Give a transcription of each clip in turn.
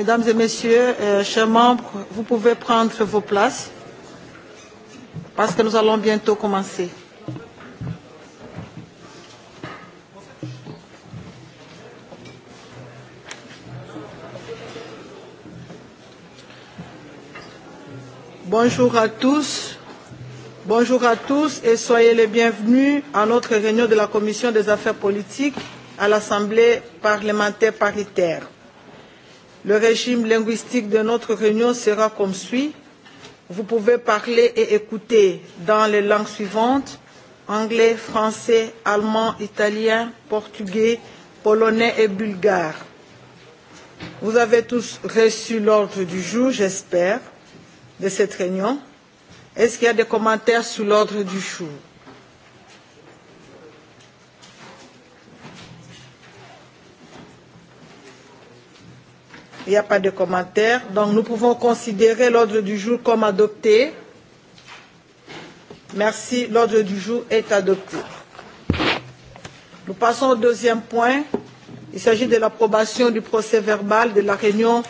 Mesdames et messieurs, euh, chers membres, vous pouvez prendre vos places parce que nous allons bientôt commencer. Bonjour à tous. Bonjour à tous et soyez les bienvenus à notre réunion de la Commission des affaires politiques à l'Assemblée parlementaire paritaire. Le régime linguistique de notre réunion sera comme suit. Vous pouvez parler et écouter dans les langues suivantes anglais, français, allemand, italien, portugais, polonais et bulgare. Vous avez tous reçu l'ordre du jour, j'espère, de cette réunion. Est-ce qu'il y a des commentaires sur l'ordre du jour Il n'y a pas de commentaires. Donc nous pouvons considérer l'ordre du jour comme adopté. Merci. L'ordre du jour est adopté. Nous passons au deuxième point. Il s'agit de l'approbation du procès verbal de la réunion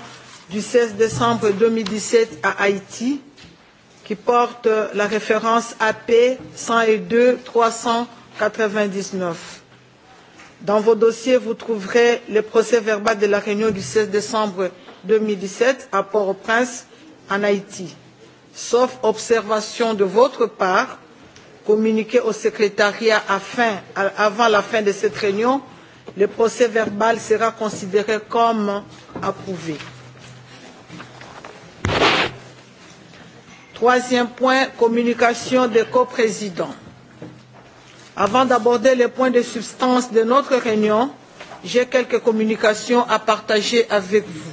du 16 décembre 2017 à Haïti qui porte la référence AP 102 399. Dans vos dossiers, vous trouverez le procès verbal de la réunion du 16 décembre 2017 à Port-au-Prince, en Haïti. Sauf observation de votre part, communiqué au secrétariat afin, avant la fin de cette réunion, le procès verbal sera considéré comme approuvé. Troisième point, communication des coprésidents Avant d'aborder les points de substance de notre réunion, j'ai quelques communications à partager avec vous.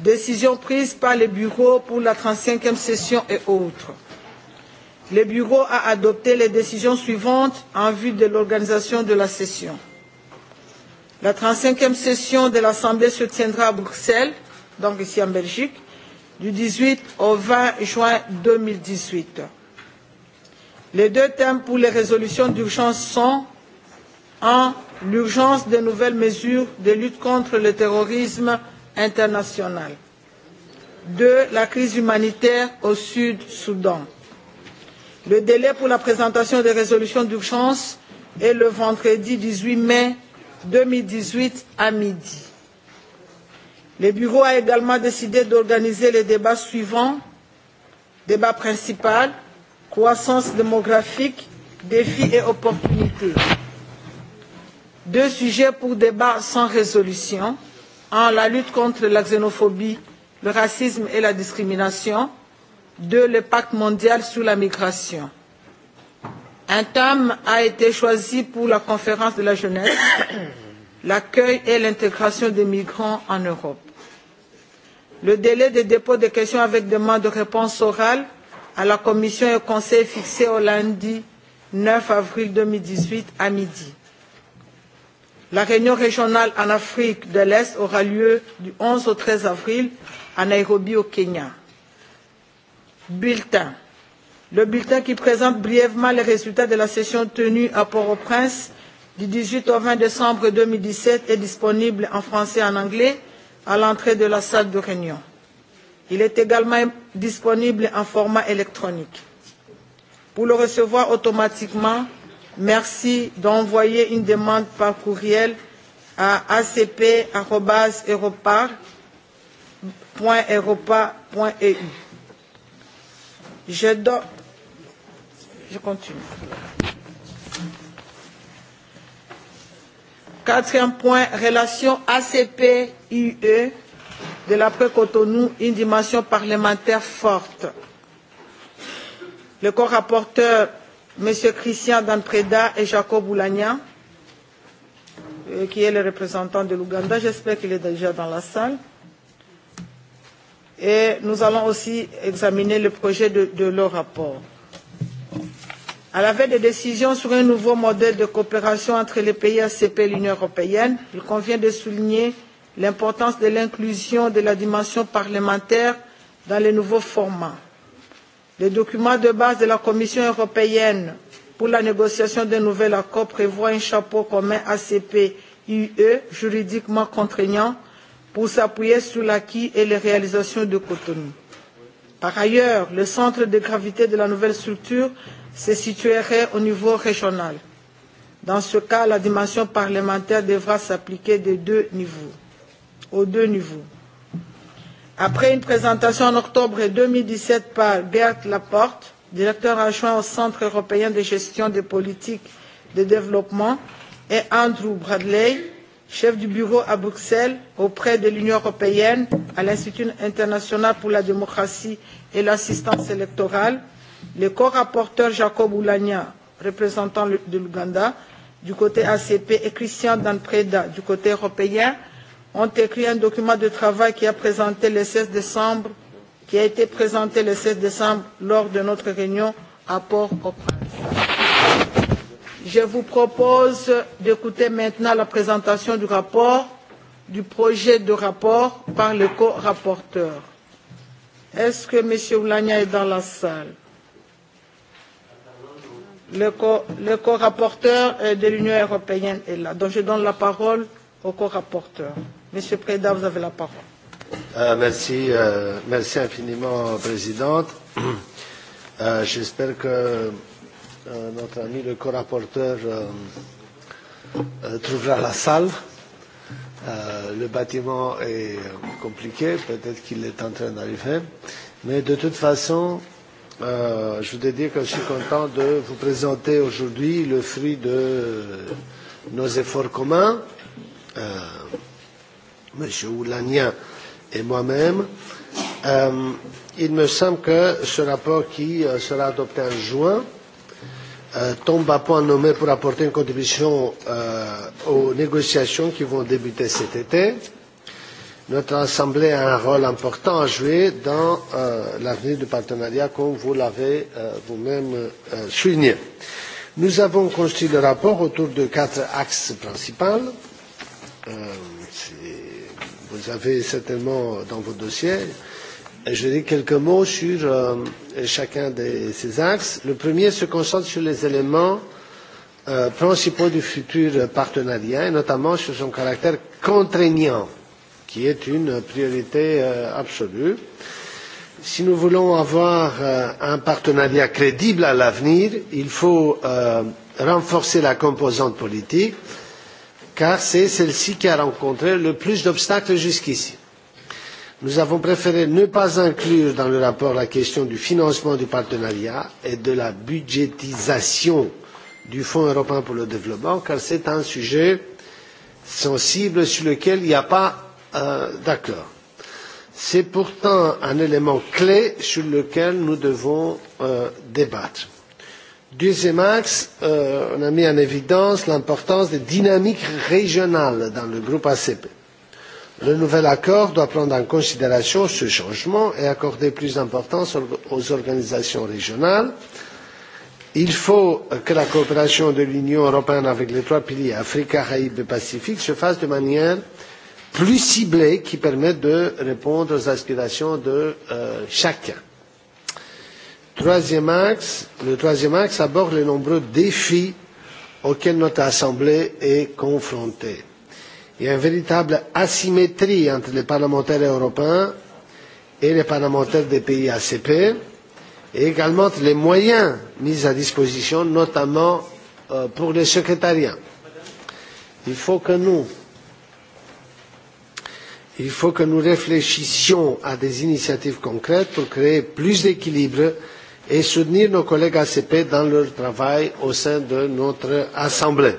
Décision prise par le bureau pour la 35e session et autres. Le bureau a adopté les décisions suivantes en vue de l'organisation de la session. La 35e session de l'Assemblée se tiendra à Bruxelles, donc ici en Belgique, du 18 au 20 juin 2018 les deux thèmes pour les résolutions d'urgence sont 1. l'urgence de nouvelles mesures de lutte contre le terrorisme international 2 la crise humanitaire au sud soudan. le délai pour la présentation des résolutions d'urgence est le vendredi 18 mai 2018 huit à midi. le bureau a également décidé d'organiser les débats suivants débat principal croissance démographique, défis et opportunités. Deux sujets pour débat sans résolution. Un, la lutte contre la xénophobie, le racisme et la discrimination. Deux, le pacte mondial sur la migration. Un thème a été choisi pour la conférence de la jeunesse, l'accueil et l'intégration des migrants en Europe. Le délai de dépôt des questions avec demande de réponse orale à la Commission et au Conseil fixé au lundi 9 avril 2018 à midi. La réunion régionale en Afrique de l'Est aura lieu du 11 au 13 avril à Nairobi au Kenya. Bulletin. Le bulletin qui présente brièvement les résultats de la session tenue à Port-au-Prince du 18 au 20 décembre 2017 est disponible en français et en anglais à l'entrée de la salle de réunion. Il est également disponible en format électronique. Pour le recevoir automatiquement, merci d'envoyer une demande par courriel à acp.europa.europa.eu. Je, do... Je continue. Quatrième point, relation ACP-UE de l'après Cotonou une dimension parlementaire forte. Le co-rapporteur, M. Christian Danpreda et Jacob Boulagnan, euh, qui est le représentant de l'Ouganda, j'espère qu'il est déjà dans la salle. Et nous allons aussi examiner le projet de, de leur rapport. À la veille des décisions sur un nouveau modèle de coopération entre les pays ACP et l'Union européenne, il convient de souligner l'importance de l'inclusion de la dimension parlementaire dans les nouveaux formats. Le document de base de la Commission européenne pour la négociation d'un nouvel accord prévoit un chapeau commun ACP UE juridiquement contraignant pour s'appuyer sur l'acquis et les réalisations de Cotonou. Par ailleurs, le centre de gravité de la nouvelle structure se situerait au niveau régional. Dans ce cas, la dimension parlementaire devra s'appliquer de deux niveaux aux deux niveaux. Après une présentation en octobre 2017 par Bert Laporte, directeur adjoint au Centre européen de gestion des politiques de développement, et Andrew Bradley, chef du bureau à Bruxelles auprès de l'Union européenne à l'Institut international pour la démocratie et l'assistance électorale, le co-rapporteur Jacob Oulania, représentant de l'Ouganda, du côté ACP, et Christian Danpreda, du côté européen, ont écrit un document de travail qui a présenté le 16 décembre, qui a été présenté le 16 décembre lors de notre réunion à Port-au-Prince. Je vous propose d'écouter maintenant la présentation du rapport, du projet de rapport par le co-rapporteur. Est-ce que M. Oulania est dans la salle Le co-rapporteur co de l'Union européenne est là. Donc je donne la parole au co-rapporteur. Monsieur Preda, la parole. Euh, merci, euh, merci infiniment, Présidente. Euh, J'espère que euh, notre ami le co-rapporteur euh, euh, trouvera la salle. Le bâtiment est compliqué, peut-être qu'il est en train d'arriver. Mais de toute façon, je voudrais dire que je suis content de vous présenter aujourd'hui le fruit de nos efforts communs. Monsieur Oulania et moi-même. Euh, il me semble que ce rapport qui euh, sera adopté en juin euh, tombe à point nommé pour apporter une contribution aux négociations qui vont débuter cet été. Notre Assemblée a un rôle important à jouer dans l'avenir du partenariat, comme vous l'avez vous-même souligné. Nous avons construit le rapport autour de quatre axes principaux vous avez certainement dans vos dossiers. Je dis quelques mots sur euh, chacun de ces axes. Le premier se concentre sur les éléments euh, principaux du futur partenariat, et notamment sur son caractère contraignant, qui est une priorité euh, absolue. Si nous voulons avoir un partenariat crédible à l'avenir, il faut renforcer la composante politique car c'est celle-ci qui a rencontré le plus d'obstacles jusqu'ici. Nous avons préféré ne pas inclure dans le rapport la question du financement du partenariat et de la budgétisation du Fonds européen pour le développement, car c'est un sujet sensible sur lequel il n'y a pas euh, d'accord. C'est pourtant un élément clé sur lequel nous devons euh, débattre. Deuxième axe, euh, on a mis en évidence l'importance des dynamiques régionales dans le groupe ACP. Le nouvel accord doit prendre en considération ce changement et accorder plus d'importance aux organisations régionales. Il faut que la coopération de l'Union européenne avec les trois piliers Afrique, Caraïbes et Pacifique se fasse de manière plus ciblée qui permette de répondre aux aspirations de euh, chacun Troisième axe, le troisième axe aborde les nombreux défis auxquels notre Assemblée est confrontée. Il y a une véritable asymétrie entre les parlementaires européens et les parlementaires des pays ACP, et également entre les moyens mis à disposition, notamment euh, pour les secrétariats. Il faut que nous il faut que nous réfléchissions à des initiatives concrètes pour créer plus d'équilibre et soutenir nos collègues ACP dans leur travail au sein de notre Assemblée.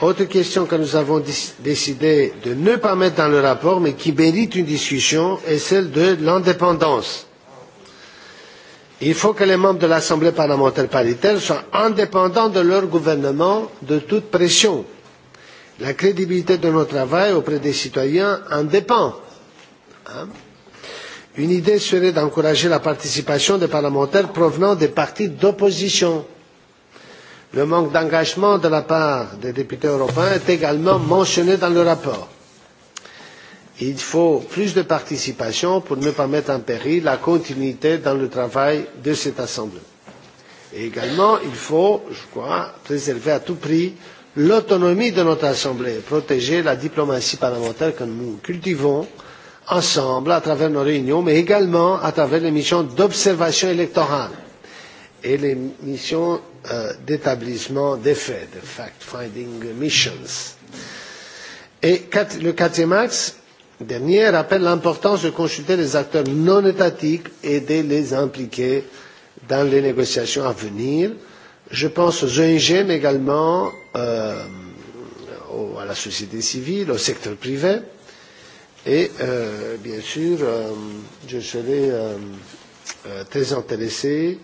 Autre question que nous avons décidé de ne pas mettre dans le rapport, mais qui mérite une discussion, est celle de l'indépendance. Il faut que les membres de l'Assemblée parlementaire paritaire soient indépendants de leur gouvernement de toute pression. La crédibilité de nos travail auprès des citoyens en dépend. Une idée serait d'encourager la participation des parlementaires provenant des partis d'opposition. Le manque d'engagement de la part des députés européens est également mentionné dans le rapport. Il faut plus de participation pour ne pas mettre en péril la continuité dans le travail de cette Assemblée. Et également, il faut, je crois, préserver à tout prix l'autonomie de notre Assemblée, protéger la diplomatie parlementaire que nous cultivons ensemble à travers nos réunions, mais également à travers les missions d'observation électorale et les missions euh, d'établissement des faits, de fact-finding missions. Et le quatrième axe dernier rappelle l'importance de consulter les acteurs non étatiques et de les impliquer dans les négociations à venir. Je pense aux ONG, mais également euh, à la société civile, au secteur privé Et euh, bien sûr, euh, je serai euh, euh très intéressé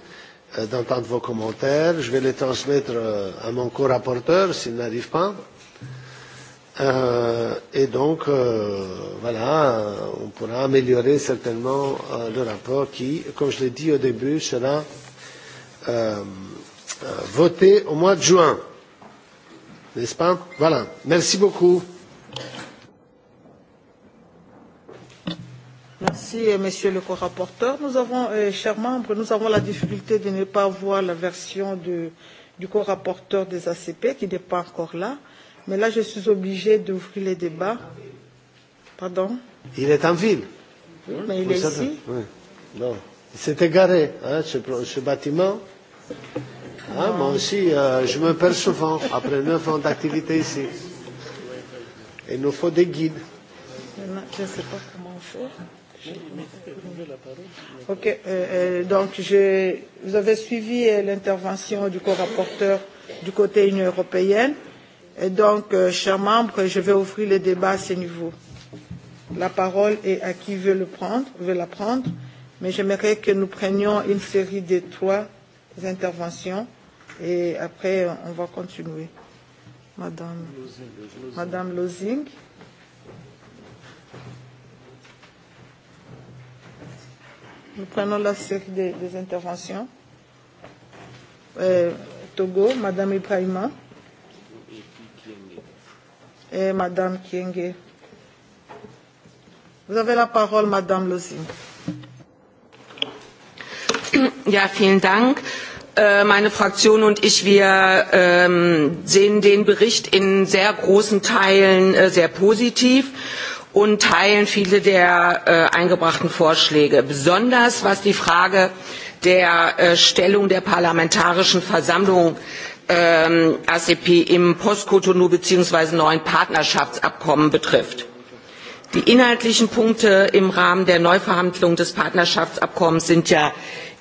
euh, d'entendre vos commentaires. Je vais les transmettre euh, à mon co-rapporteur s'il n'arrive pas. Et donc, voilà, on pourra améliorer certainement le rapport qui, comme je l'ai dit au début, sera voté au mois de juin. N'est-ce pas Voilà. Merci beaucoup. Merci, euh, monsieur le co-rapporteur. Nous avons, euh, chers membres, nous avons la difficulté de ne pas voir la version de, du co-rapporteur des ACP qui n'est pas encore là. Mais là, je suis obligée d'ouvrir les débats. Pardon Il est en ville. Oui, mais il est ici. Non. Il s'est égaré, ce, ce bâtiment. moi aussi, euh, je me perds souvent après neuf ans d'activité ici. Il nous faut des guides. Je ne sais pas comment faire. Ok, euh, euh, donc je, vous avez suivi euh, l'intervention du co-rapporteur du côté Union européenne. Et donc, euh, chers membres, je vais ouvrir le débat à ce niveau. La parole est à qui veut, le prendre, veut la prendre, mais j'aimerais que nous prenions une série de trois interventions et après on va continuer. Madame, Losing. Madame Lozing. Nous prenons la série des, des interventions. Euh, Togo, Madame Ibrahima. Et Madame Kienge. Vous avez la parole, Madame Lozing. Ja, vielen Dank. Äh, meine Fraktion und ich, wir ähm, sehen den Bericht in sehr großen Teilen äh, sehr positiv und teilen viele der äh, eingebrachten Vorschläge, besonders was die Frage der äh, Stellung der Parlamentarischen Versammlung ähm, ACP im Postkotonou bzw. neuen Partnerschaftsabkommen betrifft. Die inhaltlichen Punkte im Rahmen der Neuverhandlung des Partnerschaftsabkommens sind ja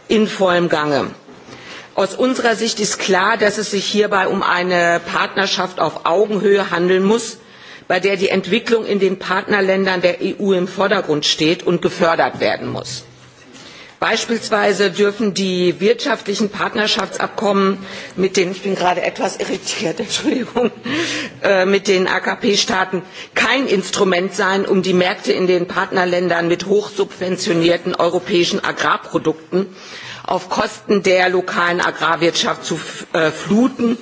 in vollem Gange. Aus unserer Sicht ist klar, dass es sich hierbei um eine Partnerschaft auf Augenhöhe handeln muss, bei der die entwicklung in den partnerländern der eu im vordergrund steht und gefördert werden muss. beispielsweise dürfen die wirtschaftlichen partnerschaftsabkommen mit den ich bin gerade etwas irritiert entschuldigung äh, mit den akp staaten kein instrument sein um die märkte in den partnerländern mit hochsubventionierten europäischen agrarprodukten auf kosten der lokalen agrarwirtschaft zu äh, fluten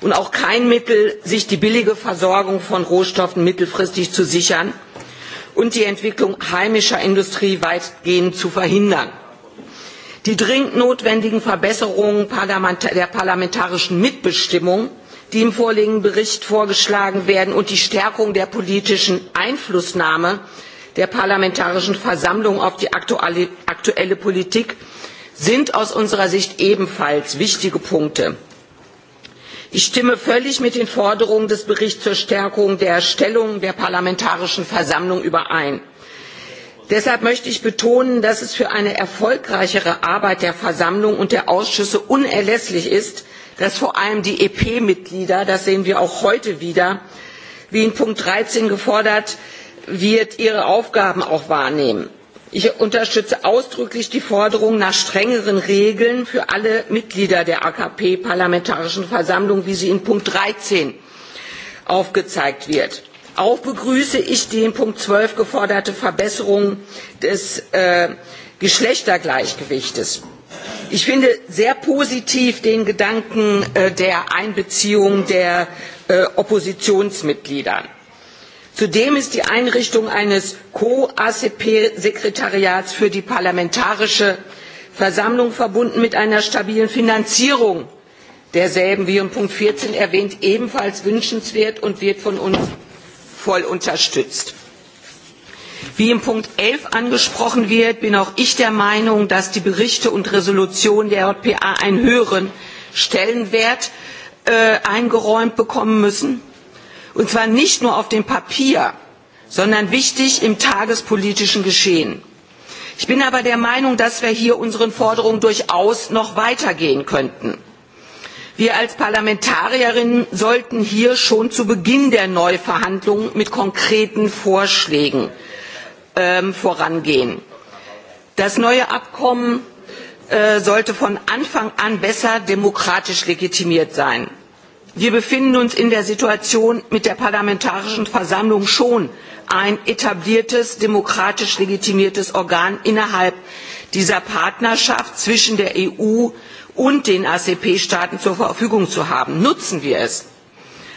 und auch kein Mittel, sich die billige Versorgung von Rohstoffen mittelfristig zu sichern und die Entwicklung heimischer Industrie weitgehend zu verhindern. Die dringend notwendigen Verbesserungen der parlamentarischen Mitbestimmung, die im vorliegenden Bericht vorgeschlagen werden, und die Stärkung der politischen Einflussnahme der Parlamentarischen Versammlung auf die aktuelle Politik sind aus unserer Sicht ebenfalls wichtige Punkte ich stimme völlig mit den forderungen des berichts zur stärkung der stellung der parlamentarischen versammlung überein. deshalb möchte ich betonen dass es für eine erfolgreichere arbeit der versammlung und der ausschüsse unerlässlich ist dass vor allem die ep mitglieder das sehen wir auch heute wieder wie in punkt dreizehn gefordert wird ihre aufgaben auch wahrnehmen ich unterstütze ausdrücklich die forderung nach strengeren regeln für alle mitglieder der akp parlamentarischen versammlung wie sie in punkt dreizehn aufgezeigt wird. auch begrüße ich die in punkt zwölf geforderte verbesserung des Geschlechtergleichgewichts. Äh, geschlechtergleichgewichtes. ich finde sehr positiv den gedanken äh, der einbeziehung der äh, oppositionsmitglieder zudem ist die einrichtung eines ko acp sekretariats für die parlamentarische versammlung verbunden mit einer stabilen finanzierung derselben wie in punkt vierzehn erwähnt ebenfalls wünschenswert und wird von uns voll unterstützt. wie in punkt elf angesprochen wird bin auch ich der meinung dass die berichte und entschließungen der jpa einen höheren stellenwert äh, eingeräumt bekommen müssen und zwar nicht nur auf dem papier sondern wichtig im tagespolitischen geschehen. ich bin aber der meinung dass wir hier unseren forderungen durchaus noch weitergehen könnten. wir als parlamentarierinnen sollten hier schon zu beginn der neuverhandlungen mit konkreten vorschlägen ähm, vorangehen. das neue abkommen äh, sollte von anfang an besser demokratisch legitimiert sein wir befinden uns in der situation mit der parlamentarischen versammlung schon ein etabliertes demokratisch legitimiertes organ innerhalb dieser partnerschaft zwischen der eu und den acp staaten zur verfügung zu haben. nutzen wir es!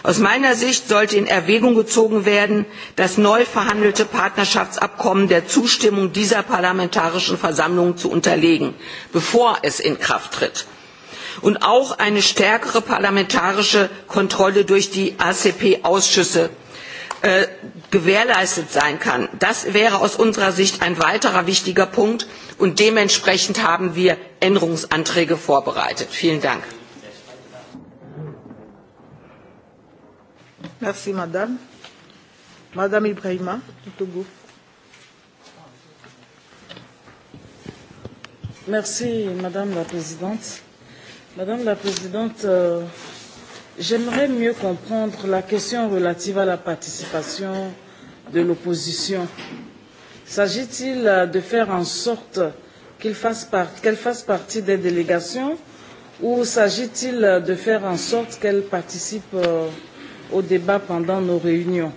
aus meiner sicht sollte in erwägung gezogen werden das neu verhandelte partnerschaftsabkommen der zustimmung dieser parlamentarischen versammlung zu unterlegen bevor es in kraft tritt und auch eine stärkere parlamentarische kontrolle durch die acp ausschüsse äh, gewährleistet sein kann. das wäre aus unserer sicht ein weiterer wichtiger punkt und dementsprechend haben wir änderungsanträge vorbereitet. vielen dank! Merci, madame. Madame Merci, madame la présidente Madame la Présidente, euh, j'aimerais mieux comprendre la question relative à la participation de l'opposition. S'agit-il euh, de faire en sorte qu'elle fasse, part, qu fasse partie des délégations ou s'agit-il euh, de faire en sorte qu'elle participe au débat pendant nos réunions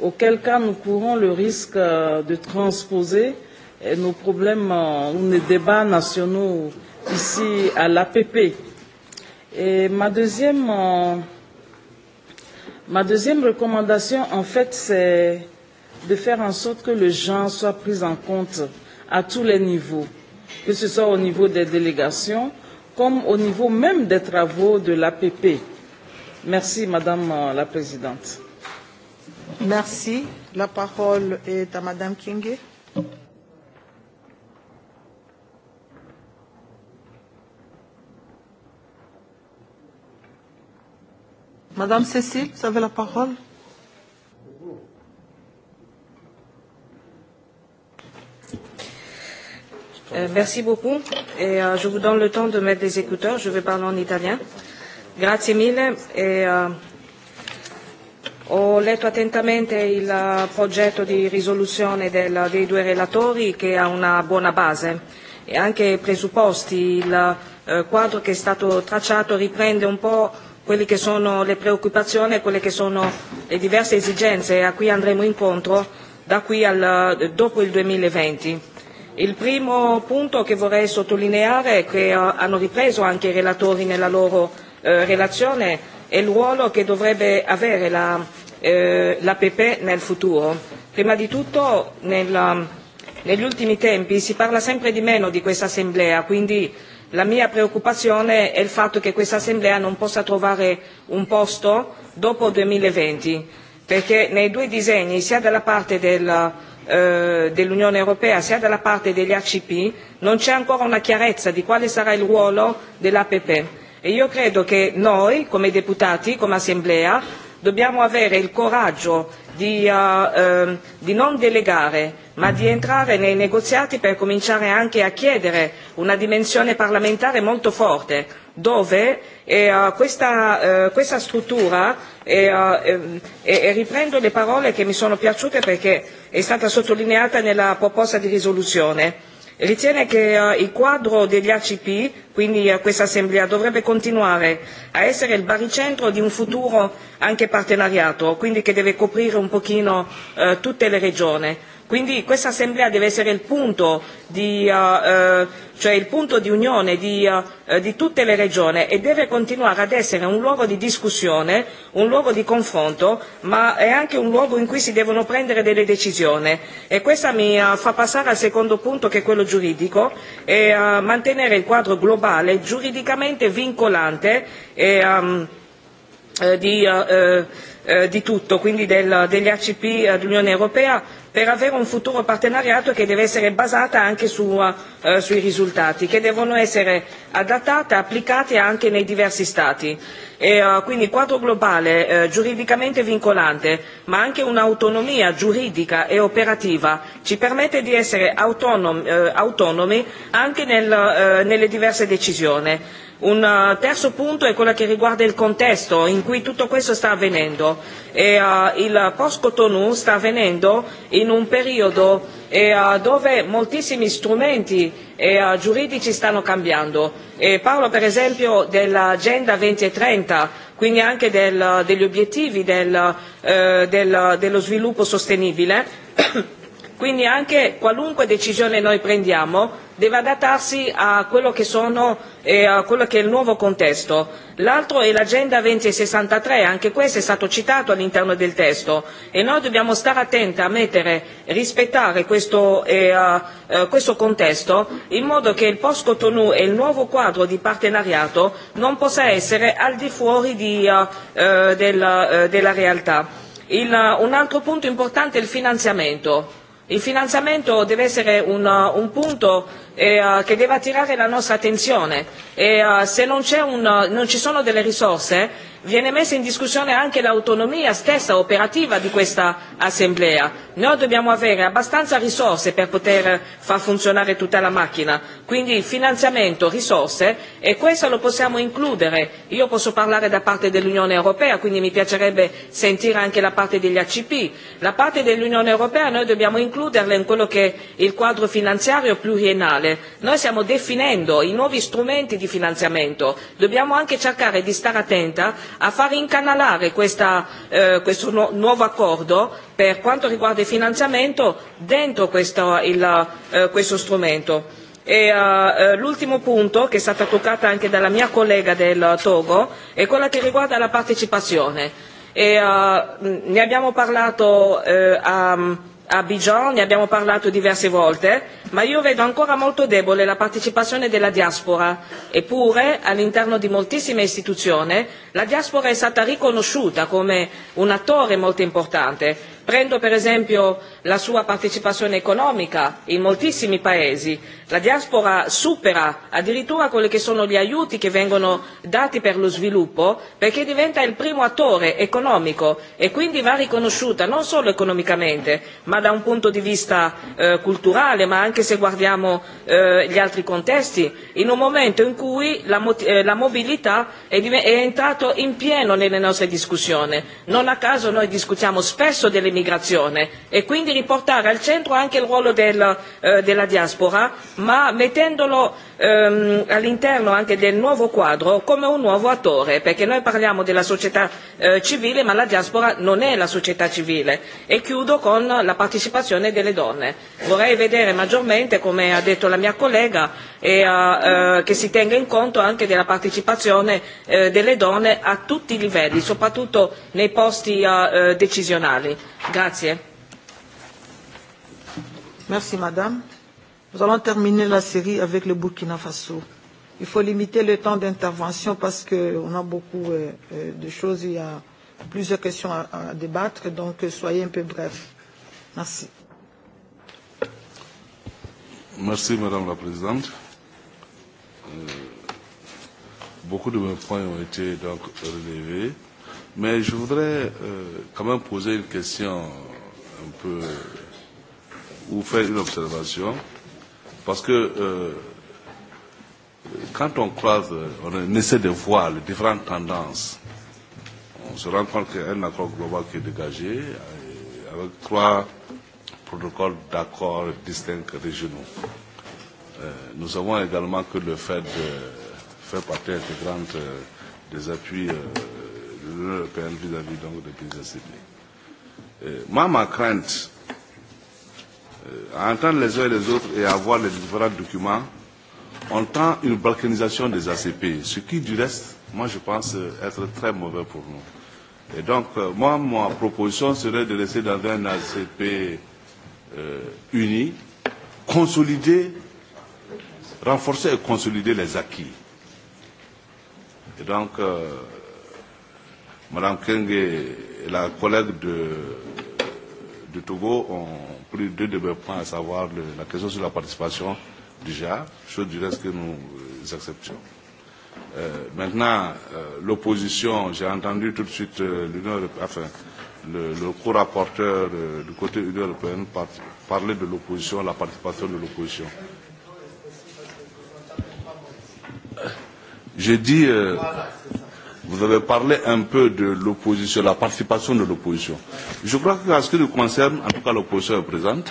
auquel cas nous courons le risque de transposer nos problèmes ou nos débats nationaux ici à l'APP. Et ma deuxième, euh, ma deuxième recommandation, en fait, c'est de faire en sorte que le genre soit pris en compte à tous les niveaux, que ce soit au niveau des délégations comme au niveau même des travaux de l'APP. Merci, Madame euh, la Présidente. Merci. La parole est à Madame Kingue. Madame Cécile, vous la parole. Euh, merci beaucoup et euh, je vous donne le temps de mettre des écouteurs, je vais parler en italien. Grazie mille e euh, ho letto attentamente il uh, progetto di risoluzione del, dei due relatori che ha una buona base e anche i presupposti, il uh, quadro che è stato tracciato riprende un po' quelle che sono le preoccupazioni e quelle che sono le diverse esigenze a cui andremo incontro da qui al, dopo il 2020. Il primo punto che vorrei sottolineare, che eh, hanno ripreso anche i relatori nella loro eh, relazione, è il ruolo che dovrebbe avere la, eh, la PP nel futuro. Prima di tutto, nel, negli ultimi tempi si parla sempre di meno di questa assemblea, quindi la mia preoccupazione è il fatto che questa assemblea non possa trovare un posto dopo il 2020 perché nei due disegni sia dalla parte eh, dell'Unione Europea sia dalla parte degli ACP non c'è ancora una chiarezza di quale sarà il ruolo dell'APP e io credo che noi come deputati come assemblea dobbiamo avere il coraggio di, eh, ehm, di non delegare ma di entrare nei negoziati per cominciare anche a chiedere una dimensione parlamentare molto forte dove eh, questa, eh, questa struttura e, e riprendo le parole che mi sono piaciute perché è stata sottolineata nella proposta di risoluzione ritiene che eh, il quadro degli acp quindi eh, questa assemblea dovrebbe continuare a essere il baricentro di un futuro anche partenariato quindi che deve coprire un pochino eh, tutte le regioni quindi questa assemblea deve essere il punto di eh, eh, cioè il punto di unione di, eh, di tutte le regioni e deve continuare ad essere un luogo di discussione un luogo di confronto ma è anche un luogo in cui si devono prendere delle decisioni e questa mi fa passare al secondo punto che è quello giuridico e mantenere il quadro globale giuridicamente vincolante e, ehm, di, di tutto quindi degli acp dell'unione europea per avere un futuro partenariato che deve essere basata anche su, eh, sui risultati che devono essere adattate e applicate anche nei diversi stati e eh, quindi quadro globale eh, giuridicamente vincolante ma anche un'autonomia giuridica e operativa ci permette di essere autonomi, anche nelle diverse decisioni Un eh, terzo punto è quello che riguarda il contesto in cui tutto questo sta avvenendo. E, eh, il post Cotonou sta avvenendo in un periodo e, dove moltissimi strumenti e, giuridici stanno cambiando. E parlo per esempio dell'Agenda 2030, e quindi anche del, degli obiettivi del, del, dello sviluppo sostenibile quindi anche qualunque decisione noi prendiamo deve adattarsi a quello che sono eh, a quello che è il nuovo contesto l'altro è l'agenda 2063 anche questo è stato citato all'interno del testo e noi dobbiamo stare attenti a mettere rispettare questo, eh, eh, questo contesto in modo che il post Cotonou e il nuovo quadro di partenariato non possa essere al di fuori di, eh, della realtà il, un altro punto importante è il finanziamento il finanziamento deve essere un, uh, un punto eh, uh, che deve attirare la nostra attenzione e uh, se non, c'è un, non ci sono delle risorse viene messa in discussione anche l'autonomia stessa operativa di questa assemblea noi dobbiamo avere abbastanza risorse per poter far funzionare tutta la macchina quindi finanziamento risorse e questo lo possiamo includere io posso parlare da parte dell'Unione Europea quindi mi piacerebbe sentire anche la parte degli ACP la parte dell'Unione Europea noi dobbiamo includerla in quello che è il quadro finanziario pluriennale noi stiamo definendo i nuovi strumenti di finanziamento dobbiamo anche cercare di stare attenta a far incanalare eh, questo nuovo accordo per quanto riguarda il finanziamento dentro questo, eh, strumento. E, eh, l'ultimo punto che è stata toccato anche dalla mia collega del Togo è quella che riguarda la partecipazione. E, ne abbiamo parlato a Abidjan, ne abbiamo parlato diverse volte, ma io vedo ancora molto debole la partecipazione della diaspora. Eppure, all'interno di moltissime istituzioni, la diaspora è stata riconosciuta come un attore molto importante prendo per esempio la sua partecipazione economica in moltissimi paesi la diaspora supera addirittura quelli che sono gli aiuti che vengono dati per lo sviluppo perché diventa il primo attore economico e quindi va riconosciuta non solo economicamente ma da un punto di vista eh, culturale ma anche se guardiamo eh, gli altri contesti in un momento in cui la, eh, mobilità è, è entrato in pieno nelle nostre discussioni non a caso noi discutiamo spesso delle e quindi riportare al centro anche il ruolo eh, della diaspora ma mettendolo ehm, all'interno anche del nuovo quadro come un nuovo attore perché noi parliamo della società eh, civile ma la diaspora non è la società civile e chiudo con la partecipazione delle donne vorrei vedere maggiormente come ha detto la mia collega e eh, che si tenga in conto anche della partecipazione delle donne a tutti i livelli soprattutto nei posti decisionali Merci madame. Nous allons terminer la série avec le Burkina Faso. Il faut limiter le temps d'intervention parce qu'on a beaucoup euh, euh, de choses, il y a plusieurs questions à, débattre, donc soyez un peu bref. Merci. Merci Madame la Présidente. Euh, beaucoup de mes points ont été donc relevés. Mais je voudrais euh, quand même poser une question un peu ou faire une observation parce que euh, quand on croise, on essaie de voir les différentes tendances, on se rend compte qu'il y a un accord global qui est dégagé euh, avec trois protocoles d'accords distincts régionaux. Euh, nous avons également que le fait de faire partie intégrante euh, des appuis euh, l'Union européenne vis-à-vis -vis, donc des pays ACP. Moi, ma crainte, euh, à entendre les uns et les autres et à voir les différents documents, on tend une balkanisation des ACP, ce qui, du reste, moi, je pense euh, être très mauvais pour nous. Et donc, euh, moi, ma proposition serait de rester dans un ACP euh, uni, consolider, renforcer et consolider les acquis. Et donc, euh, Madame Keng et la collègue de, de Togo ont pris deux points, à savoir le, la question sur la participation déjà, chose du reste que nous euh, acceptions. Euh, maintenant, euh, l'opposition, j'ai entendu tout de suite euh, enfin, le, le co-rapporteur euh, du côté de l'Union européenne par, parler de l'opposition, la participation de l'opposition. J'ai dit, euh, Vous avez parlé un peu de l'opposition, la participation de l'opposition. Je crois qu'en ce qui nous concerne, en tout cas l'opposition est présente.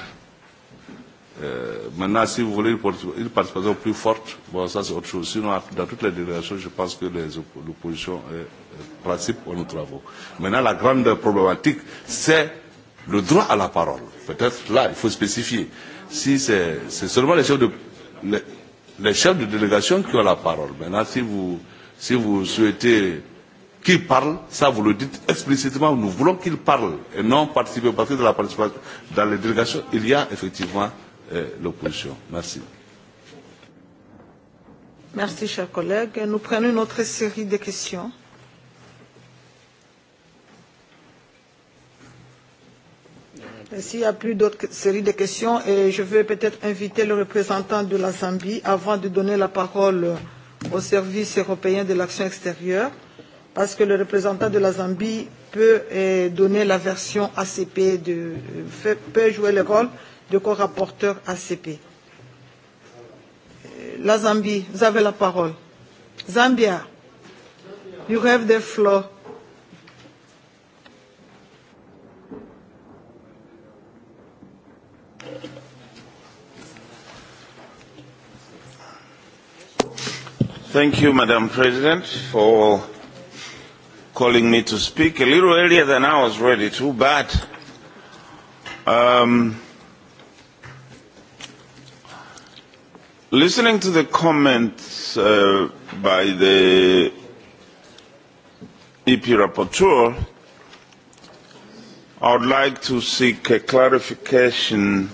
Euh, maintenant, si vous voulez une participation plus forte, bon, ça c'est autre chose. Sinon, dans toutes les délégations, je pense que l'opposition est principe pour nos travaux. Maintenant, la grande problématique, c'est le droit à la parole. Peut-être là, il faut spécifier. Si c'est seulement les chefs, de, les, les chefs de délégation qui ont la parole. Maintenant, si vous, si vous souhaitez qui parle, ça vous le dites explicitement, nous voulons qu'il parle et non participer, parce que de la participation dans les délégations, il y a effectivement euh, l'opposition. Merci. Merci, chers collègues. Nous prenons une autre série de questions. S'il n'y a plus d'autres séries de questions, et je vais peut-être inviter le représentant de la Zambie avant de donner la parole au service européen de l'action extérieure parce que le représentant de la Zambie peut eh, donner la version ACP, de, fait, peut jouer le rôle de co-rapporteur ACP. Eh, la Zambie, vous avez la parole. Zambia, you have the floor. Thank you, Madam President, for calling me to speak a little earlier than I was ready. to bad. Um, listening to the comments uh, by the EP rapporteur, I would like to seek a clarification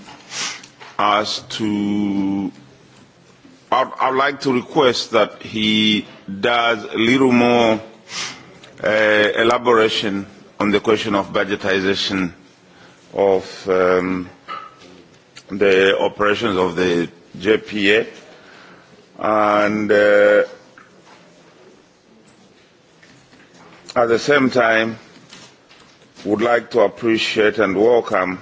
as to I would like to request that he does a little more uh, elaboration on the question of budgetization of um, the operations of the JPA and uh, at the same time would like to appreciate and welcome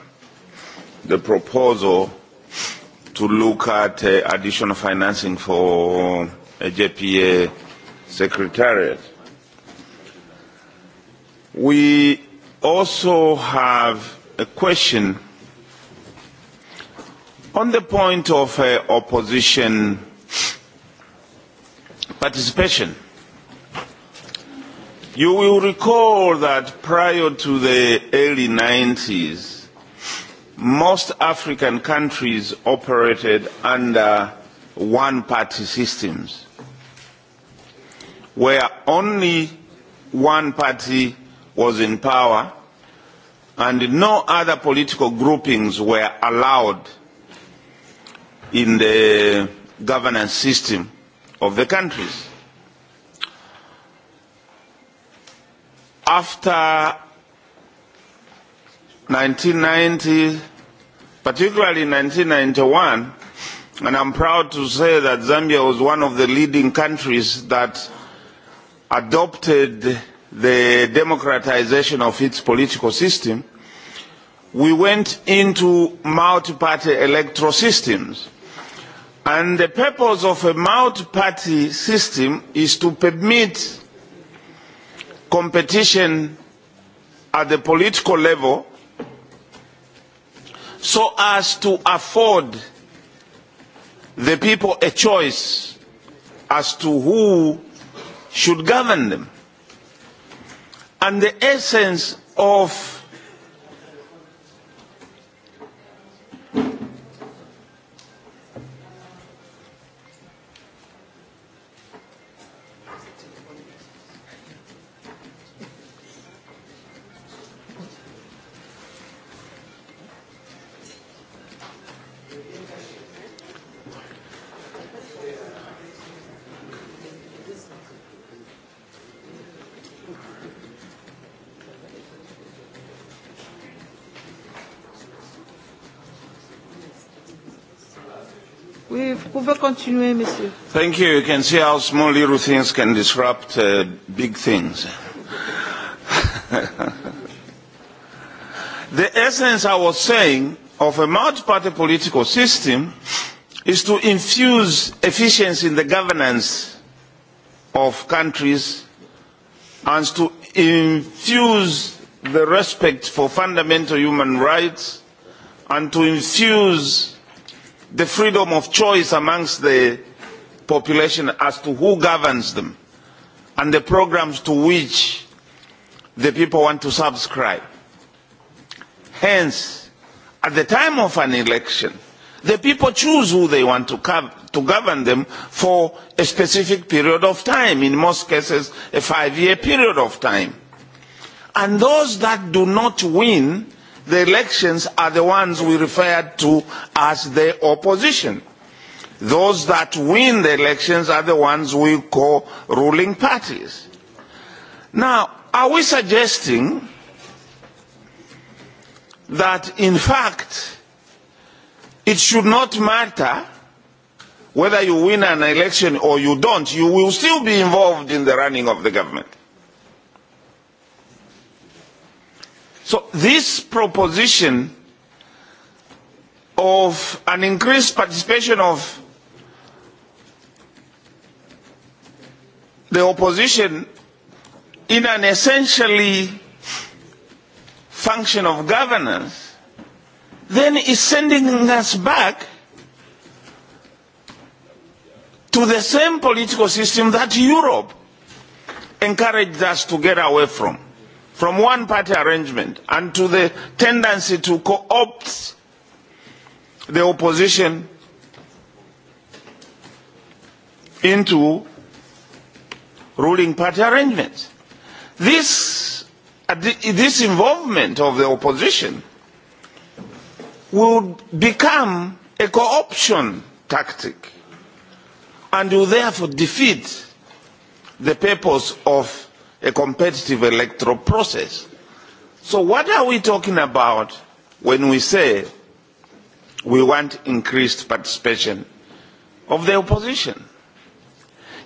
the proposal to look at uh, additional financing for a JPA secretariat. We also have a question on the point of uh, opposition participation. You will recall that prior to the early 90s, most African countries operated under one-party systems, where only one party was in power and no other political groupings were allowed in the governance system of the countries. After 1990, particularly 1991, and I'm proud to say that Zambia was one of the leading countries that adopted the democratization of its political system, we went into multi-party electoral systems. And the purpose of a multi-party system is to permit competition at the political level so as to afford the people a choice as to who should govern them and the essence of monsieur. Thank you. You can see how small little things can disrupt uh, big things. the essence I was saying of a multi-party political system is to infuse efficiency in the governance of countries and to infuse the respect for fundamental human rights and to infuse the freedom of choice amongst the population as to who governs them and the programs to which the people want to subscribe. Hence, at the time of an election, the people choose who they want to, to govern them for a specific period of time, in most cases a five-year period of time. And those that do not win the elections are the ones we refer to as the opposition. Those that win the elections are the ones we call ruling parties. Now, are we suggesting that in fact it should not matter whether you win an election or you don't, you will still be involved in the running of the government? So this proposition of an increased participation of the opposition in an essentially function of governance then is sending us back to the same political system that Europe encouraged us to get away from from one party arrangement and to the tendency to co opt the opposition into ruling party arrangements. This, uh, this involvement of the opposition will become a co option tactic and will therefore defeat the purpose of a competitive electoral process. So what are we talking about when we say we want increased participation of the opposition?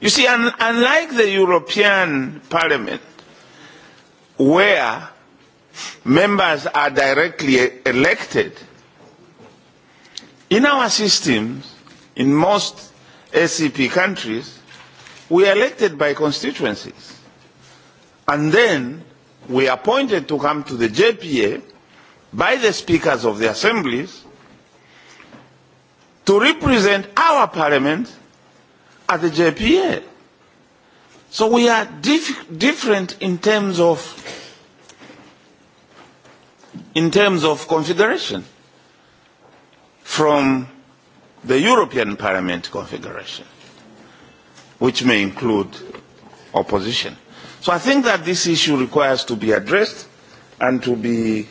You see, un unlike the European Parliament, where members are directly e-, elected, in our systems, in most SCP e countries, we are elected by constituencies. And then we are appointed to come to the JPA by the speakers of the assemblies to represent our parliament at the JPA. So we are different in terms of in terms of configuration from the European Parliament configuration, which may include opposition. So I think that this issue requires to be addressed and to be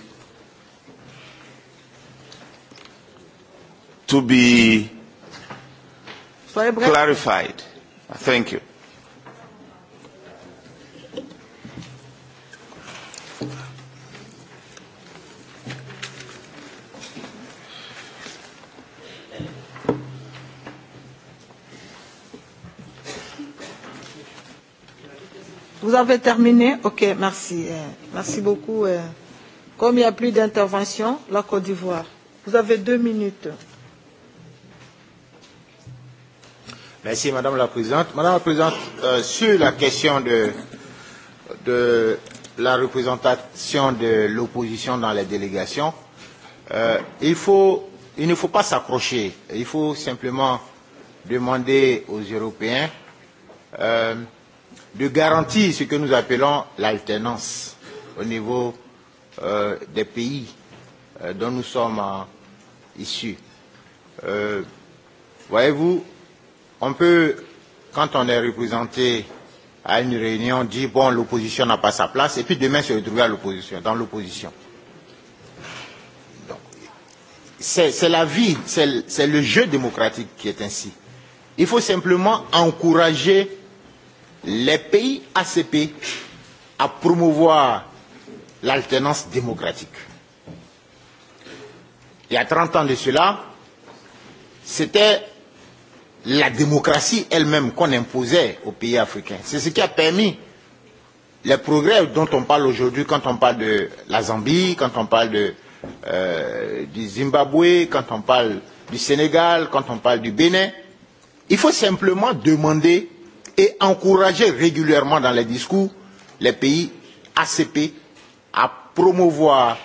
to be clarified. Thank you. Vous avez terminé Ok, merci. Eh, merci beaucoup. Eh. Comme il n'y a plus d'intervention, la Côte d'Ivoire. Vous avez deux minutes. Merci, Madame la Présidente. Madame la Présidente, euh, sur la question de, de la représentation de l'opposition dans les délégations, euh, il, faut, il ne faut pas s'accrocher. Il faut simplement demander aux Européens euh, de garantir ce que nous appelons l'alternance au niveau euh, des pays euh, dont nous sommes euh, issus. Euh, voyez-vous, on peut, quand on est représenté à une réunion, dire bon, l'opposition n'a pas sa place, et puis demain se retrouver à l'opposition, dans l'opposition. C'est la vie, c'est le jeu démocratique qui est ainsi. Il faut simplement encourager les pays ACP à promouvoir l'alternance démocratique. Il y a 30 ans de cela, c'était la démocratie elle-même qu'on imposait aux pays africains. C'est ce qui a permis les progrès dont on parle aujourd'hui quand on parle de la Zambie, quand on parle de, euh, du Zimbabwe, quand on parle du Sénégal, quand on parle du Bénin. Il faut simplement demander et encourager régulièrement dans les discours les pays ACP à promouvoir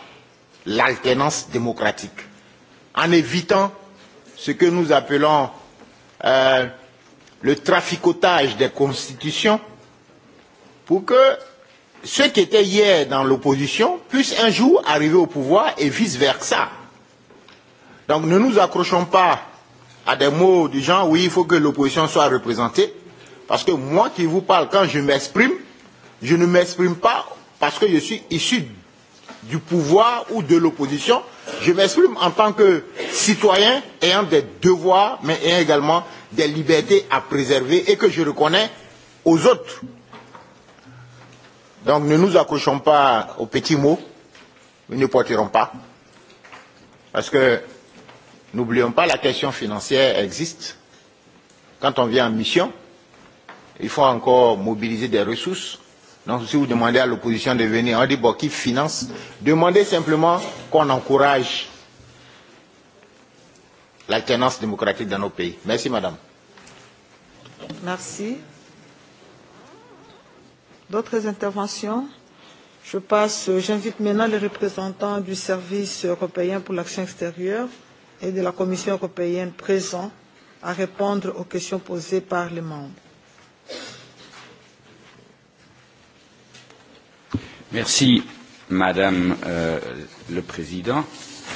l'alternance démocratique en évitant ce que nous appelons euh, le traficotage des constitutions pour que ceux qui étaient hier dans l'opposition puissent un jour arriver au pouvoir et vice-versa. Donc ne nous accrochons pas à des mots du genre oui, il faut que l'opposition soit représentée Parce que moi qui vous parle, quand je m'exprime, je ne m'exprime pas parce que je suis issu du pouvoir ou de l'opposition. Je m'exprime en tant que citoyen ayant des devoirs, mais ayant également des libertés à préserver et que je reconnais aux autres. Donc ne nous accrochons pas aux petits mots, nous ne porterons pas. Parce que n'oublions pas, la question financière existe. Quand on vient en mission, il faut encore mobiliser des ressources. Donc, si vous demandez à l'opposition de venir, on dit, bon, qui finance Demandez simplement qu'on encourage l'alternance démocratique dans nos pays. Merci, madame. Merci. D'autres interventions Je passe, j'invite maintenant les représentants du service européen pour l'action extérieure et de la Commission européenne présents à répondre aux questions posées par les membres. Merci, Madame euh, le Président,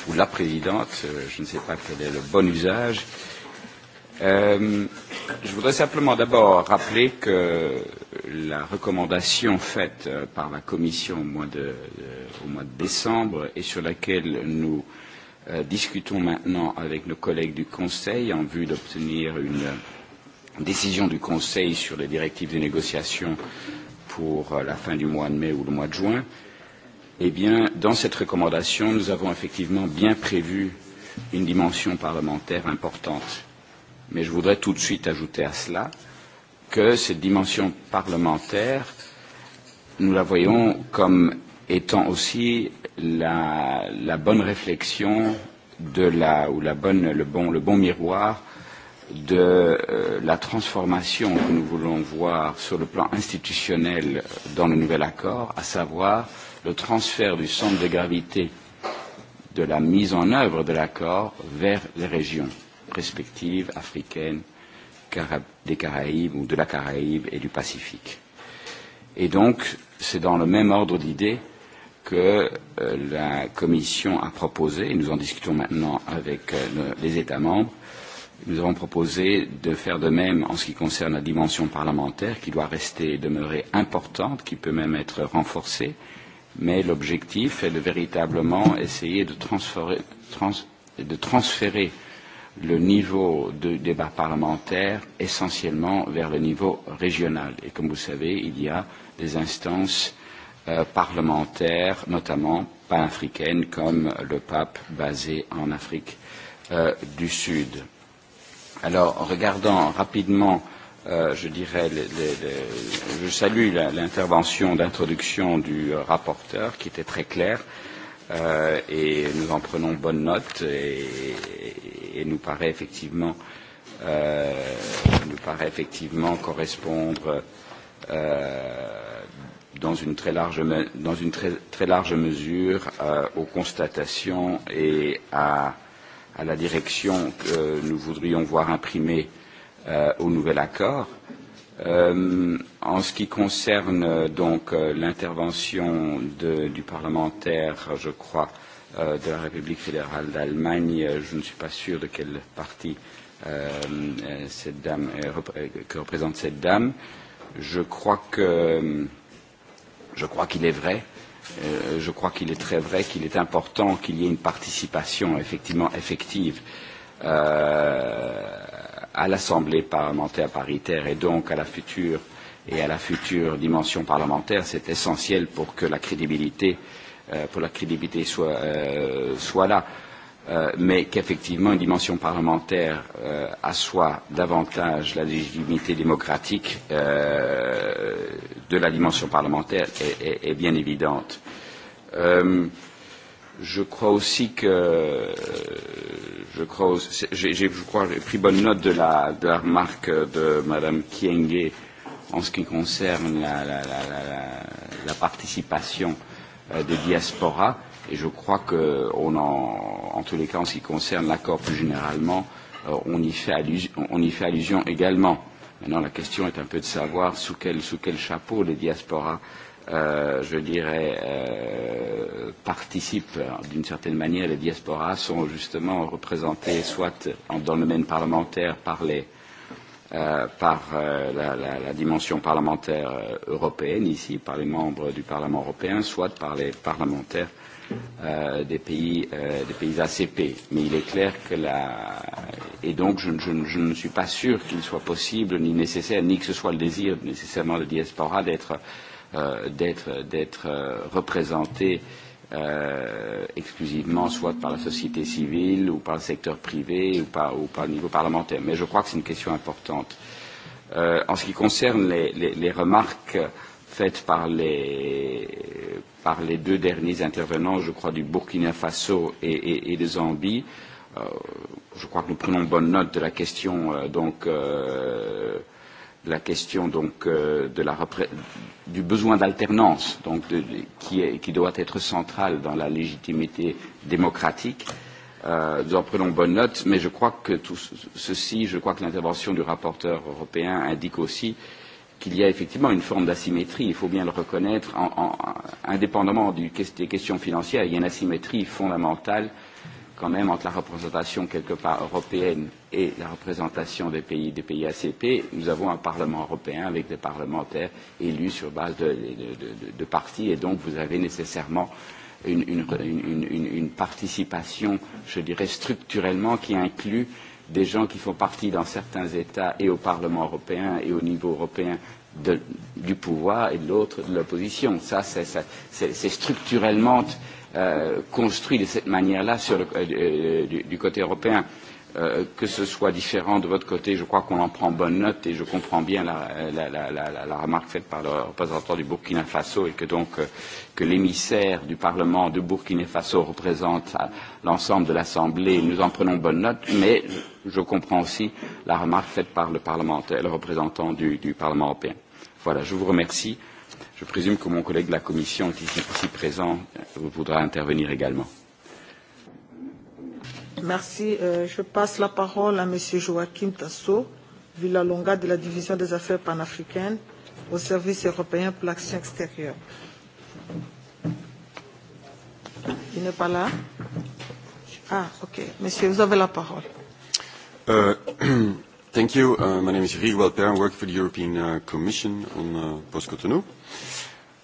ou la Présidente, euh, je ne sais pas quel est le bon usage. Euh, je voudrais simplement d'abord rappeler que la recommandation faite euh, par la Commission au mois de, euh, au mois de décembre et sur laquelle nous euh, discutons maintenant avec nos collègues du Conseil en vue d'obtenir une décision du Conseil sur les directives de négociation pour euh, la fin du mois de mai ou le mois de juin, eh bien, dans cette recommandation, nous avons effectivement bien prévu une dimension parlementaire importante. Mais je voudrais tout de suite ajouter à cela que cette dimension parlementaire, nous la voyons comme étant aussi la, la bonne réflexion de la, ou la bonne, le, bon, le bon miroir de euh, la transformation que nous voulons voir sur le plan institutionnel euh, dans le nouvel accord, à savoir le transfert du centre de gravité de la mise en œuvre de l'accord vers les régions respectives africaines, des Caraïbes ou de la Caraïbe et du Pacifique. Et donc, c'est dans le même ordre d'idées que euh, la Commission a proposé, et nous en discutons maintenant avec les États membres, Nous avons proposé de faire de même en ce qui concerne la dimension parlementaire, qui doit rester et demeurer importante, qui peut même être renforcée, mais l'objectif est de véritablement essayer de transférer, trans, de transférer le niveau de débat parlementaire essentiellement vers le niveau régional. Et comme vous savez, il y a des instances euh, parlementaires, notamment panafricaines, comme le pape basé en Afrique euh, du Sud. Alors, en regardant rapidement, euh, je dirais, les, les, les, je salue l'intervention d'introduction du rapporteur qui était très claire euh, et nous en prenons bonne note et, et, nous paraît effectivement euh, nous paraît effectivement correspondre euh, dans une très large dans une très, très large mesure euh, aux constatations et à à la direction que nous voudrions voir imprimée euh, au nouvel accord. Euh, en ce qui concerne donc euh, l'intervention du parlementaire, je crois, euh, de la République fédérale d'Allemagne, je ne suis pas sûr de quel parti euh, cette dame, que représente cette dame. Je crois que je crois qu'il est vrai Euh, je crois qu'il est très vrai qu'il est important qu'il y ait une participation effectivement effective euh, à l'Assemblée parlementaire paritaire et donc à la future et à la future dimension parlementaire. C'est essentiel pour que la crédibilité, euh, pour la crédibilité soit, euh, soit là Euh, mais qu'effectivement une dimension parlementaire euh, assoit davantage la légitimité démocratique euh, de la dimension parlementaire est, est, est bien évidente. Euh, je crois aussi que je crois, j'ai, je crois, j'ai pris bonne note de la, de remarque de Madame Kienge en ce qui concerne la, la, la, la, la participation euh, des diasporas Et je crois que, on en, en tous les cas, en ce qui concerne l'accord plus généralement, euh, on y, fait allusion, on y fait allusion également. Maintenant, la question est un peu de savoir sous quel, sous quel chapeau les diasporas, euh, je dirais, euh, participent. D'une certaine manière, les diasporas sont justement représentées soit dans le domaine parlementaire par les, euh, par euh, la, la, la dimension parlementaire euh, européenne ici, par les membres du Parlement européen, soit par les parlementaires Euh, des, pays, euh, des pays ACP. Mais il est clair que la... Et donc, je, je, je ne suis pas sûr qu'il soit possible, ni nécessaire, ni que ce soit le désir nécessairement de diaspora d'être euh, euh, représenté euh, exclusivement soit par la société civile ou par le secteur privé ou par, ou par le niveau parlementaire. Mais je crois que c'est une question importante. Euh, en ce qui concerne les, les, les remarques faites par les, par les deux derniers intervenants, je crois, du Burkina Faso et, et, et de Zambie. Euh, je crois que nous prenons bonne note de la question euh, donc euh, de la question donc euh, de la du besoin d'alternance qui, qui doit être central dans la légitimité démocratique. Euh, nous en prenons bonne note, mais je crois que tout ceci, je crois que l'intervention du rapporteur européen indique aussi qu'il y a effectivement une forme d'asymétrie, il faut bien le reconnaître, en, en, indépendamment du, des questions financières, il y a une asymétrie fondamentale quand même entre la représentation quelque part européenne et la représentation des pays, des pays ACP. Nous avons un Parlement européen avec des parlementaires élus sur base de, de, de, de partis et donc vous avez nécessairement une, une, une, une, une participation, je dirais, structurellement qui inclut des gens qui font partie dans certains États et au Parlement européen et au niveau européen de, du pouvoir et de l'autre de l'opposition. Ça, c'est structurellement euh, construit de cette manière-là euh, euh, du, du côté européen. Euh, que ce soit différent de votre côté, je crois qu'on en prend bonne note et je comprends bien la, la, la, la, la remarque faite par le représentant du Burkina Faso et que donc euh, que l'émissaire du Parlement de Burkina Faso représente l'ensemble de l'Assemblée. Nous en prenons bonne note, mais je comprends aussi la remarque faite par le, parlementaire, le représentant du, du Parlement européen. Voilà, je vous remercie. Je présume que mon collègue de la Commission est ici, présent, voudra intervenir également. Merci. Euh, je passe la parole à Monsieur Joachim Tasso, Villalonga de la Division des Affaires panafricaines au Service européen pour l'action extérieure. Il n'est pas là Ah, ok. Monsieur, vous avez la parole. Uh, thank you. Uh, my name is Rigo Alper. I work for the European uh, Commission on uh, post-Cotonou.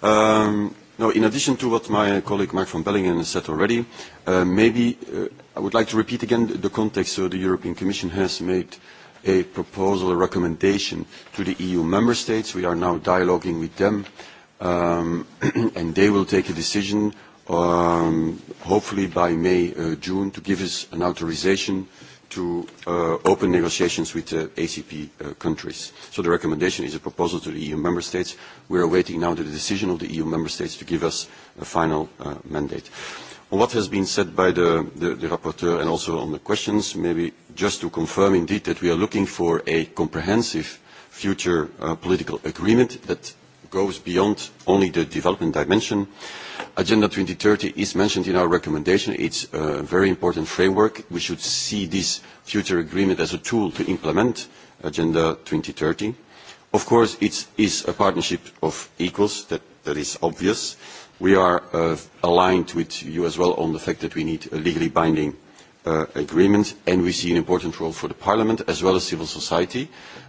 Um, no, in addition to what my colleague Mark van Bellingen has said already, uh, maybe uh, I would like to repeat again the context. So the European Commission has made a proposal, a recommendation to the EU member states. We are now dialoguing with them, um, and they will take a decision, um, hopefully by May, uh, June, to give us an authorization to uh, open negotiations with the ACP uh, countries. So the recommendation is a proposal to the EU member states. We are awaiting now the decision of the EU member states to give us a final uh, mandate. On what has been said by the, the, the rapporteur and also on the questions, maybe just to confirm indeed that we are looking for a comprehensive future uh, political agreement that goes beyond only the development dimension. Agenda 2030 is mentioned in our recommendation. It's a very important framework. We should see this future agreement as a tool to implement Agenda 2030. Of course, it is a partnership of equals. That, is obvious. We are uh, aligned with you as well on the fact that we need a legally binding uh, agreement, and we see an important role for the parliament as well as civil society,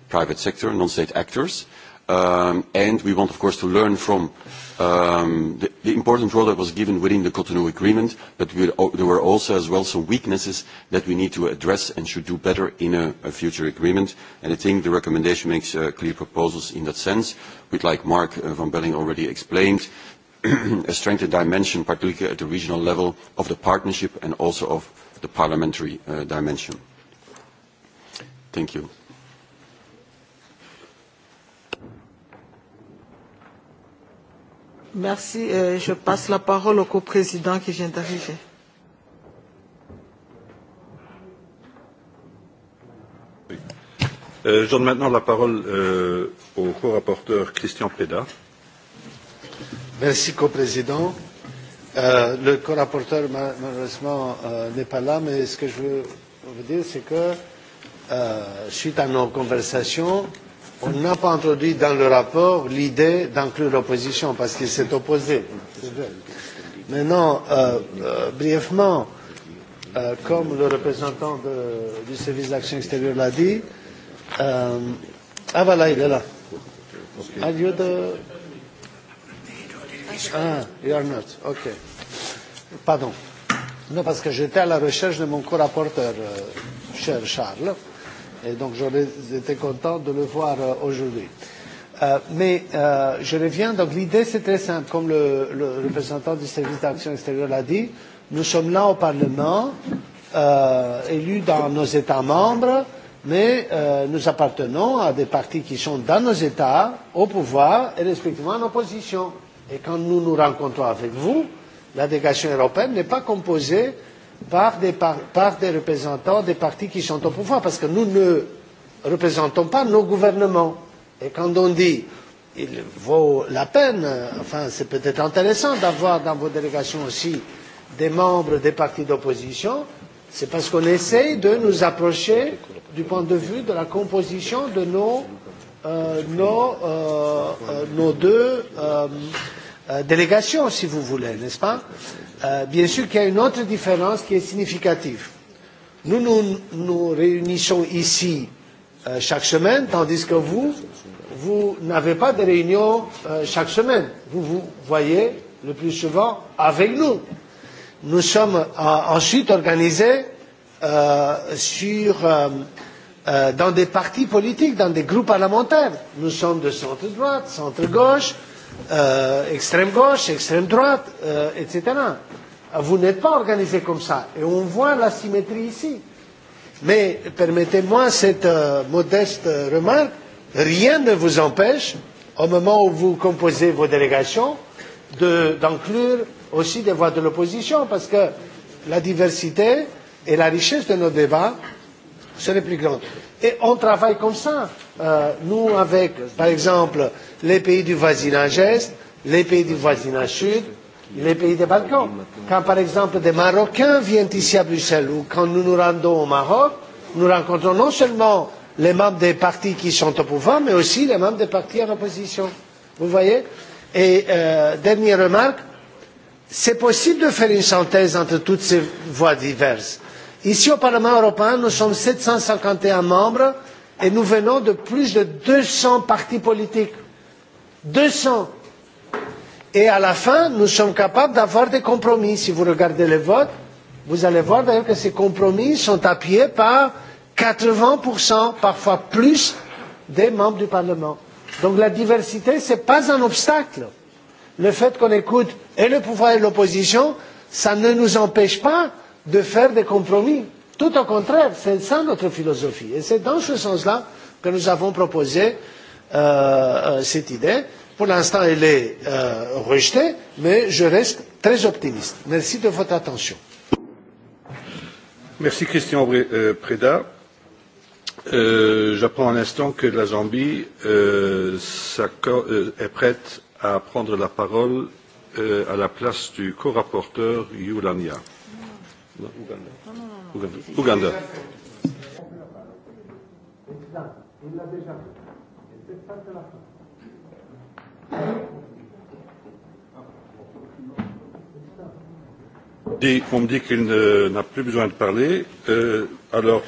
private sector, non-state actors. Um, and we want, of course, to learn from um, the, important role that was given within the Cotonou Agreement, but oh, there were also as well some weaknesses that we need to address and should do better in a, future agreement. And I think the recommendation makes uh, clear proposals in that sense, like Mark uh, van Belling already explained, a strengthened dimension, particularly at the regional level, of the partnership and also of the parliamentary uh, dimension. Thank you. Merci. Euh, je passe la parole au coprésident qui vient d'arriver. Euh, je donne maintenant la parole euh, au co-rapporteur Christian Preda. Merci, coprésident. Euh, le co-rapporteur, malheureusement, euh, n'est pas là, mais ce que je veux vous dire, c'est que, suite à nos conversations, on n'a pas introduit dans le rapport l'idée d'inclure l'opposition parce qu'il s'est opposé. Maintenant, euh, euh, brièvement, euh, comme le représentant de, du service d'action extérieure l'a dit, euh, ah voilà, il est là. Are you the... Ah, you are not. OK. Pardon. Non, parce que j'étais à la recherche de mon co-rapporteur, euh, cher Charles. Et donc j'étais content de le voir euh, aujourd'hui. Euh, mais euh, je reviens, donc l'idée c'est très simple, comme le, le représentant du service d'action extérieure l'a dit, nous sommes là au Parlement, euh, élus dans nos États membres, mais euh, nous appartenons à des partis qui sont dans nos États, au pouvoir et respectivement en opposition. Et quand nous nous rencontrons avec vous, la délégation européenne n'est pas composée par des, par, par des représentants des partis qui sont au pouvoir, parce que nous ne représentons pas nos gouvernements. Et quand on dit il vaut la peine, enfin c'est peut-être intéressant d'avoir dans vos délégations aussi des membres des partis d'opposition, c'est parce qu'on essaie de nous approcher du point de vue de la composition de nos, euh, nos, euh, euh nos deux euh, Euh, délégation, si vous voulez, n'est-ce pas euh, Bien sûr qu'il y a une autre différence qui est significative. Nous nous, nous réunissons ici euh, chaque semaine, tandis que vous, vous n'avez pas de réunion chaque semaine. Vous vous voyez le plus souvent avec nous. Nous sommes ensuite organisés euh, sur, euh, dans des partis politiques, dans des groupes parlementaires. Nous sommes de centre-droite, centre-gauche, euh, extrême gauche, extrême droite, euh, etc. Vous n'êtes pas organisé comme ça. Et on voit la symétrie ici. Mais permettez-moi cette euh, modeste euh, remarque. Rien ne vous empêche, au moment où vous composez vos délégations, d'inclure de, aussi des voix de l'opposition, parce que la diversité et la richesse de nos débats c'est les plus grand. Et on travaille comme ça, euh, nous, avec, par exemple, les pays du voisinage Est, les pays du voisinage Sud, les pays des Balkans. Quand, par exemple, des Marocains viennent ici à Bruxelles ou quand nous nous rendons au Maroc, nous rencontrons non seulement les membres des partis qui sont au pouvoir, mais aussi les membres des partis en opposition. Vous voyez Et euh, dernière remarque, c'est possible de faire une synthèse entre toutes ces voies diverses Ici au Parlement européen, nous sommes 751 membres et nous venons de plus de 200 partis politiques. 200 Et à la fin, nous sommes capables d'avoir des compromis. Si vous regardez les votes, vous allez voir d'ailleurs que ces compromis sont appuyés par 80%, parfois plus, des membres du Parlement. Donc la diversité, ce n'est pas un obstacle. Le fait qu'on écoute et le pouvoir et l'opposition, ça ne nous empêche pas de faire des compromis. Tout au contraire, c'est ça notre philosophie. Et c'est dans ce sens-là que nous avons proposé euh, euh cette idée. Pour l'instant, elle est euh, rejetée, mais je reste très optimiste. Merci de votre attention. Merci Christian euh, Preda. Euh, J'apprends un instant que la Zambie euh, est prête à prendre la parole à la place du co-rapporteur Yulania. No, Uganda. No, on me dit qu'il n'a plus besoin de parler. Euh, alors,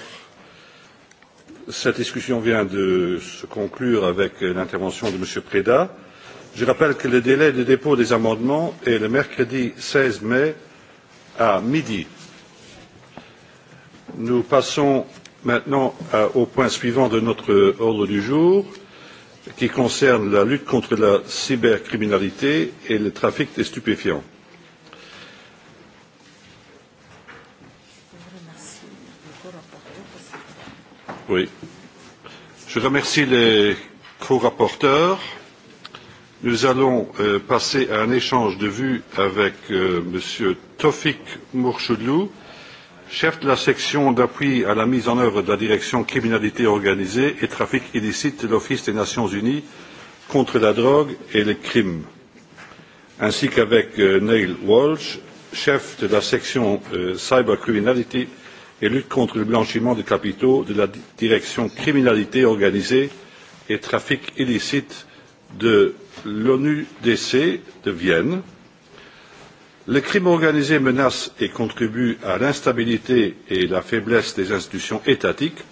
cette discussion vient de se conclure avec l'intervention de M. Preda. Je rappelle que le délai de dépôt des amendements est le mercredi 16 mai à midi Nous passons maintenant euh, au point suivant de notre euh, ordre du jour, qui concerne la lutte contre la cybercriminalité et le trafic des stupéfiants. Oui. Je remercie les co-rapporteurs. Nous allons euh, passer à un échange de vues avec euh, M. Tofik Mourchoudlou, chef de la section d'appui à la mise en œuvre de la direction criminalité organisée et trafic illicite de l'Office des Nations Unies contre la drogue et le crime, ainsi qu'avec euh, Neil Walsh, chef de la section euh, cybercriminalité et lutte contre le blanchiment de capitaux de la direction criminalité organisée et trafic illicite de l'ONU DC de Vienne le crime organisé menace et contribue à l'instabilité et la faiblesse des institutions étatiques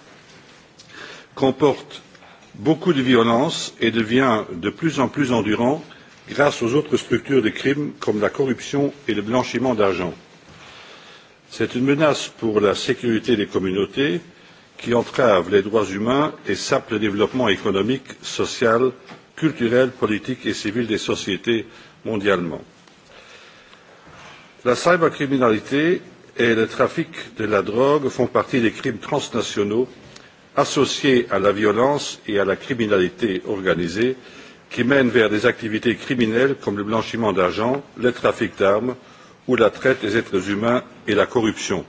comporte beaucoup de violence et devient de plus en plus endurant grâce aux autres structures de crime comme la corruption et le blanchiment d'argent. c'est une menace pour la sécurité des communautés qui entrave les droits humains et sape le développement économique social culturel politique et civil des sociétés mondialement la cybercriminalité et le trafic de la drogue font partie des crimes transnationaux associés à la violence et à la criminalité organisée qui mènent vers des activités criminelles comme le blanchiment d'argent le trafic d'armes ou la traite des êtres humains et la corruption.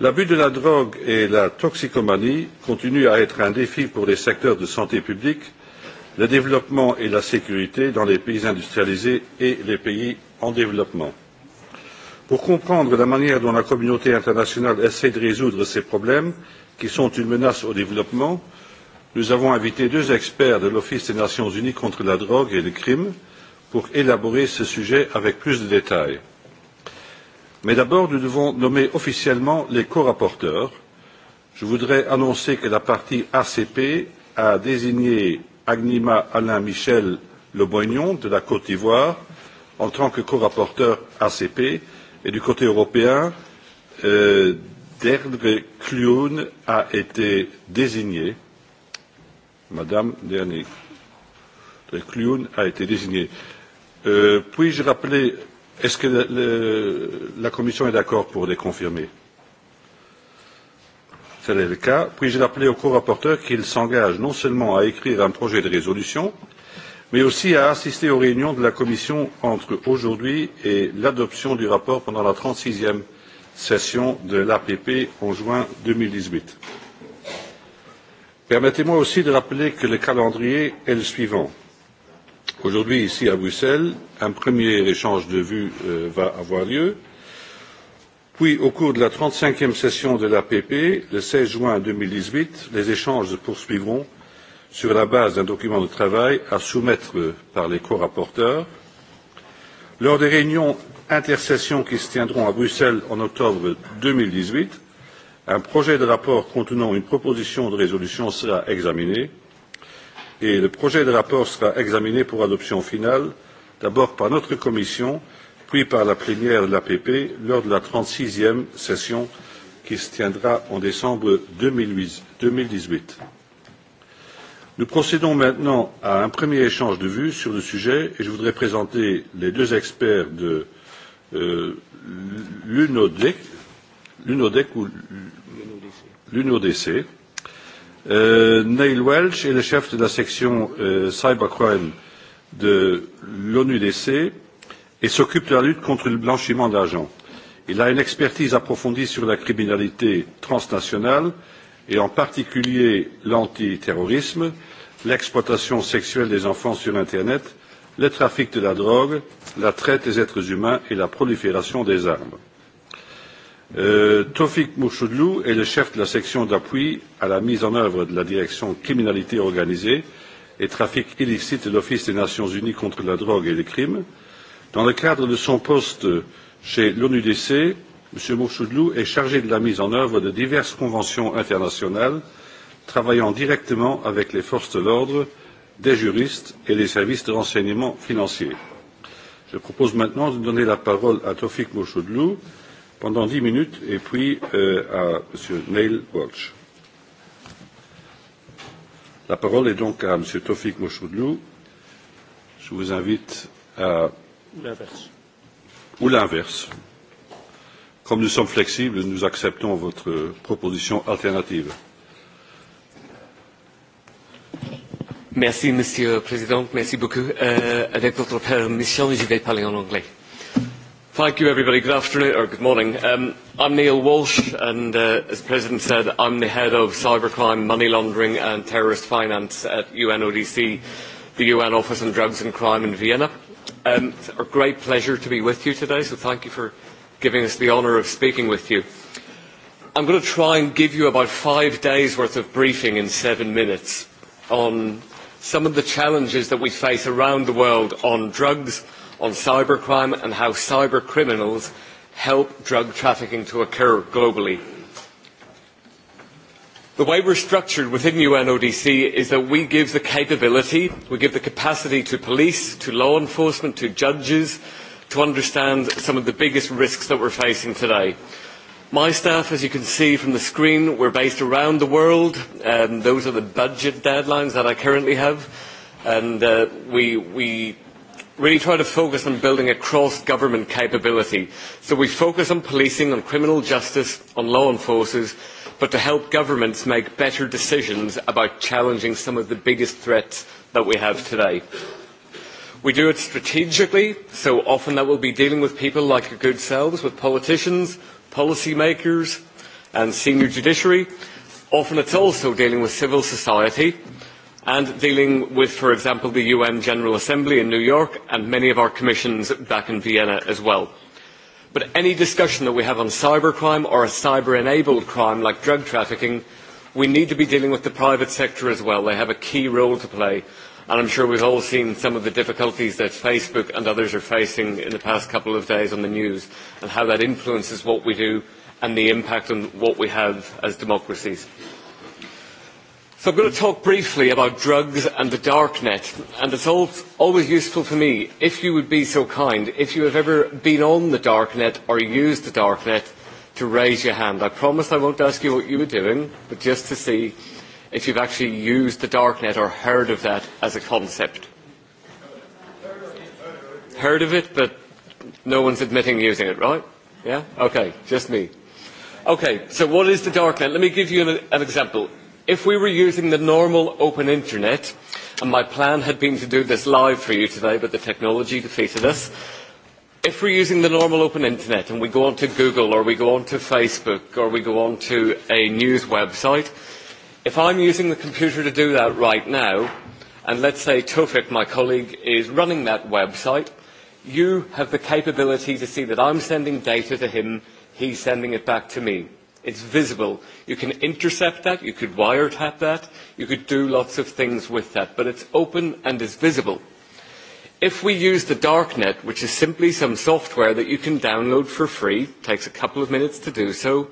l'abus de la drogue et la toxicomanie continuent à être un défi pour les secteurs de santé publique le développement et la sécurité dans les pays industrialisés et les pays en développement. Pour comprendre la manière dont la communauté internationale essaie de résoudre ces problèmes qui sont une menace au développement, nous avons invité deux experts de l'Office des Nations Unies contre la drogue et le crime pour élaborer ce sujet avec plus de détails. Mais d'abord, nous devons nommer officiellement les co rapporteurs, Je voudrais annoncer que la partie ACP a désigné Agnima Alain Michel Le Boignon de la Côte d'Ivoire en tant que corapporteur ACP et du côté européen, euh, Derdre a été désignée. Madame Dernier Clune a été désignée. Euh, Puis-je rappeler, est-ce que le, la Commission est d'accord pour les confirmer Tel est le cas. Puis-je rappeler au co-rapporteur qu'il s'engage non seulement à écrire un projet de résolution, mais aussi à assister aux réunions de la commission entre aujourd'hui et l'adoption du rapport pendant la trente six e session de l'app en juin. deux mille dix huit permettez moi aussi de rappeler que le calendrier est le suivant aujourd'hui ici à bruxelles un premier échange de vues euh, va avoir lieu puis au cours de la trente cinq e session de l'app le seize juin deux mille dix huit les échanges se poursuivront sur la base d'un document de travail à soumettre par les corapporteurs. Lors des réunions intersessions qui se tiendront à Bruxelles en octobre 2018, un projet de rapport contenant une proposition de résolution sera examiné et le projet de rapport sera examiné pour adoption finale d'abord par notre commission puis par la plénière de l'app lors de la trente sixième e session qui se tiendra en décembre. deux mille dix huit Nous procédons maintenant à un premier échange de vues sur le sujet et je voudrais présenter les deux experts de euh, l'UNODC ou l'UNODC. Euh, Neil Welch est le chef de la section euh, cybercrime de l'ONUDC et s'occupe de la lutte contre le blanchiment d'argent. Il a une expertise approfondie sur la criminalité transnationale et en particulier l'antiterrorisme l'exploitation sexuelle des enfants sur internet le trafic de la drogue la traite des êtres humains et la prolifération des armes. Euh, Tofik Mouchoudlou est le chef de la section d'appui à la mise en œuvre de la direction criminalité organisée et trafic illicite de l'Office des Nations Unies contre la drogue et le crime. Dans le cadre de son poste chez l'ONUDC, M. Mouchoudlou est chargé de la mise en œuvre de diverses conventions internationales travaillant directement avec les forces de l'ordre, des juristes et les services de renseignement financier. Je propose maintenant de donner la parole à Tofik Mouchoudlou pendant dix minutes et puis euh, à M. Neil Walsh. La parole est donc à M. Tofik Mouchoudlou. Je vous invite à... l'inverse. Ou l'inverse. Comme nous sommes flexibles, nous acceptons votre proposition alternative. Merci, Monsieur le Président. Merci beaucoup. Euh, avec votre permission, je vais parler en anglais. Thank you, everybody. Good afternoon, or good morning. Um, I'm Neil Walsh, and uh, as the President said, I'm the head of cybercrime, money laundering, and terrorist finance at UNODC, the UN Office on Drugs and Crime in Vienna. Um, it's a great pleasure to be with you today, so thank you for giving us the honour of speaking with you. I'm going to try and give you about five days' worth of briefing in seven minutes on some of the challenges that we face around the world on drugs, on cybercrime, and how cyber criminals help drug trafficking to occur globally. The way we're structured within UNODC is that we give the capability, we give the capacity to police, to law enforcement, to judges, to understand some of the biggest risks that we're facing today. My staff, as you can see from the screen, we're based around the world. those are the budget deadlines that I currently have. And uh, we, we really try to focus on building a cross-government capability. So we focus on policing, on criminal justice, on law enforcers, but to help governments make better decisions about challenging some of the biggest threats that we have today. We do it strategically, so often that will be dealing with people like your good selves, with politicians, policymakers and senior judiciary. Often it's also dealing with civil society and dealing with, for example, the UN General Assembly in New York and many of our commissions back in Vienna as well. But any discussion that we have on cybercrime or a cyber-enabled crime like drug trafficking, we need to be dealing with the private sector as well. They have a key role to play And I'm sure we've all seen some of the difficulties that Facebook and others are facing in the past couple of days on the news and how that influences what we do and the impact on what we have as democracies. So I'm going to talk briefly about drugs and the dark net. And it's always useful for me, if you would be so kind, if you have ever been on the dark net or used the dark net, to raise your hand. I promise I won't ask you what you were doing, but just to see if you've actually used the Darknet or heard of that as a concept. Heard of it, but no one's admitting using it, right? Yeah? Okay, just me. Okay, so what is the Darknet? Let me give you an, an example. If we were using the normal open internet, and my plan had been to do this live for you today, but the technology defeated us, if we're using the normal open internet and we go onto Google or we go onto Facebook or we go onto a news website, If I'm using the computer to do that right now, and let's say Tofik, my colleague, is running that website, you have the capability to see that I'm sending data to him, he's sending it back to me. It's visible. You can intercept that, you could wiretap that, you could do lots of things with that, but it's open and is visible. If we use the darknet, which is simply some software that you can download for free, takes a couple of minutes to do so,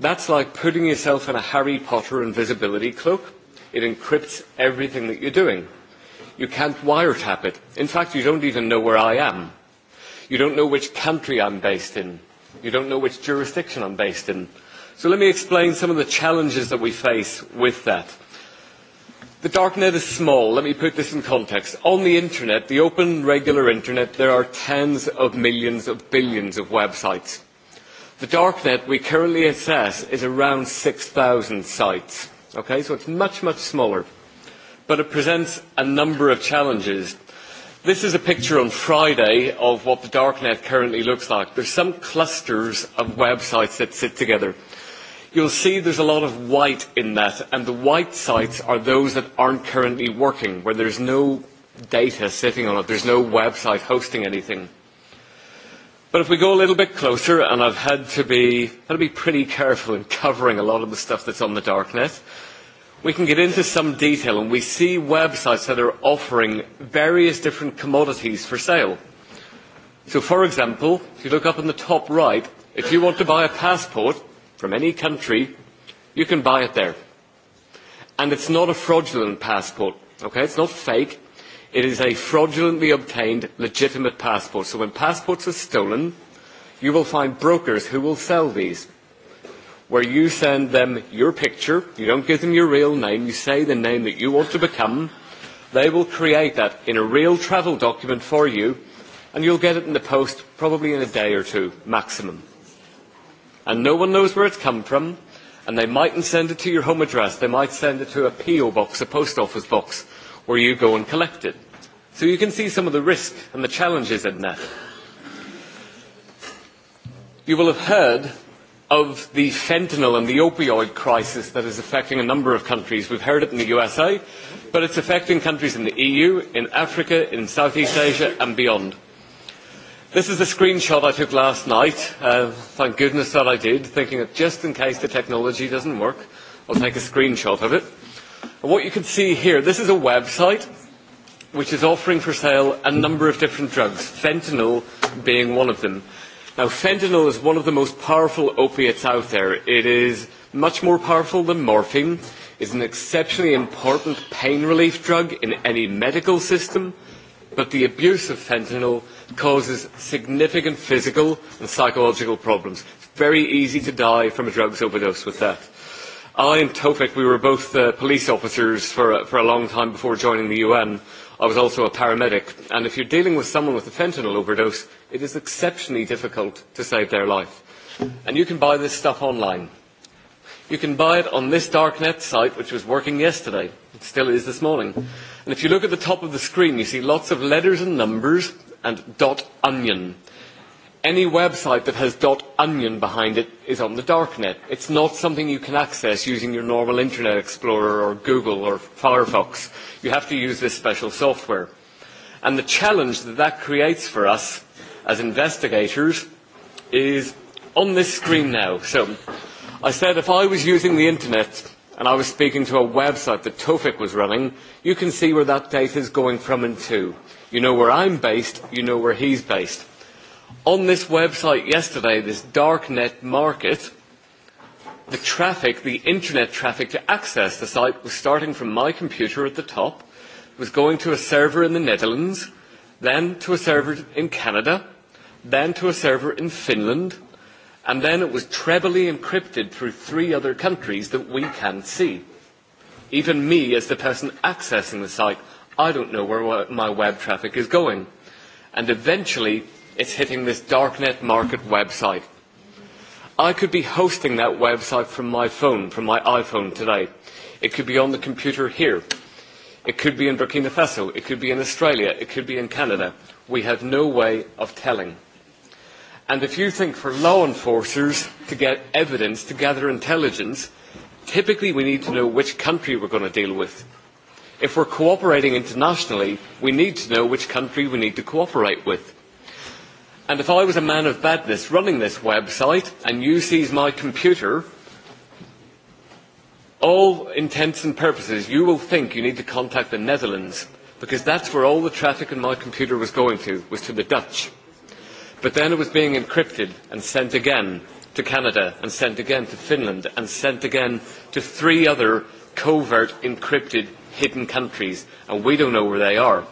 That's like putting yourself in a Harry Potter invisibility cloak. It encrypts everything that you're doing. You can't wiretap it. In fact, you don't even know where I am. You don't know which country I'm based in. You don't know which jurisdiction I'm based in. So let me explain some of the challenges that we face with that. The darknet is small. Let me put this in context. On the internet, the open, regular internet, there are tens of millions of billions of websites The darknet we currently assess is around 6,000 sites. Okay, so it's much, much smaller, but it presents a number of challenges. This is a picture on Friday of what the darknet currently looks like. There's some clusters of websites that sit together. You'll see there's a lot of white in that, and the white sites are those that aren't currently working, where there's no data sitting on it, there's no website hosting anything. But if we go a little bit closer, and I've had to be, had to be pretty careful in covering a lot of the stuff that's on the darknet, we can get into some detail and we see websites that are offering various different commodities for sale. So for example, if you look up in the top right, if you want to buy a passport from any country, you can buy it there. And it's not a fraudulent passport, okay? It's not fake It is a fraudulently obtained legitimate passport. So when passports are stolen, you will find brokers who will sell these, where you send them your picture, you don't give them your real name, you say the name that you want to become, they will create that in a real travel document for you, and you'll get it in the post probably in a day or two, maximum. And no one knows where it's come from, and they mightn't send it to your home address, they might send it to a PO box, a post office box, where you go and collect it. So you can see some of the risk and the challenges in that. You will have heard of the fentanyl and the opioid crisis that is affecting a number of countries. We've heard it in the USA, but it's affecting countries in the EU, in Africa, in Southeast Asia and beyond. This is a screenshot I took last night. Uh, thank goodness that I did, thinking that just in case the technology doesn't work, I'll take a screenshot of it. What you can see here, this is a website which is offering for sale a number of different drugs, fentanyl being one of them. Now, fentanyl is one of the most powerful opiates out there. It is much more powerful than morphine. It's an exceptionally important pain relief drug in any medical system, but the abuse of fentanyl causes significant physical and psychological problems. It's very easy to die from a drug's overdose with that. I and Tofik, we were both uh, police officers for, for a long time before joining the UN. I was also a paramedic. And if you're dealing with someone with a fentanyl overdose, it is exceptionally difficult to save their life. And you can buy this stuff online. You can buy it on this darknet site, which was working yesterday. It still is this morning. And if you look at the top of the screen, you see lots of letters and numbers and dot onion any website that has .onion behind it is on the darknet. It's not something you can access using your normal Internet Explorer or Google or Firefox. You have to use this special software. And the challenge that that creates for us as investigators is on this screen now. So I said if I was using the Internet and I was speaking to a website that Tofik was running, you can see where that data is going from and to. You know where I'm based, you know where he's based on this website yesterday, this dark net market, the traffic, the internet traffic to access the site was starting from my computer at the top, was going to a server in the Netherlands, then to a server in Canada, then to a server in Finland, and then it was trebly encrypted through three other countries that we can't see. Even me, as the person accessing the site, I don't know where my web traffic is going. And eventually, it's hitting this darknet market website. I could be hosting that website from my phone, from my iPhone today. It could be on the computer here. It could be in Burkina Faso. It could be in Australia. It could be in Canada. We have no way of telling. And if you think for law enforcers to get evidence, to gather intelligence, typically we need to know which country we're going to deal with. If we're cooperating internationally, we need to know which country we need to cooperate with. And if I was a man of badness running this website and you seize my computer, all intents and purposes, you will think you need to contact the Netherlands because that's where all the traffic in my computer was going to, was to the Dutch. But then it was being encrypted and sent again to Canada and sent again to Finland and sent again to three other covert encrypted hidden countries and we don't know where they are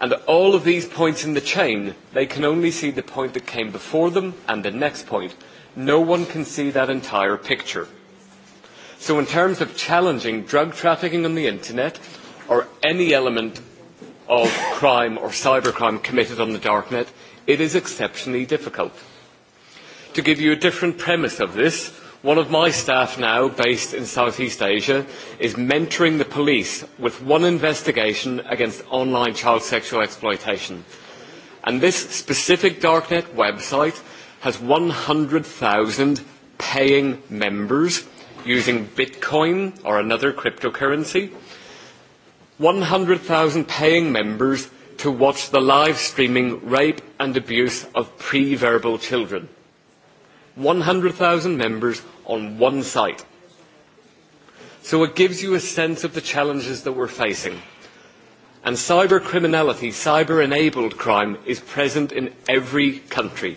and at all of these points in the chain they can only see the point that came before them and the next point. no one can see that entire picture. so in terms of challenging drug trafficking on the internet or any element of crime or cybercrime committed on the darknet it is exceptionally difficult. to give you a different premise of this one of my staff now, based in Southeast Asia, is mentoring the police with one investigation against online child sexual exploitation. And this specific darknet website has 100,000 paying members using Bitcoin or another cryptocurrency. 100,000 paying members to watch the live streaming rape and abuse of pre-verbal children. 100,000 members on one site. So it gives you a sense of the challenges that we're facing. And cyber criminality, cyber enabled crime is present in every country.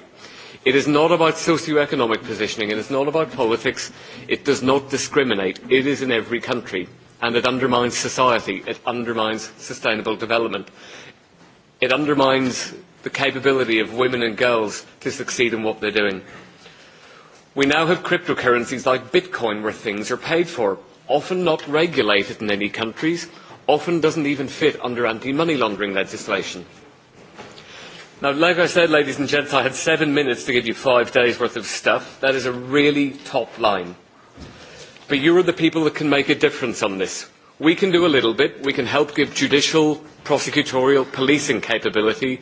It is not about socioeconomic positioning, it is not about politics, it does not discriminate. It is in every country and it undermines society, it undermines sustainable development. It undermines the capability of women and girls to succeed in what they're doing. We now have cryptocurrencies like Bitcoin where things are paid for, often not regulated in any countries, often doesn't even fit under anti-money laundering legislation. Now, like I said, ladies and gents, I had seven minutes to give you five days' worth of stuff. That is a really top line. But you are the people that can make a difference on this. We can do a little bit. We can help give judicial, prosecutorial, policing capability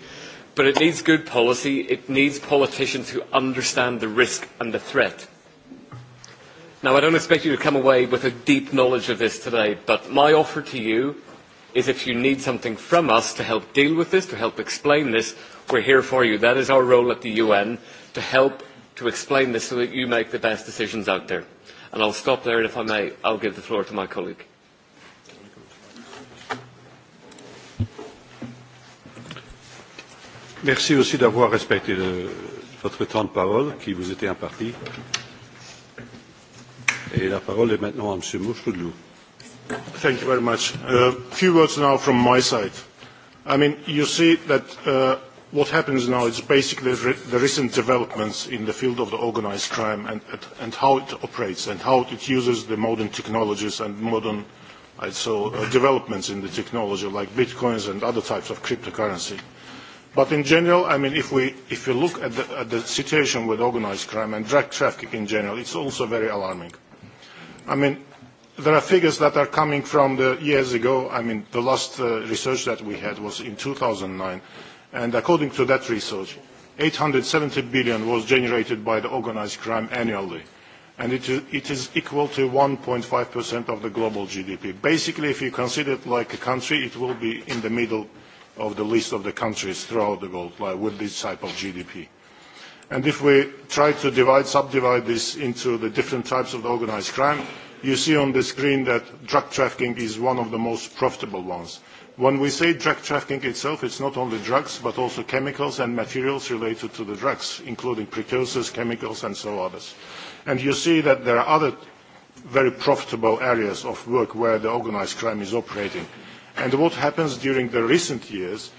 But it needs good policy. It needs politicians who understand the risk and the threat. Now, I don't expect you to come away with a deep knowledge of this today, but my offer to you is if you need something from us to help deal with this, to help explain this, we're here for you. That is our role at the UN, to help to explain this so that you make the best decisions out there. And I'll stop there, and if I may, I'll give the floor to my colleague. Merci aussi d'avoir respecté le, votre temps de parole qui vous était imparti. Et la parole est maintenant à M. Mouchoudlou. Thank you very much. A uh, few words now from my side. I mean, you see that uh, what happens now is basically re the recent developments in the field of the organized crime and, and how it operates and how it uses the modern technologies and modern uh, so, uh, developments in the technology like bitcoins and other types of cryptocurrency. But in general, I mean, if, we, if you look at the, at the situation with organized crime and drug trafficking in general, it's also very alarming. I mean, there are figures that are coming from the years ago. I mean, the last uh, research that we had was in 2009. And according to that research, 870 billion was generated by the organized crime annually. And it, it is equal to 1.5% of the global GDP. Basically, if you consider it like a country, it will be in the middle of the list of the countries throughout the world like, with this type of GDP. And if we try to divide, subdivide this into the different types of organized crime, you see on the screen that drug trafficking is one of the most profitable ones. When we say drug trafficking itself, it's not only drugs, but also chemicals and materials related to the drugs, including precursors, chemicals, and so others. And you see that there are other very profitable areas of work where the organized crime is operating. And what happens during the recent years,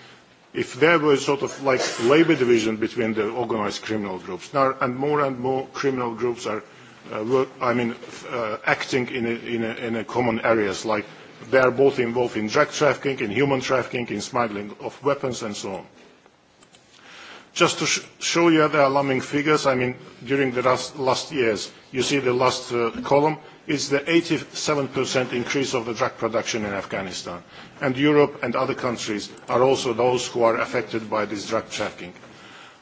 if there was sort of like labor division between the organized criminal groups, now, and more and more criminal groups are, uh, work, I mean, uh, acting in a, in, a, in a common areas, like they are both involved in drug trafficking, in human trafficking, in smuggling of weapons and so on. Just to sh show you the alarming figures, I mean, during the last, last years, you see the last uh, column, is the 87% increase of the drug production in Afghanistan. And Europe and other countries are also those who are affected by this drug trafficking.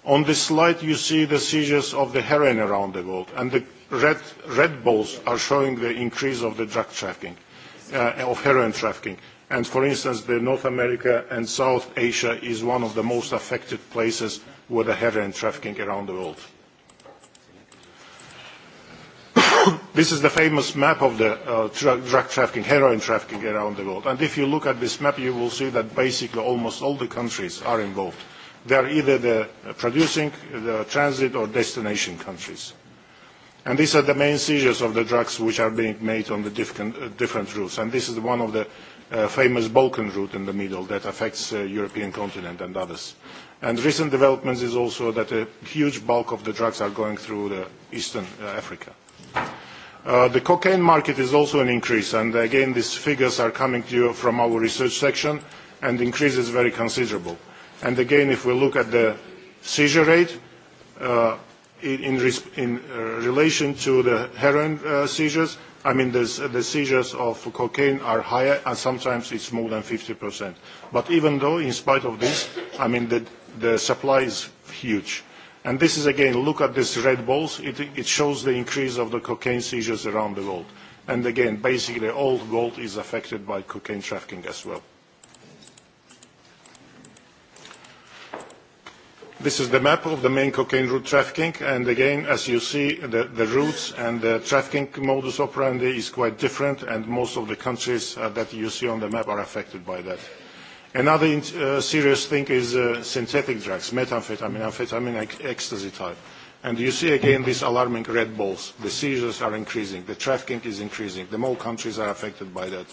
On this slide, you see the seizures of the heroin around the world, and the red, red balls are showing the increase of the drug trafficking, uh, of heroin trafficking. And for instance, the North America and South Asia is one of the most affected places with the heroin trafficking around the world this is the famous map of the uh, drug, trafficking, heroin trafficking around the world. And if you look at this map, you will see that basically almost all the countries are involved. They are either the uh, producing, the transit, or destination countries. And these are the main seizures of the drugs which are being made on the different, uh, routes. And this is one of the famous Balkan route in the middle that affects the European continent and others. And recent developments is also that a huge bulk of the drugs are going through the Eastern Africa Uh, the cocaine market is also an increase, and again, these figures are coming to you from our research section, and the increase is very considerable. And again, if we look at the seizure rate uh, in, in, uh, relation to the heroin seizures, I mean, the seizures of cocaine are higher, and sometimes it's more than 50%. But even though, in spite of this, I mean, the supply is huge And this is again, look at these red balls. It, it shows the increase of the cocaine seizures around the world. And again, basically all gold is affected by cocaine trafficking as well. This is the map of the main cocaine route trafficking. And again, as you see, the, routes and the trafficking modus operandi is quite different. And most of the countries uh, that you see on the map are affected by that. Another in, uh, serious thing is uh, synthetic drugs, methamphetamine, amphetamine, ecstasy type. And you see again these alarming red balls. The seizures are increasing. The trafficking is increasing. The more countries are affected by that.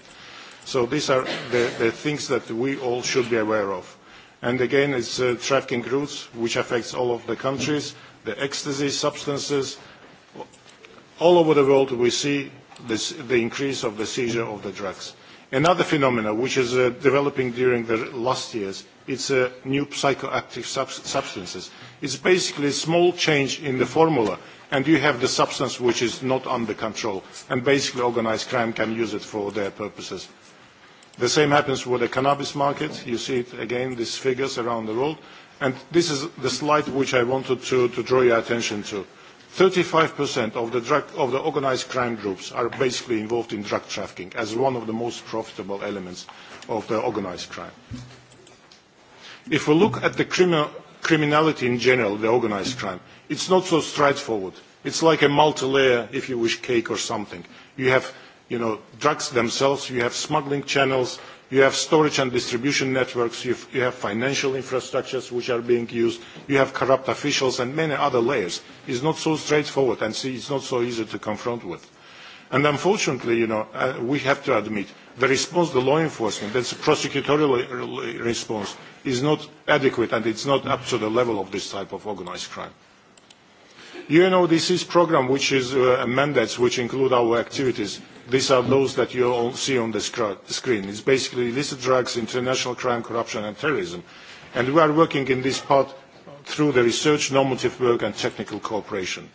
So these are the, the things that we all should be aware of. And again, it's uh, trafficking routes, which affects all of the countries, the ecstasy substances. All over the world, we see this, the increase of the seizure of the drugs. Another phenomenon which is uh, developing during the last years is uh, new psychoactive sub substances. It's basically a small change in the formula and you have the substance which is not under control and basically organised crime can use it for their purposes. The same happens with the cannabis market. You see it again, these figures around the world. And this is the slide which I wanted to, to draw your attention to. 35% of the of the organized crime groups are basically involved in drug trafficking as one of the most profitable elements of the organized crime. If we look at the criminality in general, the organized crime, it's not so straightforward. It's like a multi-layer, if you wish, cake or something. You have, drugs themselves, you have smuggling channels, you have storage and distribution networks, you have financial infrastructures which are being used, you have corrupt officials and many other layers. It's not so straightforward and see, it's not so easy to confront with. And unfortunately, you know, uh, we have to admit the response the law enforcement, that's a prosecutorial response, is not adequate and it's not up to the level of this type of organized crime. UNODC's program, which is uh, mandates which include our activities, These are those that you all see on the screen. It's basically illicit drugs, international crime, corruption and terrorism. And we are working in this part through the research, normative work and technical cooperation.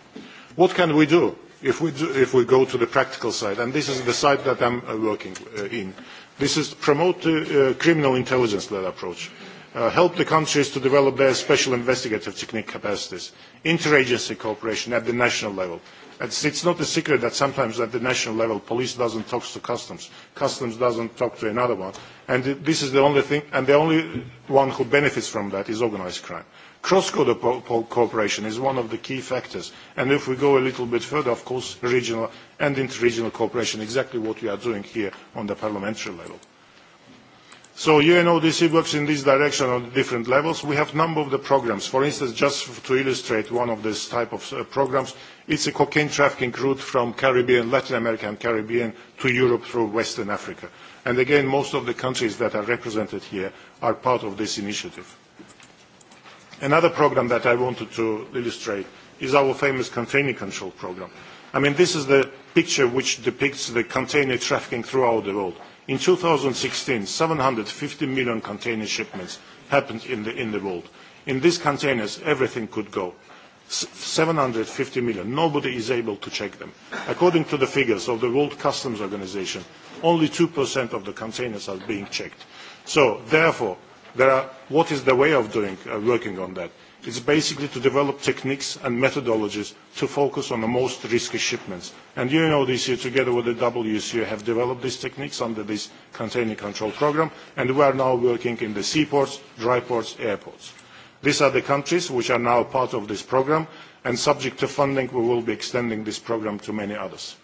What can we do if we, do, if we go to the practical side? And this is the side that I'm uh, working uh, in. This is promote the uh, criminal intelligence-led approach. Uh, help the countries to develop their special investigative technique capacities, interagency cooperation at the national level. It's, it's not a secret that sometimes at the national level, police doesn't talk to customs, customs doesn't talk to another one, and this is the only thing, and the only one who benefits from that is organised crime. Cross-border cooperation is one of the key factors, and if we go a little bit further, of course, regional and interregional cooperation, exactly what we are doing here on the parliamentary level. So UNODC works in this direction on different levels. We have a number of the programs. For instance, just to illustrate one of this type of uh, programs It's a cocaine trafficking route from Caribbean, Latin America and Caribbean to Europe through Western Africa. And again, most of the countries that are represented here are part of this initiative. Another program that I wanted to illustrate is our famous container control program. I mean, this is the picture which depicts the container trafficking throughout the world. In 2016, 750 million container shipments happened in the, in the world. In these containers, everything could go 750 million. Nobody is able to check them. According to the figures of the World Customs Organization, only 2% of the containers are being checked. So, therefore, what is the way of doing, uh, working on that? It's basically to develop techniques and methodologies to focus on the most risky shipments. And you know this year, together with the WCO, have developed these techniques under this container control program, and we are now working in the seaports, dry ports, airports. These are the countries which are now part of this programme and subject to funding we will be extending this programme to many others.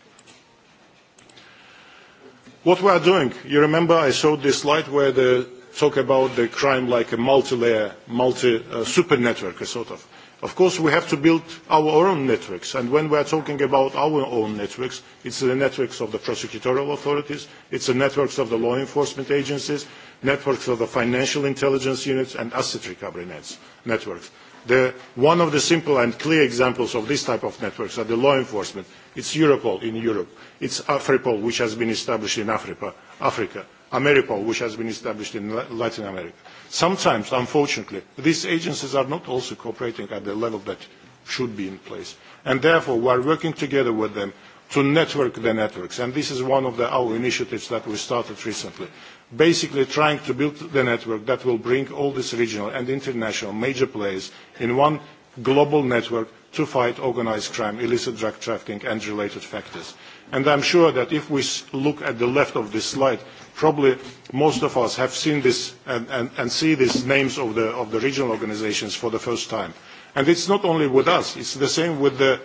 What we are doing, you remember I showed this slide where they talk about the crime like a multi-layer, multi-super uh, network, a sort of. Of course, we have to build our own networks, and when we are talking about our own networks, it's the networks of the prosecutorial authorities, it's the networks of the law enforcement agencies, networks of the financial intelligence units, and asset recovery nets, networks. The, one of the simple and clear examples of this type of networks are the law enforcement. It's Europol in Europe. It's Afripol, which has been established in Africa, Africa. Ameripol, which has been established in Latin America. Sometimes, unfortunately, these agencies are not also cooperating at the level that should be in place. And therefore, we are working together with them to network the networks. And this is one of the, our initiatives that we started recently. Basically trying to build the network that will bring all these regional and international major players in one global network to fight organised crime, illicit drug trafficking and related factors. And I'm sure that if we look at the left of this slide, probably most of us have seen this and, and, and see these names of the, of the regional organizations for the first time. And it's not only with us, it's the same with the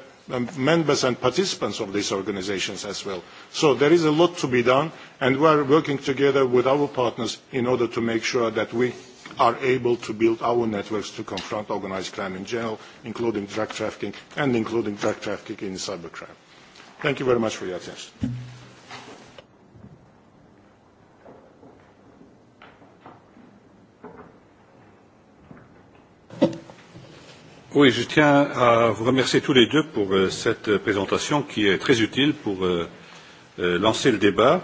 members and participants of these organizations as well. So there is a lot to be done, and we are working together with our partners in order to make sure that we are able to build our networks to confront organized crime in general, including drug trafficking and including drug trafficking in cybercrime. Thank you very much for your attention. Oui, je tiens à vous remercier tous les deux pour euh, cette présentation qui est très utile pour euh, euh, lancer le débat.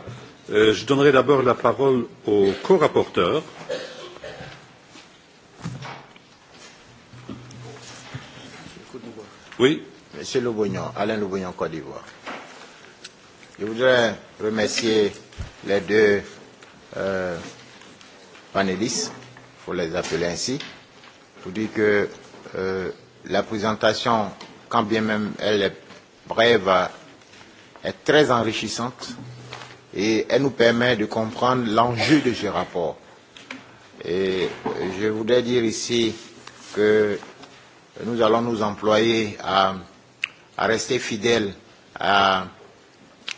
Je donnerai d'abord la parole au co-rapporteur. Oui. Monsieur Alain Le Côte d'Ivoire. Je voudrais remercier les deux euh, panélistes, pour les appeler ainsi, pour dire que Euh, la présentation, quand bien même elle est brève, est très enrichissante et elle nous permet de comprendre l'enjeu de ce rapport. Et je voudrais dire ici que nous allons nous employer à, à rester fidèles à,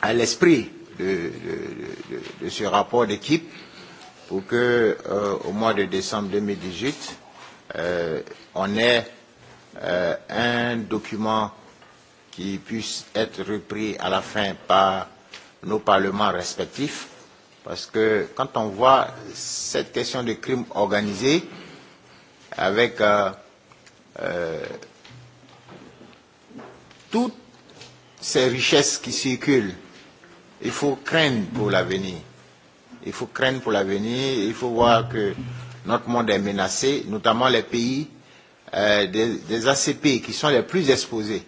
à l'esprit de, de, de, de ce rapport d'équipe pour que euh, au mois de décembre 2018, euh, on ait euh, un document qui puisse être repris à la fin par nos parlements respectifs, parce que quand on voit cette question de crime organisé avec euh, euh, toutes ces richesses qui circulent, il faut craindre pour l'avenir. Il faut craindre pour l'avenir, il faut voir que notre monde est menacé, notamment les pays euh, des, des ACP qui sont les plus exposés.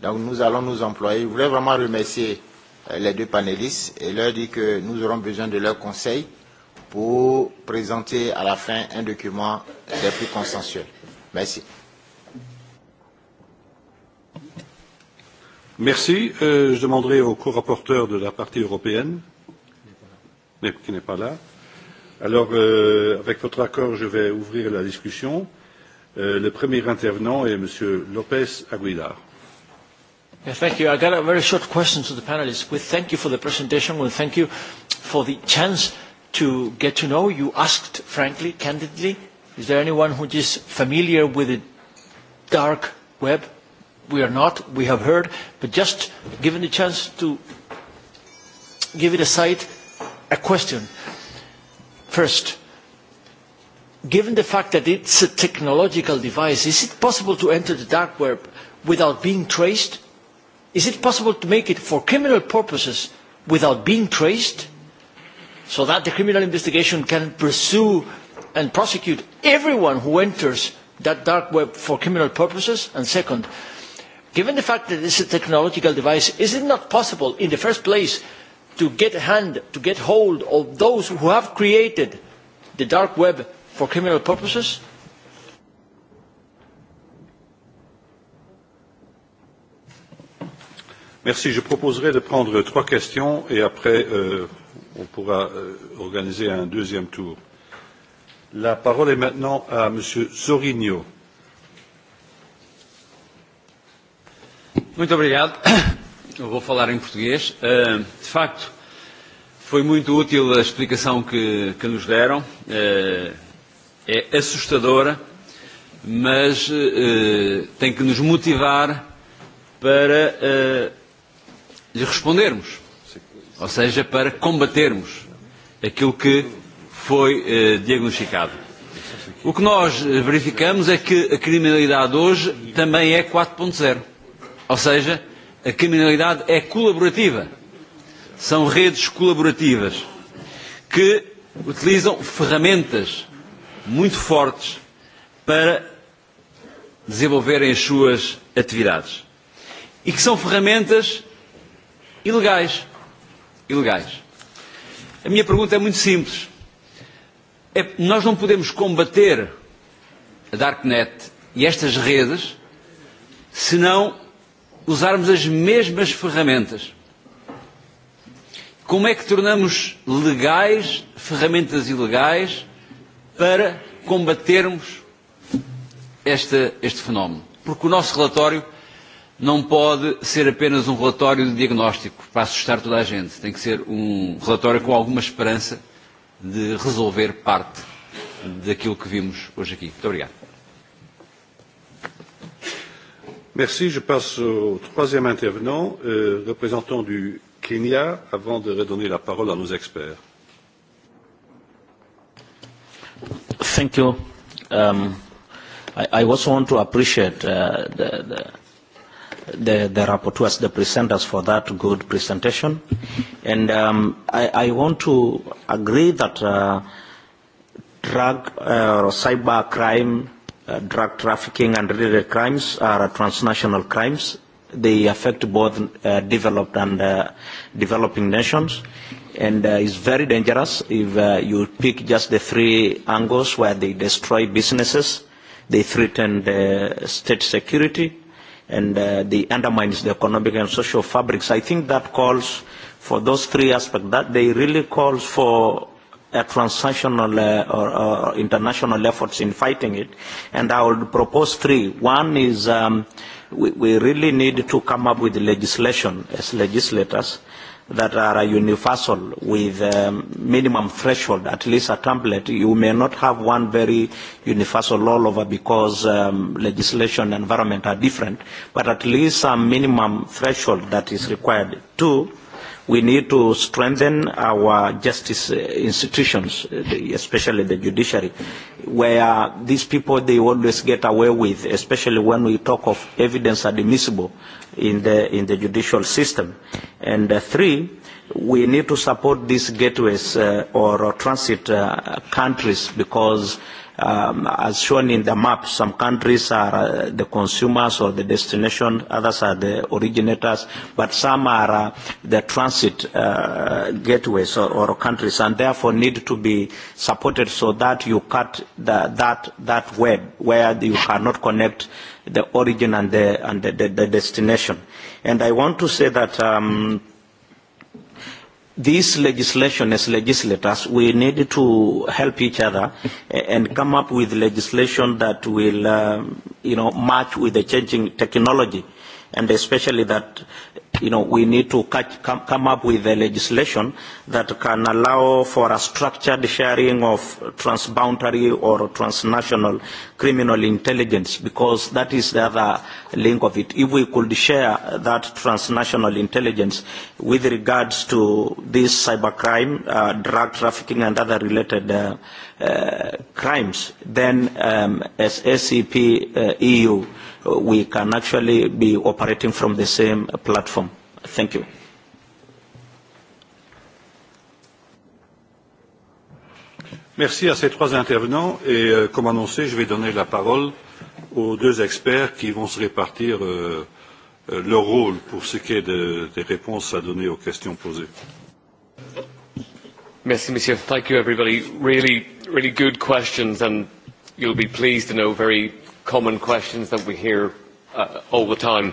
Donc nous allons nous employer. Je voulais vraiment remercier euh, les deux panélistes et leur dire que nous aurons besoin de leurs conseils pour présenter à la fin un document des plus consensuels. Merci. Merci. Euh, je demanderai au co-rapporteur de la partie européenne, qui n'est pas là. Alors, euh, avec votre accord, je vais ouvrir la discussion. Euh, le premier intervenant est Monsieur Lopez Aguilar. thank you. I got a very short question to the panelists. We thank you for the presentation. We thank you for the chance to get to know you. Asked frankly, candidly, is there anyone who is familiar with the dark web? We are not. We have heard, but just given the chance to give it a sight, a question. First, given the fact that it's a technological device, is it possible to enter the dark web without being traced? Is it possible to make it for criminal purposes without being traced so that the criminal investigation can pursue and prosecute everyone who enters that dark web for criminal purposes? And second, given the fact that is a technological device, is it not possible in the first place to get a hand, to get hold of those who have created the dark web for criminal purposes? Merci. Je proposerai de prendre trois questions et après euh, on pourra euh, organiser un deuxième tour. La parole est maintenant à M. Zorigno. Muito obrigado. Eu vou falar em português. Uh, de facto, foi muito útil a explicação que, que nos deram. Uh, é assustadora, mas eh, tem que nos motivar para eh, lhe respondermos, ou seja, para combatermos aquilo que foi eh, diagnosticado. O que nós eh, verificamos é que a criminalidade hoje também é 4.0, ou seja, a criminalidade é colaborativa. São redes colaborativas que utilizam ferramentas muito fortes para desenvolverem as suas atividades. E que são ferramentas ilegais. Ilegais. A minha pergunta é muito simples. É, nós não podemos combater a Darknet e estas redes se não usarmos as mesmas ferramentas. Como é que tornamos legais ferramentas ilegais para combatermos este, este fenómeno. Porque o nosso relatório não pode ser apenas um relatório de diagnóstico para assustar toda a gente. Tem que ser um relatório com alguma esperança de resolver parte daquilo que vimos hoje aqui. Muito obrigado. Merci. Je passe au troisième intervenant, euh, représentant du Kenya, avant de redonner la parole à nos experts. Thank you. Um, I, I also want to appreciate uh, the, the, the, the rapporteurs, the presenters for that good presentation. And um, I, I want to agree that uh, drug uh, or cyber crime, uh, drug trafficking and related crimes are transnational crimes. They affect both uh, developed and uh, developing nations and uh, it's very dangerous if uh, you pick just the three angles where they destroy businesses, they threaten the state security, and uh, they undermine the economic and social fabrics. I think that calls for those three aspects. That they really calls for a transnational uh, or, or international efforts in fighting it. And I would propose three. One is um, we, we really need to come up with legislation as legislators that are universal with um, minimum threshold, at least a template, you may not have one very universal all over because um, legislation and environment are different, but at least some minimum threshold that is required. Two, We need to strengthen our justice uh, institutions, uh, especially the judiciary, where these people, they always get away with, especially when we talk of evidence admissible in the, in the judicial system. And uh, three, we need to support these gateways uh, or, or transit uh, countries because Um, as shown in the map, some countries are uh, the consumers or the destination, others are the originators, but some are uh, the transit uh, gateways or, or countries, and therefore need to be supported so that you cut the, that that web where you cannot connect the origin and the and the, the, the destination. And I want to say that. Um, this legislation as legislators, we need to help each other and come up with legislation that will, um, you know, match with the changing technology and especially that you know, we need to come, up with a legislation that can allow for a structured sharing of transboundary or transnational criminal intelligence because that is the other link of it. If we could share that transnational intelligence with regards to this cybercrime, uh, drug trafficking and other related uh, uh, crimes, then um, as SCP uh, EU, we can actually be operating from the same platform. Thank you. Merci à ces trois intervenants et euh, comme annoncé, je vais donner la parole aux deux experts qui vont se répartir euh, euh leur rôle pour ce qui est de, des réponses à donner aux questions posées. Merci, Monsieur. Thank you, everybody. Really, really good questions, and you'll be pleased to know very common questions that we hear uh, all the time.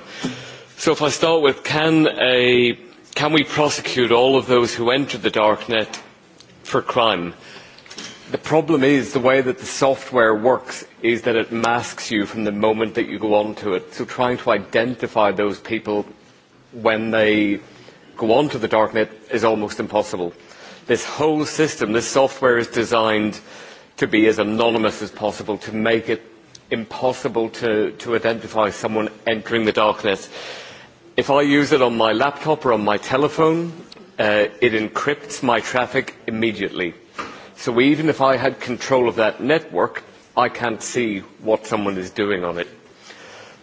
So if I start with, can, a, can we prosecute all of those who enter the dark net for crime? The problem is the way that the software works is that it masks you from the moment that you go onto it. So trying to identify those people when they go onto the darknet is almost impossible. This whole system, this software is designed to be as anonymous as possible, to make it impossible to, to identify someone entering the darkness. If I use it on my laptop or on my telephone, uh, it encrypts my traffic immediately. So even if I had control of that network, I can't see what someone is doing on it.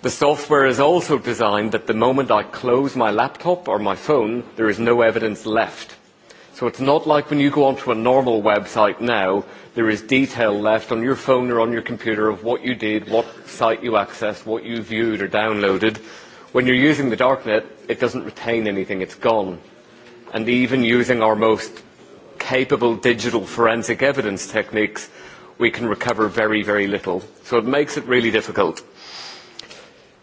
The software is also designed that the moment I close my laptop or my phone, there is no evidence left So it's not like when you go onto a normal website now, there is detail left on your phone or on your computer of what you did, what site you accessed, what you viewed or downloaded. When you're using the darknet, it doesn't retain anything, it's gone. And even using our most capable digital forensic evidence techniques, we can recover very, very little. So it makes it really difficult.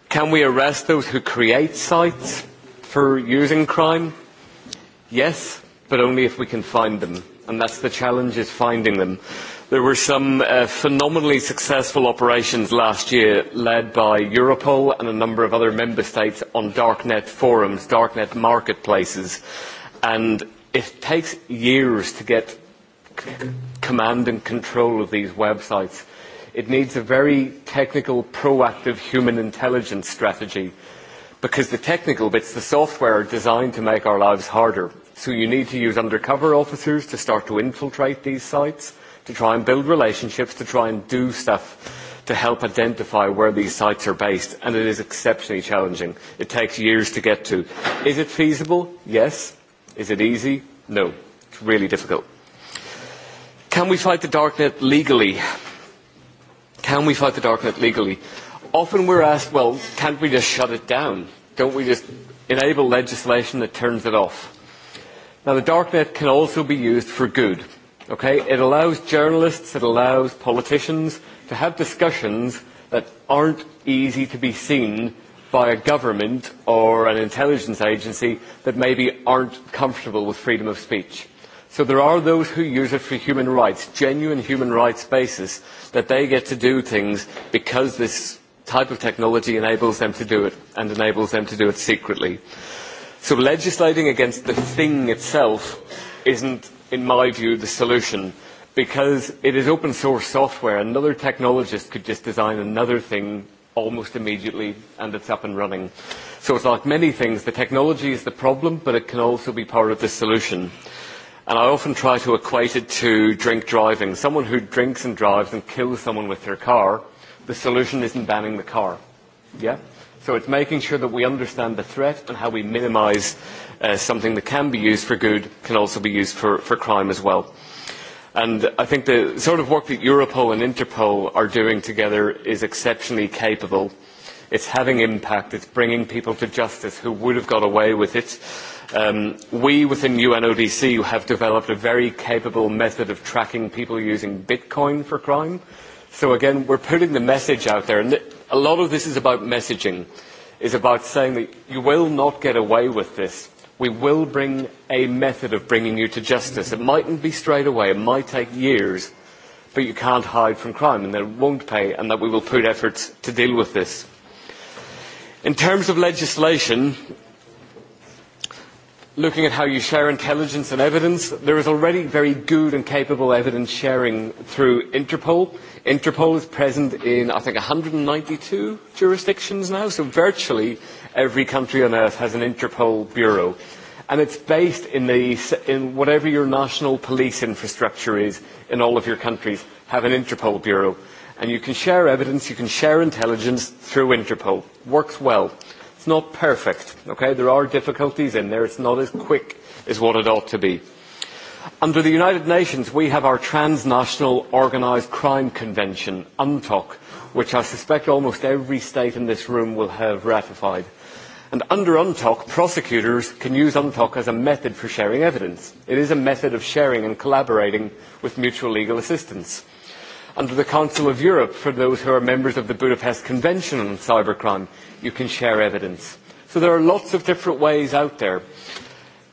Can we arrest those who create sites for using crime? Yes, but only if we can find them and that's the challenge is finding them. There were some uh, phenomenally successful operations last year led by Europol and a number of other member states on darknet forums, darknet marketplaces and it takes years to get command and control of these websites. It needs a very technical, proactive human intelligence strategy because the technical bits, the software, are designed to make our lives harder So you need to use undercover officers to start to infiltrate these sites, to try and build relationships, to try and do stuff to help identify where these sites are based. And it is exceptionally challenging. It takes years to get to. Is it feasible? Yes. Is it easy? No. It's really difficult. Can we fight the darknet legally? Can we fight the darknet legally? Often we're asked, well, can't we just shut it down? Don't we just enable legislation that turns it off? Now, the dark net can also be used for good. Okay? It allows journalists, it allows politicians to have discussions that aren't easy to be seen by a government or an intelligence agency that maybe aren't comfortable with freedom of speech. So there are those who use it for human rights, genuine human rights basis, that they get to do things because this type of technology enables them to do it and enables them to do it secretly. So legislating against the thing itself isn't, in my view, the solution because it is open source software. Another technologist could just design another thing almost immediately and it's up and running. So it's like many things, the technology is the problem, but it can also be part of the solution. And I often try to equate it to drink driving. Someone who drinks and drives and kills someone with their car, the solution isn't banning the car. Yeah? So it's making sure that we understand the threat and how we minimize uh, something that can be used for good can also be used for, for crime as well. And I think the sort of work that Europol and Interpol are doing together is exceptionally capable. It's having impact. It's bringing people to justice who would have got away with it. Um, we within UNODC have developed a very capable method of tracking people using Bitcoin for crime. So again, we're putting the message out there. And th a lot of this is about messaging, is about saying that you will not get away with this. We will bring a method of bringing you to justice. It mightn't be straight away, it might take years, but you can't hide from crime and that it won't pay and that we will put efforts to deal with this. In terms of legislation, looking at how you share intelligence and evidence, there is already very good and capable evidence sharing through Interpol. Interpol is present in, I think, 192 jurisdictions now, so virtually every country on earth has an Interpol bureau. And it's based in, the, in whatever your national police infrastructure is in all of your countries, have an Interpol bureau. And you can share evidence, you can share intelligence through Interpol. Works well. It's not perfect, okay? There are difficulties in there. It's not as quick as what it ought to be. Under the United Nations, we have our Transnational Organised Crime Convention, UNTOC, which I suspect almost every state in this room will have ratified. And under UNTOC, prosecutors can use UNTOC as a method for sharing evidence. It is a method of sharing and collaborating with mutual legal assistance. Under the Council of Europe, for those who are members of the Budapest Convention on Cybercrime, you can share evidence. So there are lots of different ways out there.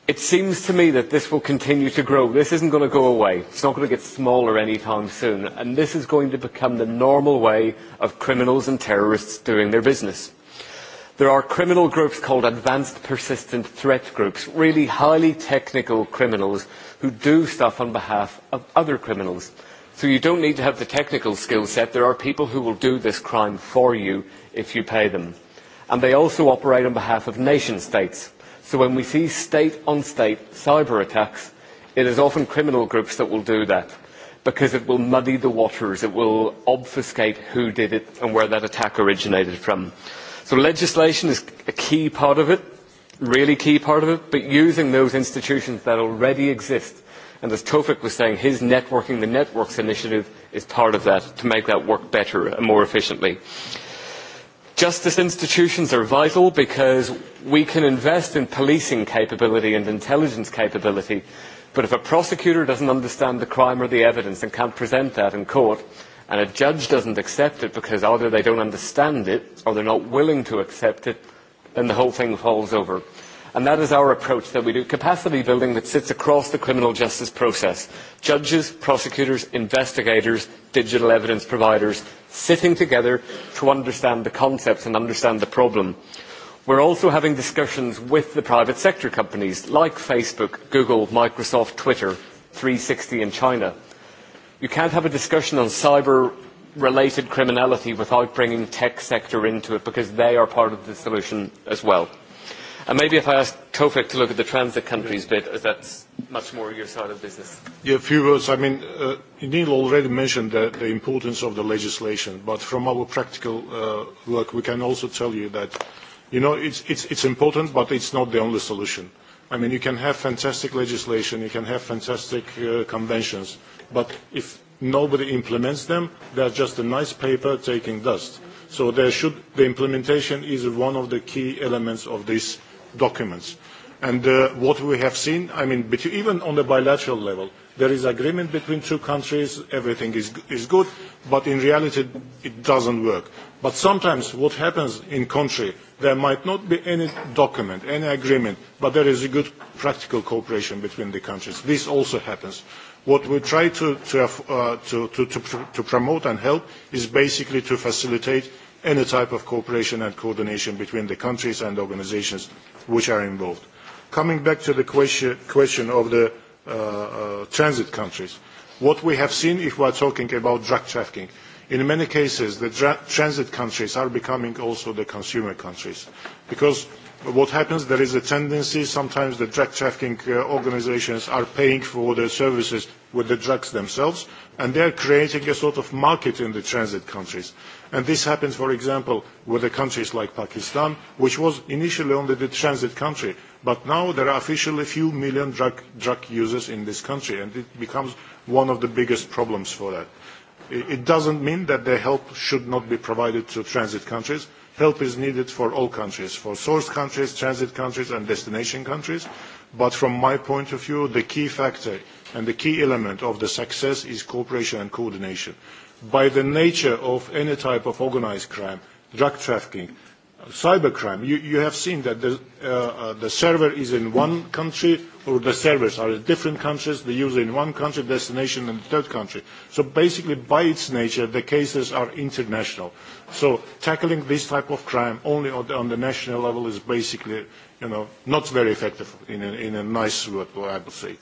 It seems to me that this will continue to grow. This isn't going to go away. It's not going to get smaller anytime soon. And this is going to become the normal way of criminals and terrorists doing their business. There are criminal groups called advanced persistent threat groups, really highly technical criminals who do stuff on behalf of other criminals. So you don't need to have the technical skill set. There are people who will do this crime for you if you pay them. And they also operate on behalf of nation states. So when we see state-on-state -state cyber attacks, it is often criminal groups that will do that because it will muddy the waters. It will obfuscate who did it and where that attack originated from. So legislation is a key part of it, really key part of it, but using those institutions that already exist And as Tofik was saying, his Networking the Networks initiative is part of that to make that work better and more efficiently. Justice institutions are vital because we can invest in policing capability and intelligence capability, but if a prosecutor doesn't understand the crime or the evidence and can't present that in court, and a judge doesn't accept it because either they don't understand it or they're not willing to accept it, then the whole thing falls over and that is our approach that we do capacity building that sits across the criminal justice process judges prosecutors investigators digital evidence providers sitting together to understand the concepts and understand the problem we're also having discussions with the private sector companies like facebook google microsoft twitter 360 in china you can't have a discussion on cyber related criminality without bringing tech sector into it because they are part of the solution as well maybe if I ask Tofiq to look at the transit countries bit, as that's much more your side of business. Yeah, a few words. I mean, uh, Neil already mentioned the, importance of the legislation, but from our practical uh, work, we can also tell you that, you know, it's, it's, important, but it's not the only solution. I mean, you can have fantastic legislation, you can have fantastic uh, conventions, but if nobody implements them, they are just a nice paper taking dust. So there should, the implementation is one of the key elements of this documents. And uh, what we have seen, I mean, even on the bilateral level, there is agreement between two countries, everything is, is good, but in reality it doesn't work. But sometimes what happens in country, there might not be any document, any agreement, but there is a good practical cooperation between the countries. This also happens. What we try to, to, have, uh, to, to, to, to promote and help is basically to facilitate any type of cooperation and coordination between the countries and organisations which are involved. Coming back to the question of the uh, uh, transit countries, what we have seen if we are talking about drug trafficking, in many cases the transit countries are becoming also the consumer countries because what happens there is a tendency sometimes the drug trafficking uh, organisations are paying for their services with the drugs themselves and they are creating a sort of market in the transit countries. And this happens, for example, with the countries like Pakistan, which was initially only the transit country, but now there are officially a few million drug, drug users in this country, and it becomes one of the biggest problems for that. It doesn't mean that the help should not be provided to transit countries. Help is needed for all countries, for source countries, transit countries, and destination countries. But from my point of view, the key factor and the key element of the success is cooperation and coordination. By the nature of any type of organized crime, drug trafficking, cybercrime, you, you have seen that uh, uh, the, server is in one country or the servers are in different countries, the user in one country, destination in the third country. So basically, by its nature, the cases are international. So tackling this type of crime only on the, national level is basically, you know, not very effective in a, in a nice word, I would say.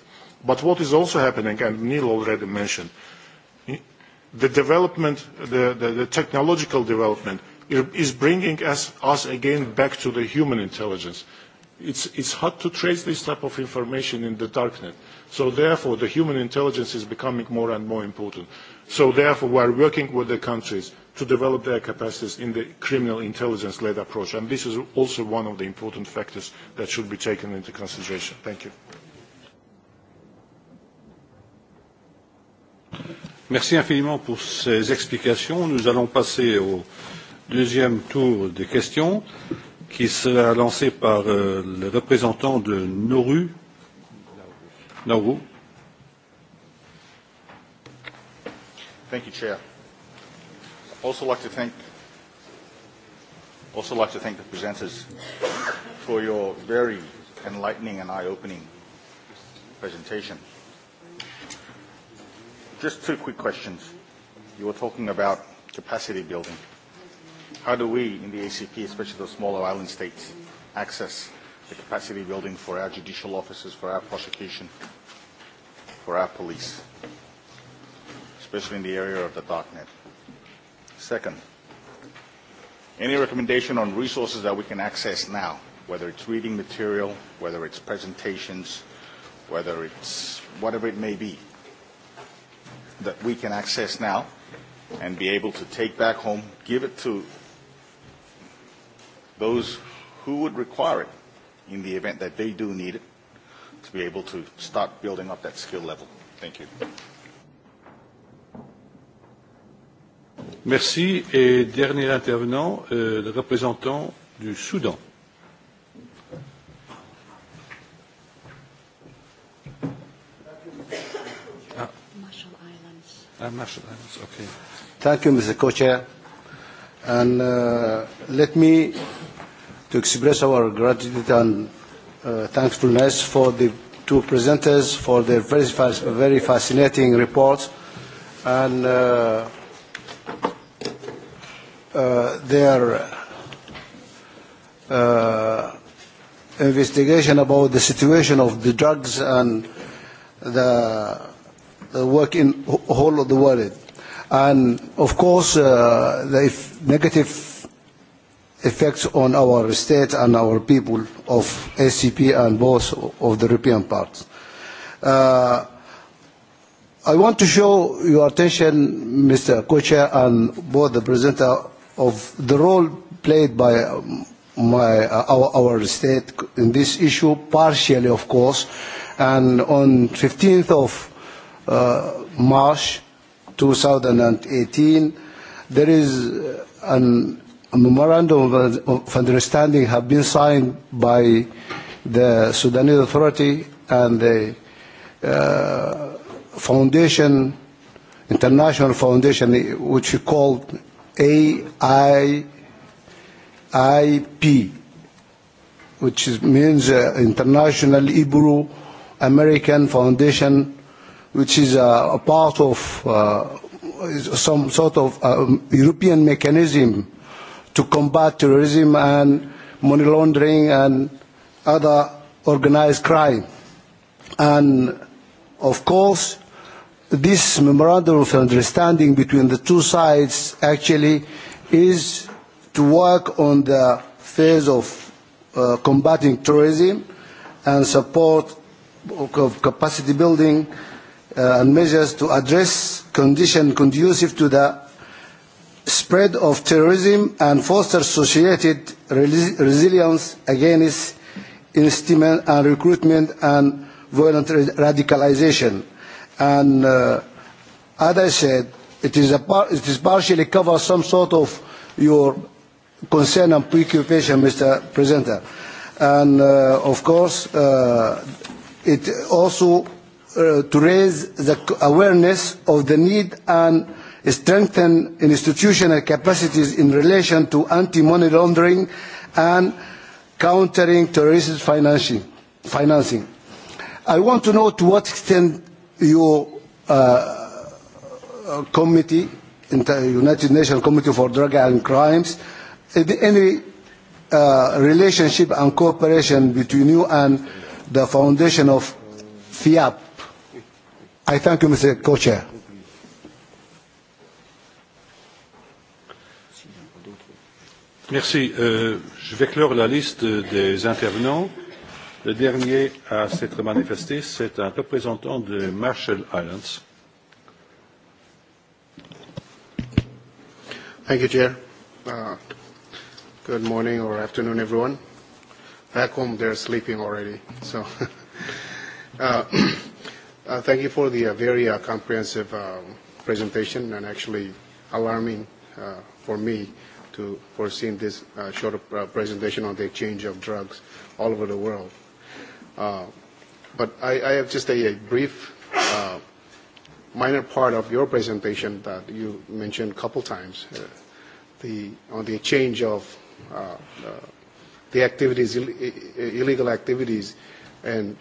But what is also happening, and Neil already mentioned, the development, the technological development is bringing us, us again back to the human intelligence. It's, it's hard to trace this type of information in the darknet. So therefore, the human intelligence is becoming more and more important. So therefore, we are working with the countries to develop their capacities in the criminal intelligence-led approach. And this is also one of the important factors that should be taken into consideration. Thank you. Merci infiniment pour ces explications. Nous allons passer au deuxième tour de questions qui sera lancé par euh, le représentant de Nauru. Nauru. Thank you, Chair. Also like to thank also like to thank the presenters for your very enlightening and eye-opening presentation. Just two quick questions. You were talking about capacity building how do we in the ACP, especially the smaller island states, access the capacity building for our judicial officers, for our prosecution, for our police, especially in the area of the dark net? Second, any recommendation on resources that we can access now, whether it's reading material, whether it's presentations, whether it's whatever it may be, that we can access now and be able to take back home, give it to those who would require it in the event that they do need it to be able to start building up that skill level. Thank you. Merci. Et dernier intervenant, euh, le représentant du Soudan. Ah. Marshall Islands. Ah, Marshall Islands, okay. Thank you, Mr. Co-Chair. And uh, let me to express our gratitude and uh, thankfulness for the two presenters for their very, very fascinating reports and uh, uh, their uh, investigation about the situation of the drugs and the, the work in whole of the world. And of course, uh, the, negative effects on our state and our people of ACP and both of the European parts. Uh, I want to show your attention, Mr. co and both the presenter, of the role played by um, my, uh, our, our state in this issue, partially of course, and on 15th of uh, March 2018, there is uh, an, a memorandum of, of understanding have been signed by the Sudanese Authority and the uh, foundation, international foundation, which is called AIP which is, means uh, International Hebrew American Foundation, which is uh, a part of uh, some sort of um, European mechanism to combat terrorism and money laundering and other organized crime. And of course, this memorandum of understanding between the two sides actually is to work on the phase of uh, combating terrorism and support of capacity building Uh, and measures to address conditions conducive to the spread of terrorism and foster associated resilience against instrument uh, and recruitment and violent radicalization. And uh, as I said, it is, a it is partially cover some sort of your concern and preoccupation, Mr. Presenter. And uh, of course, it also Uh, to raise the awareness of the need and strengthen institutional capacities in relation to anti-money laundering and countering terrorist financing. financing. I want to know to what extent your uh, committee, the United Nations Committee for Drug and Crimes, any uh, relationship and cooperation between you and the foundation of FIAP i thank you, Mr. Co-Chair. Merci. Euh, je vais clore la liste des intervenants. Le dernier à s'être manifesté, c'est un représentant de Marshall Islands. Thank you, Chair. Uh, good morning or afternoon, everyone. Back home, they're sleeping already. So, uh, Uh, thank you for the uh, very uh, comprehensive um, presentation and actually alarming uh, for me to foresee this uh, short uh, presentation on the exchange of drugs all over the world. But I, I have just a, brief minor part of your presentation that you mentioned a couple times the, on the exchange of the activities, illegal activities and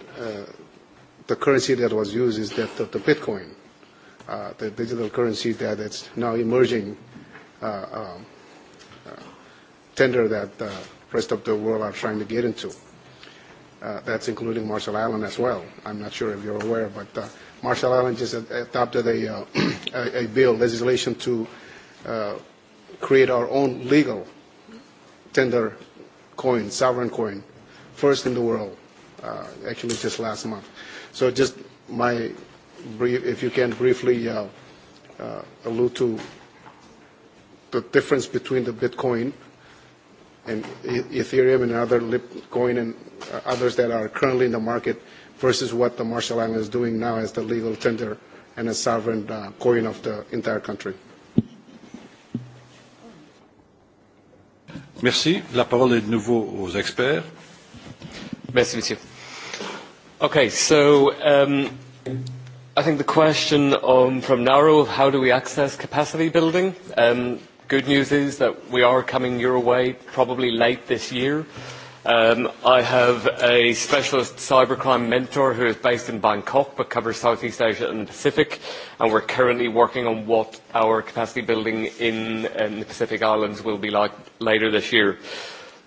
the currency that was used is that of the Bitcoin, uh, the digital currency that is now emerging uh, um, uh, tender that the rest of the world are trying to get into. Uh, that's including Marshall Island as well. I'm not sure if you're aware, but uh, Marshall Island just adopted a, uh, a, a bill, legislation to uh, create our own legal tender coin, sovereign coin, first in the world, uh, actually just last month. So just my brief, if you can briefly uh, uh, allude to the difference between the Bitcoin and e-, Ethereum and other coin and uh, others that are currently in the market versus what the Marshall Islands is doing now as the legal tender and a sovereign uh, coin of the entire country. Merci. La parole est de nouveau aux experts. Merci, monsieur. Okay, so um, I think the question on, from Naro of how do we access capacity building, um, good news is that we are coming your way probably late this year. Um, I have a specialist cybercrime mentor who is based in Bangkok but covers Southeast Asia and the Pacific, and we're currently working on what our capacity building in, in um, the Pacific Islands will be like later this year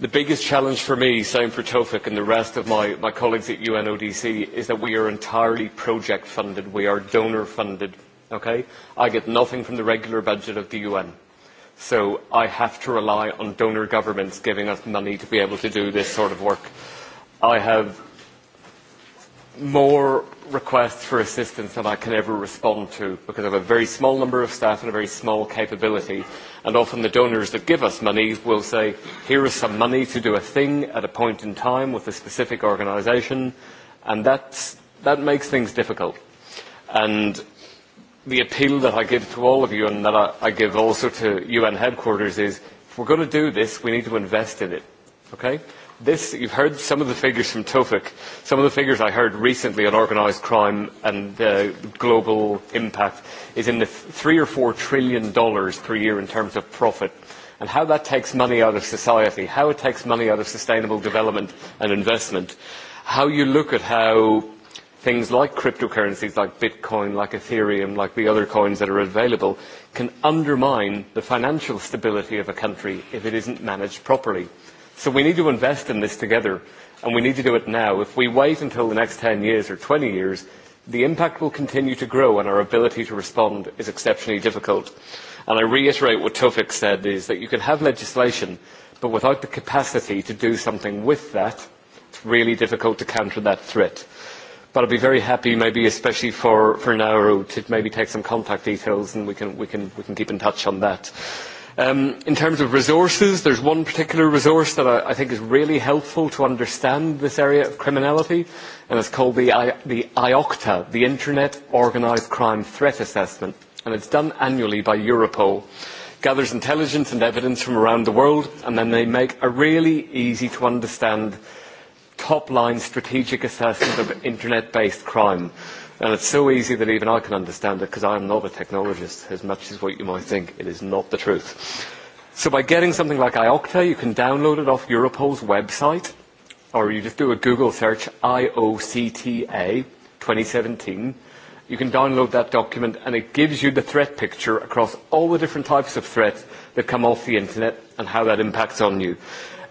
the biggest challenge for me, same for Tofik and the rest of my, my colleagues at UNODC, is that we are entirely project funded. We are donor funded. Okay? I get nothing from the regular budget of the UN. So I have to rely on donor governments giving us money to be able to do this sort of work. I have more requests for assistance that I can ever respond to because I have a very small number of staff and a very small capability. And often the donors that give us money will say, here is some money to do a thing at a point in time with a specific organization, And that's, that makes things difficult. And the appeal that I give to all of you and that I, I give also to UN headquarters is, if we're going to do this, we need to invest in it. Okay? this, you've heard some of the figures from Tofik, some of the figures I heard recently on organised crime and the global impact is in the three or four trillion dollars per year in terms of profit and how that takes money out of society, how it takes money out of sustainable development and investment, how you look at how things like cryptocurrencies, like Bitcoin, like Ethereum, like the other coins that are available, can undermine the financial stability of a country if it isn't managed properly. So we need to invest in this together, and we need to do it now. If we wait until the next 10 years or 20 years, the impact will continue to grow and our ability to respond is exceptionally difficult. And I reiterate what Tofik said, is that you can have legislation, but without the capacity to do something with that, it's really difficult to counter that threat. But I'd be very happy, maybe especially for, for Nauru, to maybe take some contact details and we can, we, can, we can keep in touch on that. Um, in terms of resources, there's one particular resource that I, think is really helpful to understand this area of criminality, and it's called the, IOCTA, the Internet Organised Crime Threat Assessment, and it's done annually by Europol gathers intelligence and evidence from around the world and then they make a really easy to understand top line strategic assessment of internet based crime And it's so easy that even I can understand it because I'm not a technologist as much as what you might think. It is not the truth. So by getting something like IOCTA, you can download it off Europol's website or you just do a Google search, IOCTA 2017. You can download that document and it gives you the threat picture across all the different types of threats that come off the internet and how that impacts on you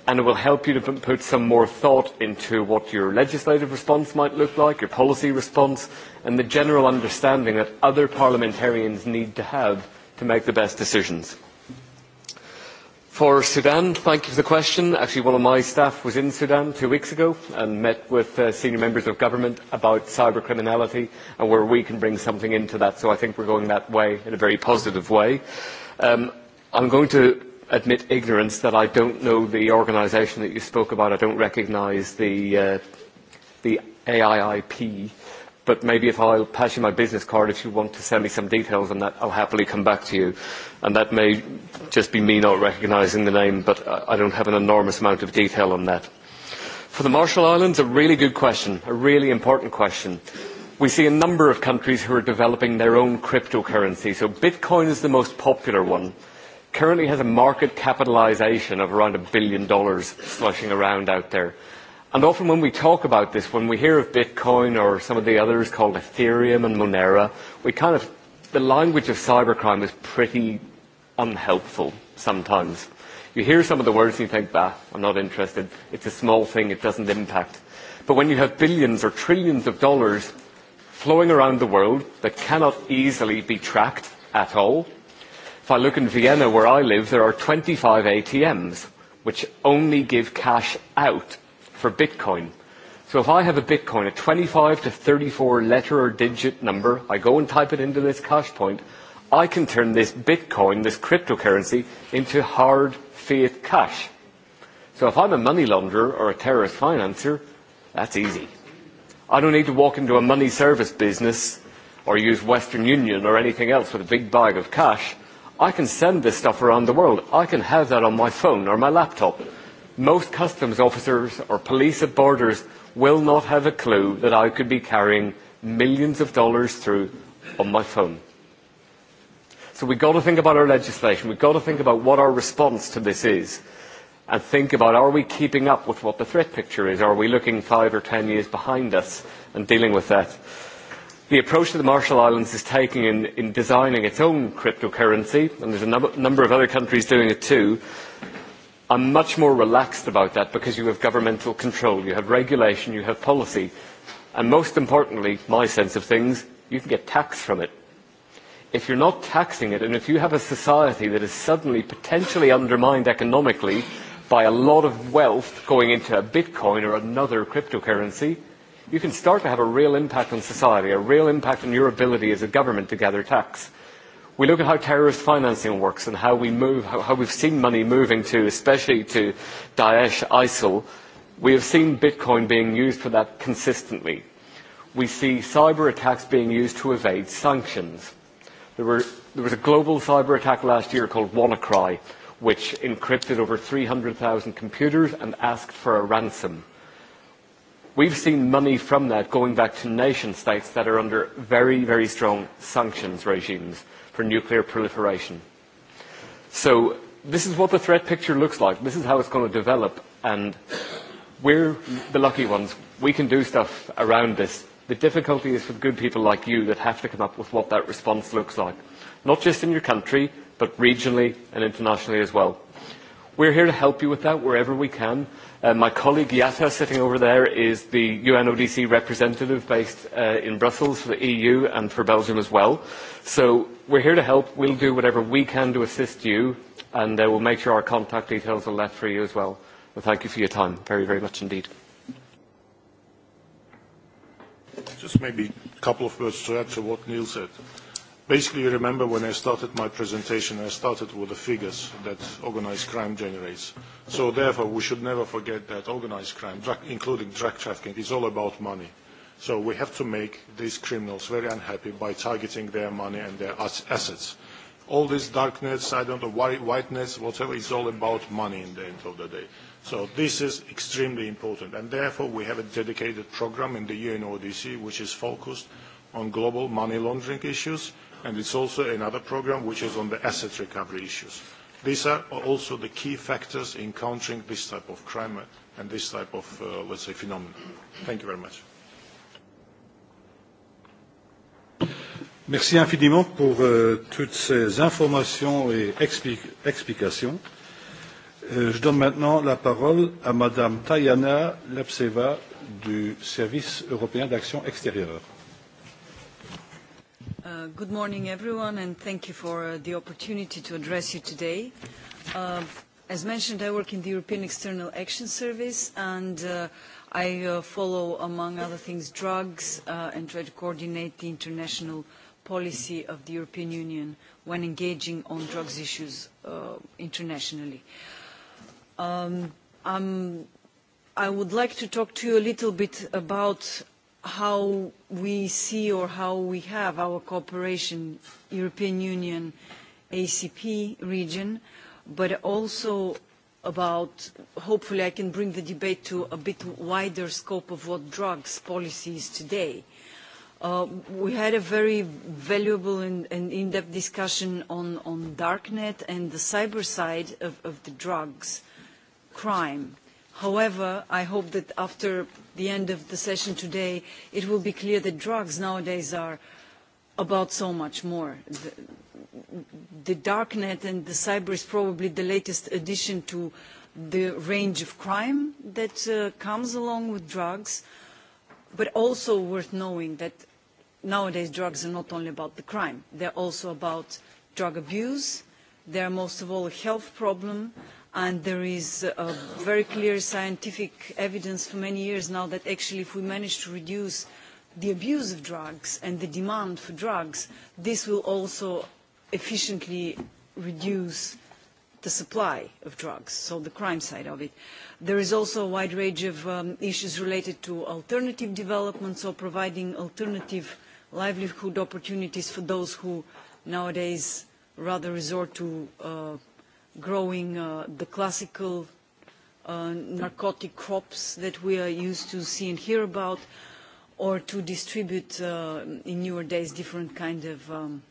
and it will help you to put some more thought into what your legislative response might look like, your policy response, and the general understanding that other parliamentarians need to have to make the best decisions. For Sudan, thank you for the question. Actually, one of my staff was in Sudan two weeks ago and met with uh, senior members of government about cyber criminality and where we can bring something into that. So I think we're going that way in a very positive way. Um, I'm going to admit ignorance that I don't know the organisation that you spoke about. I don't recognise the, uh, the AIIP, but maybe if I'll pass you my business card, if you want to send me some details on that, I'll happily come back to you. And that may just be me not recognising the name, but I don't have an enormous amount of detail on that. For the Marshall Islands, a really good question, a really important question. We see a number of countries who are developing their own cryptocurrency. So Bitcoin is the most popular one currently has a market capitalization of around a billion dollars slushing around out there. And often when we talk about this, when we hear of Bitcoin or some of the others called Ethereum and Monera, we kind of, the language of cybercrime is pretty unhelpful sometimes. You hear some of the words and you think, bah, I'm not interested. It's a small thing. It doesn't impact. But when you have billions or trillions of dollars flowing around the world that cannot easily be tracked at all, If I look in Vienna, where I live, there are 25 ATMs which only give cash out for Bitcoin. So if I have a Bitcoin, a 25 to 34 letter or digit number, I go and type it into this cash point, I can turn this Bitcoin, this cryptocurrency, into hard fiat cash. So if I'm a money launderer or a terrorist financer, that's easy. I don't need to walk into a money service business or use Western Union or anything else with a big bag of cash. I can send this stuff around the world. I can have that on my phone or my laptop. Most customs officers or police at borders will not have a clue that I could be carrying millions of dollars through on my phone. So we've got to think about our legislation. We've got to think about what our response to this is and think about are we keeping up with what the threat picture is? Are we looking five or ten years behind us and dealing with that? The approach that the Marshall Islands is taking in, in designing its own cryptocurrency, and there's a num number of other countries doing it too, I'm much more relaxed about that because you have governmental control, you have regulation, you have policy, and most importantly, my sense of things, you can get tax from it. If you're not taxing it, and if you have a society that is suddenly potentially undermined economically by a lot of wealth going into a Bitcoin or another cryptocurrency, you can start to have a real impact on society, a real impact on your ability as a government to gather tax. We look at how terrorist financing works and how we move, how, we've seen money moving to, especially to Daesh, ISIL. We have seen Bitcoin being used for that consistently. We see cyber attacks being used to evade sanctions. There, were, there was a global cyber attack last year called WannaCry, which encrypted over 300,000 computers and asked for a ransom. We've seen money from that going back to nation states that are under very, very strong sanctions regimes for nuclear proliferation. So this is what the threat picture looks like. This is how it's going to develop. And we're the lucky ones. We can do stuff around this. The difficulty is for good people like you that have to come up with what that response looks like, not just in your country, but regionally and internationally as well. We're here to help you with that wherever we can. Uh, my colleague Yata, sitting over there, is the UNODC representative based uh, in Brussels for the EU and for Belgium as well. So we're here to help. We'll do whatever we can to assist you, and uh, we'll make sure our contact details are left for you as well. Well, thank you for your time very, very much indeed. Just maybe a couple of words to add to what Neil said. Basically, you remember when I started my presentation, I started with the figures that organized crime generates. So therefore, we should never forget that organized crime, drug, including drug trafficking, is all about money. So we have to make these criminals very unhappy by targeting their money and their assets. All this darkness, I don't know, white nets, whatever, is all about money in the end of the day. So this is extremely important, and therefore we have a dedicated program in the UNODC, which is focused on global money laundering issues, and it's also another program which is on the asset recovery issues. These are also the key factors in countering this type of crime and this type of, uh, let's say, phenomenon. Thank you very much. Merci infiniment pour euh, toutes ces informations et explications. Euh, je donne maintenant la parole à Madame Tayana Lepseva du Service européen d'action extérieure. Uh, good morning, everyone, and thank you for uh, the opportunity to address you today. Uh, as mentioned, I work in the European External Action Service, and I follow, among other things, drugs, and try to coordinate the international policy of the European Union when engaging on drugs issues internationally. Um, I would like to talk to you a little bit about how we see or how we have our cooperation European Union ACP region, but also about hopefully I can bring the debate to a bit wider scope of what drugs policy is today. Uh, we had a very valuable and, in depth discussion on, on darknet and the cyber side of the drugs crime However, I hope that after the end of the session today, it will be clear that drugs nowadays are about so much more. The, dark net and the cyber is probably the latest addition to the range of crime that uh, comes along with drugs, but also worth knowing that nowadays drugs are not only about the crime, they're also about drug abuse, they are most of all a health problem, and there is a very clear scientific evidence for many years now that actually if we manage to reduce the abuse of drugs and the demand for drugs, this will also efficiently reduce the supply of drugs, so the crime side of it. There is also a wide range of um, issues related to alternative developments so providing alternative livelihood opportunities for those who nowadays rather resort to uh, growing uh, the classical uh, narcotic crops that we are used to see and hear about, or to distribute uh, in newer days different kind of um,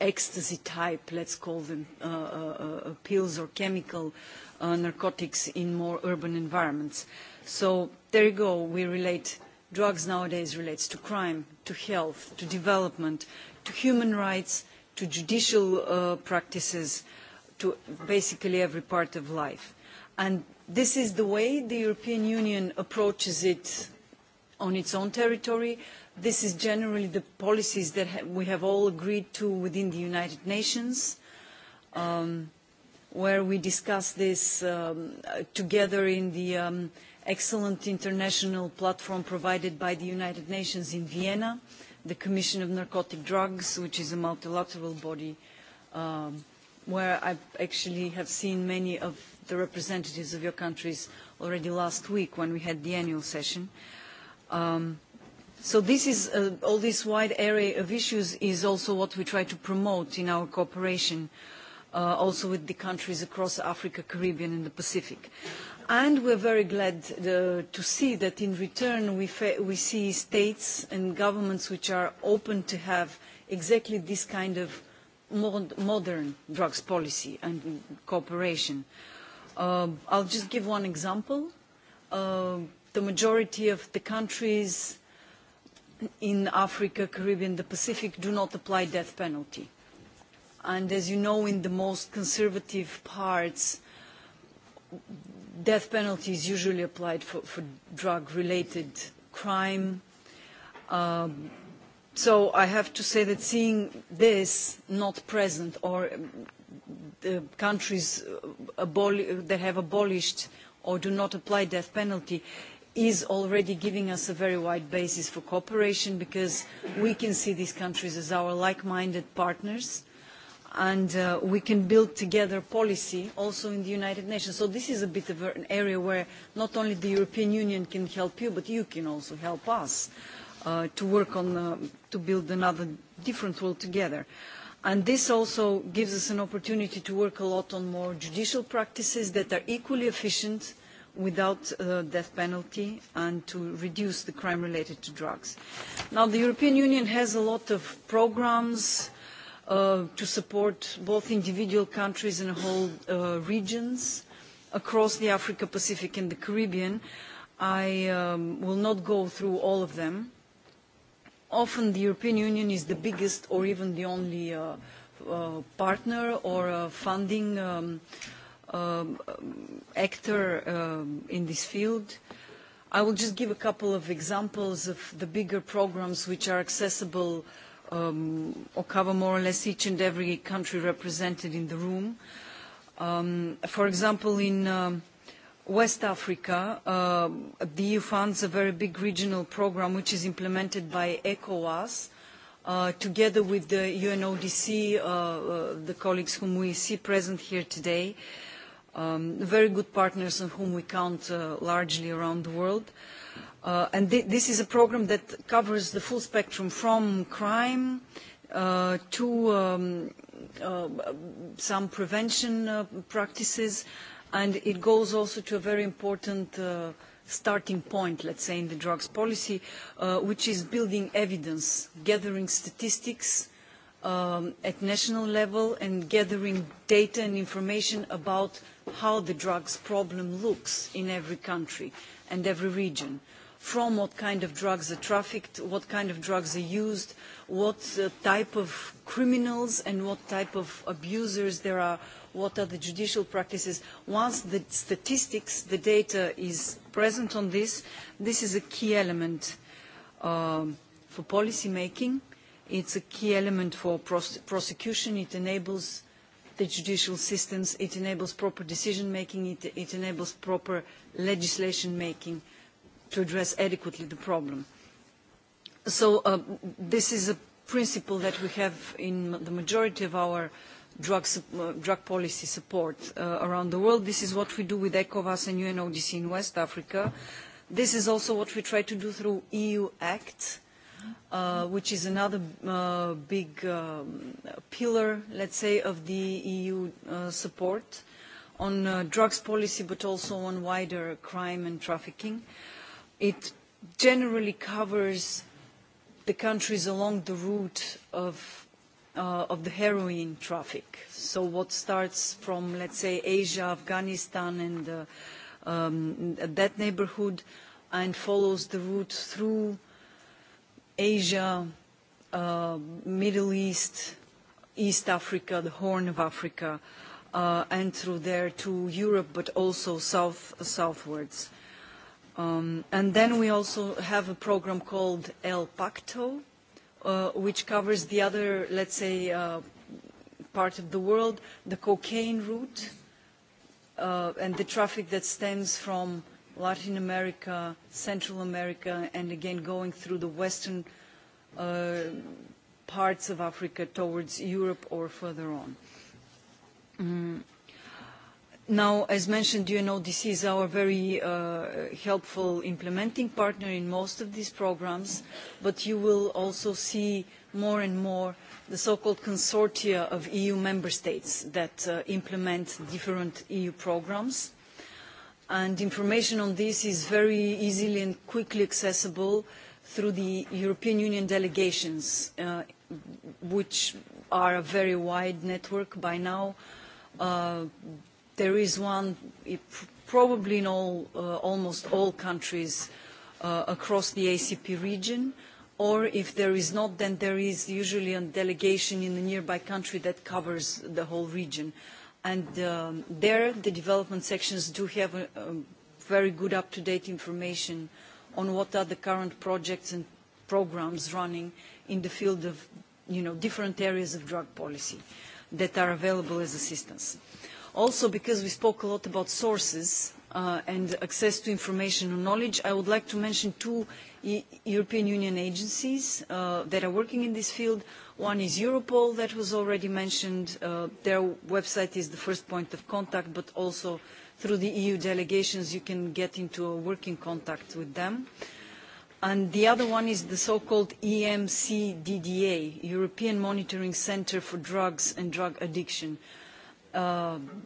ecstasy type, let's call them pills or chemical narcotics in more urban environments. So there you go, we relate, drugs nowadays relates to crime, to health, to development, to human rights, to judicial practices, to basically every part of life. And this is the way the European Union approaches it on its own territory. This is generally the policies that we have all agreed to within the United Nations, um, where we discuss this um, together in the um, excellent international platform provided by the United Nations in Vienna, the Commission of Narcotic Drugs, which is a multilateral body um, where I actually have seen many of the representatives of your countries already last week when we had the annual session. Um, so this is, uh, all this wide area of issues is also what we try to promote in our cooperation, uh, also with the countries across Africa, Caribbean and the Pacific. And we are very glad uh, to see that in return we, we see states and governments which are open to have exactly this kind of modern drugs policy and cooperation. Uh, I'll just give one example. Uh, the majority of the countries in Africa, Caribbean, and the Pacific do not apply death penalty. And as you know, in the most conservative parts, death penalty is usually applied for, for drug-related crime. Um, so i have to say that seeing this not present or um, the countries uh, that have abolished or do not apply the death penalty is already giving us a very wide basis for cooperation because we can see these countries as our like minded partners and uh, we can build together policy also in the united nations. so this is a bit of an area where not only the european union can help you but you can also help us. Uh, to work on uh, to build another different world together. And this also gives us an opportunity to work a lot on more judicial practices that are equally efficient without the uh, death penalty and to reduce the crime related to drugs. Now, the European Union has a lot of programs to support both individual countries and whole regions across the Africa, Pacific and the Caribbean. I um, will not go through all of them often the European Union is the biggest or even the only uh, uh, partner or uh, funding um, um, actor um, in this field. I will just give a couple of examples of the bigger programs which are accessible or cover more or less each and every country represented in the room. for example, in West Africa, uh, the EU funds a very big regional program which is implemented by ECOWAS uh, together with the UNODC, uh, the colleagues whom we see present here today, um, very good partners on whom we count largely around the world. And this is a program that covers the full spectrum from crime to um, some prevention practices and it goes also to a very important uh, starting point, let's say, in the drugs policy, uh, which is building evidence, gathering statistics um, at national level and gathering data and information about how the drugs problem looks in every country and every region from what kind of drugs are trafficked, what kind of drugs are used, what uh, type of criminals and what type of abusers there are what are the judicial practices. Once the statistics, the data is present on this, this is a key element um, for policy making. It's a key element for prosecution. It enables the judicial systems. It enables proper decision making. It, enables proper legislation making to address adequately the problem. So uh, this is a principle that we have in the majority of our Uh, drug, policy support uh, around the world. This is what we do with ECOWAS and UNODC in West Africa. This is also what we try to do through EU Act, uh, which is another big um, pillar, let's say, of the EU support on drugs policy, but also on wider crime and trafficking. It generally covers the countries along the route of Uh, of the heroin traffic. So what starts from, let's say, Asia, Afghanistan, and uh, um, that neighborhood, and follows the route through Asia, uh, Middle East, East Africa, the Horn of Africa, and through there to Europe, but also south, southwards. Um, and then we also have a program called El Pacto, Uh, which covers the other, let's say, uh, part of the world, the cocaine route uh, and the traffic that stems from Latin America, Central America, and again going through the western uh, parts of Africa towards Europe or further on. Mm Now, as mentioned, you know, this is our very uh, helpful implementing partner in most of these programs, but you will also see more and more the so-called consortia of EU member states that uh, implement different EU programs. And information on this is very easily and quickly accessible through the European Union delegations, uh, which are a very wide network by now, there is one probably in all, uh, almost all countries uh, across the ACP region, or if there is not, then there is usually a delegation in a nearby country that covers the whole region. And um, there, the development sections do have very good up-to-date information on what are the current projects and programs running in the field of you know, different areas of drug policy that are available as assistance also because we spoke a lot about sources uh, and access to information and knowledge i would like to mention two e-, european union agencies uh, that are working in this field one is europol that was already mentioned uh, their website is the first point of contact but also through the eu delegations you can get into a working contact with them and the other one is the so called emcdda european monitoring centre for drugs and drug addiction Um,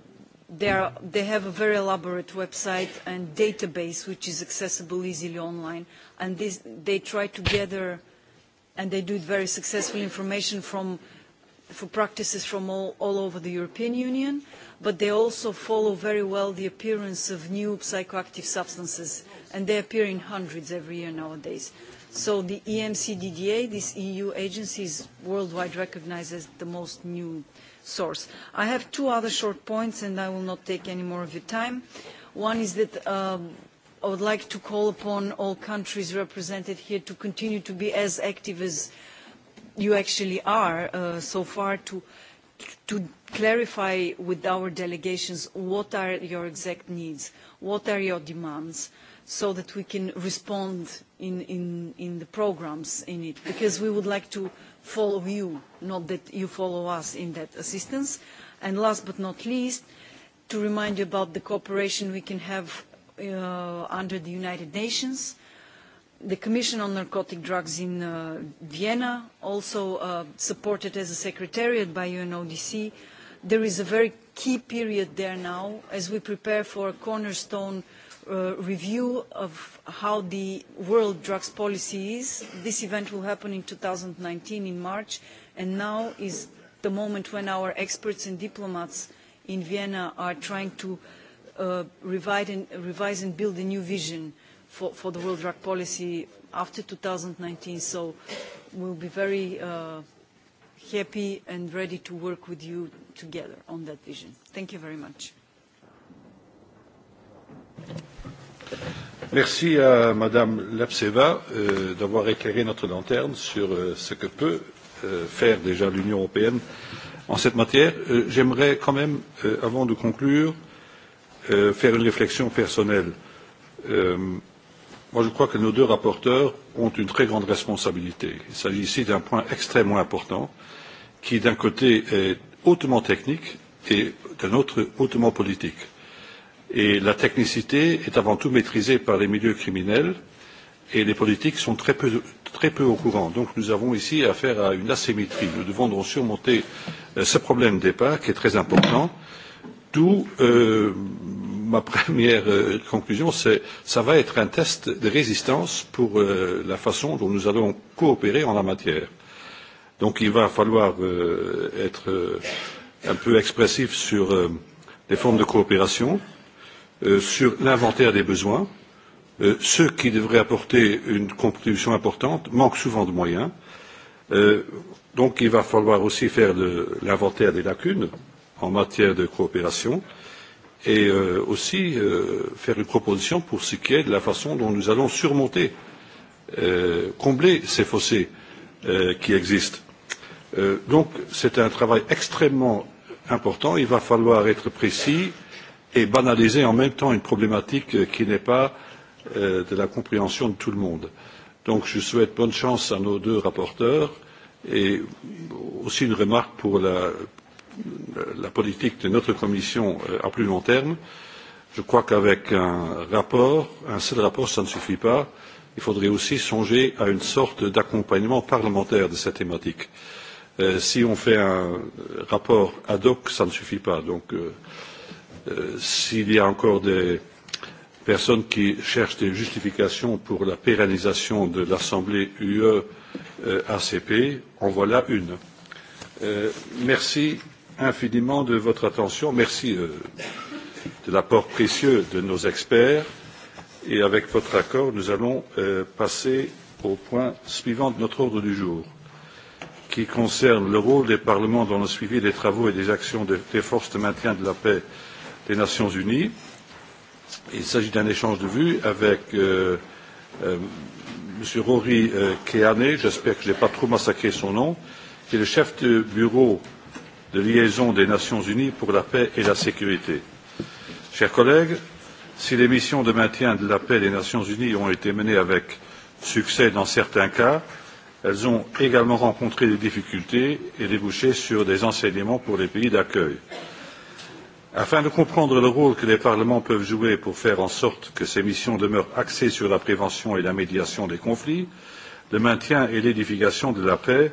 they, they have a very elaborate website and database which is accessible easily online and this, they try to gather and they do very successful information from for practices from all, all over the European Union, but they also follow very well the appearance of new psychoactive substances, and they appear in hundreds every year nowadays. So the EMCDDA, this EU agency, is worldwide recognized as the most new source. I have two other short points and I will not take any more of your time. One is that um, I would like to call upon all countries represented here to continue to be as active as you actually are uh, so far to, clarify with our delegations what are your exact needs, what are your demands, so that we can respond in, in the programs in it, because we would like to follow you, not that you follow us in that assistance. And last but not least, to remind you about the cooperation we can have uh, under the United Nations, the Commission on Narcotic Drugs in uh, Vienna, also uh, supported as a secretariat by UNODC. There is a very key period there now as we prepare for a cornerstone Uh, review of how the world drugs policy is. This event will happen in 2019 in March, and now is the moment when our experts and diplomats in Vienna are trying to uh, revise, and, build a new vision for, the world drug policy after 2019. So we will be very uh, happy and ready to work with you together on that vision. Thank you very much. Merci à Madame Lapseva euh, d'avoir éclairé notre lanterne sur euh, ce que peut euh, faire déjà l'Union européenne en cette matière. J'aimerais quand même, avant de conclure, faire une réflexion personnelle. Moi, je crois que nos deux rapporteurs ont une très grande responsabilité. Il s'agit ici d'un point extrêmement important qui, d'un côté, est hautement technique et d'un autre hautement politique et la technicité est avant tout maîtrisée par les milieux criminels et les politiques sont très peu, très peu au courant. donc nous avons ici affaire à une asymétrie. nous devons donc surmonter euh, ce problème d'épargne qui est très important d'où euh, ma première euh, conclusion c'est ça va être un test de résistance pour la façon dont nous allons coopérer en la matière. donc il va falloir être un peu expressif sur les formes de coopération Euh, sur l'inventaire des besoins. Euh, Ceux qui devraient apporter une contribution importante manquent souvent de moyens. Euh, donc il va falloir aussi faire l'inventaire des lacunes en matière de coopération et euh, aussi euh, faire une proposition pour ce qui est de la façon dont nous allons surmonter, euh, combler ces fossés qui existent. Donc c'est un travail extrêmement important, il va falloir être précis et banaliser en même temps une problématique euh, qui n'est pas euh, de la compréhension de tout le monde. Donc je souhaite bonne chance à nos deux rapporteurs et aussi une remarque pour la, la politique de notre commission euh, à plus long terme. Je crois qu'avec un rapport, un seul rapport, ça ne suffit pas. Il faudrait aussi songer à une sorte d'accompagnement parlementaire de cette thématique. Euh, si on fait un rapport ad hoc, ça ne suffit pas. Donc, euh, s'il y a encore des personnes qui cherchent des justifications pour la pérennisation de l'Assemblée UE euh, ACP, en voilà une. Euh, merci infiniment de votre attention, merci euh, de l'apport précieux de nos experts et avec votre accord, nous allons passer au point suivant de notre ordre du jour qui concerne le rôle des parlements dans le suivi des travaux et des actions de, des forces de maintien de la paix des Nations Unies. Il s'agit d'un échange de vues avec euh, euh, M. Rory euh, Keane, j'espère que je n'ai pas trop massacré son nom, qui est le chef de bureau de liaison des Nations Unies pour la paix et la sécurité. Chers collègues, si les missions de maintien de la paix des Nations Unies ont été menées avec succès dans certains cas, elles ont également rencontré des difficultés et débouché sur des enseignements pour les pays d'accueil afin de comprendre le rôle que les parlements peuvent jouer pour faire en sorte que ces missions demeurent axées sur la prévention et la médiation des conflits le maintien et l'édification de la paix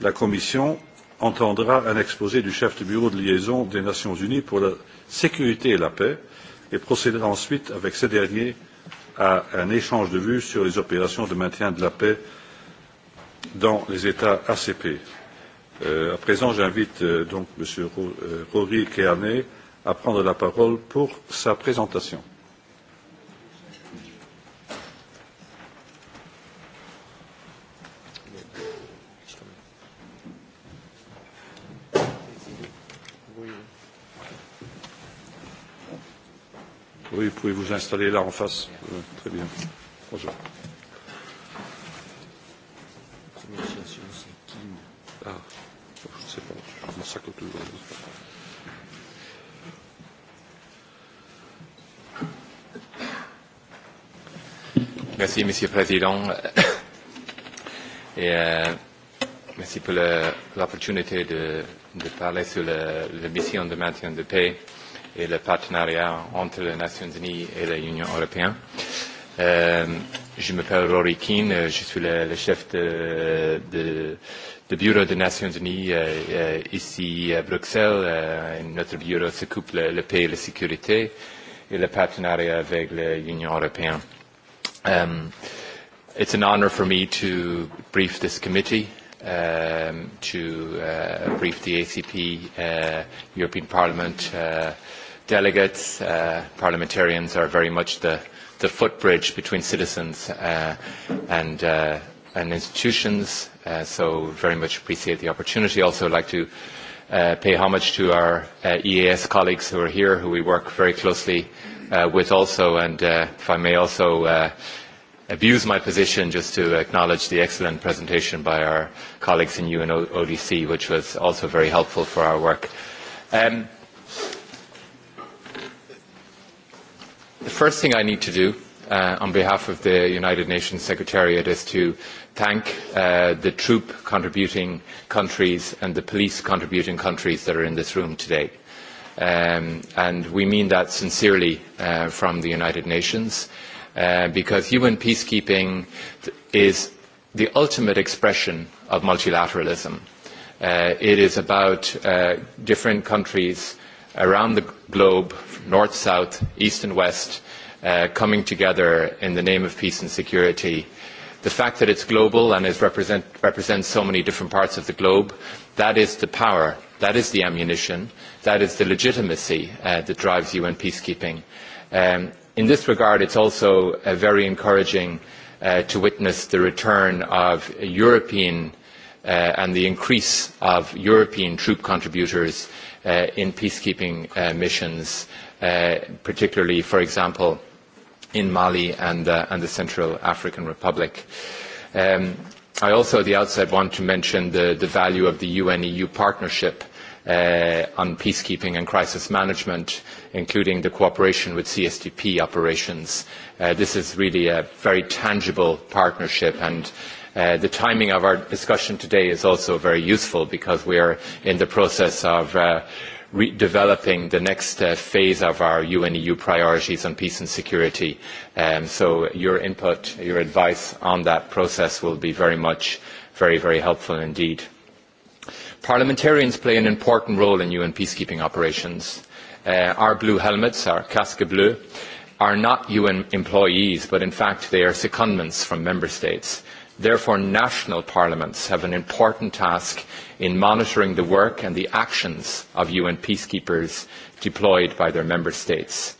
la commission entendra un exposé du chef du bureau de liaison des nations unies pour la sécurité et la paix et procédera ensuite avec ce dernier à un échange de vues sur les opérations de maintien de la paix dans les états acp. Euh, à présent j'invite euh, donc m. Euh, rory keane à prendre la parole pour sa présentation. Oui, pouvez vous installer là en face. Oui, euh, très bien. Bonjour. Ah, je ne sais pas, je massacre toujours. Merci, Monsieur le Président. Et, euh, merci pour l'opportunité de, de parler sur la, la mission de maintien de paix et le partenariat entre les Nations Unies et l'Union Européenne. Euh, je m'appelle Rory Keane, je suis le, le chef de, de, de bureau des Nations Unies euh, euh ici à Bruxelles. Euh, notre bureau s'occupe de la paix et la sécurité et le partenariat avec l'Union Européenne. Um, it's an honour for me to brief this committee, um, to uh, brief the ACP, uh, European Parliament uh, delegates. Uh, parliamentarians are very much the, the footbridge between citizens uh, and, uh, and institutions, uh, so very much appreciate the opportunity. Also like to uh, pay homage to our uh, EAS colleagues who are here, who we work very closely Uh, with also, and uh, if I may also uh, abuse my position just to acknowledge the excellent presentation by our colleagues in UNODC, which was also very helpful for our work. Um, the first thing I need to do on behalf of the United Nations Secretariat is to thank the troop contributing countries and the police contributing countries that are in this room today. Um, and we mean that sincerely uh, from the United Nations, uh, because human peacekeeping is the ultimate expression of multilateralism. Uh, it is about different countries around the globe, north, south, east and west, coming together in the name of peace and security. The fact that it's global and is represent, represents so many different parts of the globe, that is the power that is the ammunition that is the legitimacy uh, that drives un peacekeeping. Um, in this regard it's also uh, very encouraging uh, to witness the return of european uh, and the increase of european troop contributors uh, in peacekeeping uh, missions particularly for example in mali and, and the central african republic. Um, i also at the outset want to mention the, the value of the UN-EU e partnership uh, on peacekeeping and crisis management, including the cooperation with CSDP operations. Uh, this is really a very tangible partnership and uh, the timing of our discussion today is also very useful because we are in the process of We're developing the next uh, phase of our UN EU priorities on peace and security. Um, so your input, your advice on that process will be very much, very, very helpful indeed. Parliamentarians play an important role in UN peacekeeping operations. Uh, our blue helmets, our casque bleu, are not UN employees, but in fact they are secondments from member states Therefore, national parliaments have an important task in monitoring the work and the actions of UN peacekeepers deployed by their member states.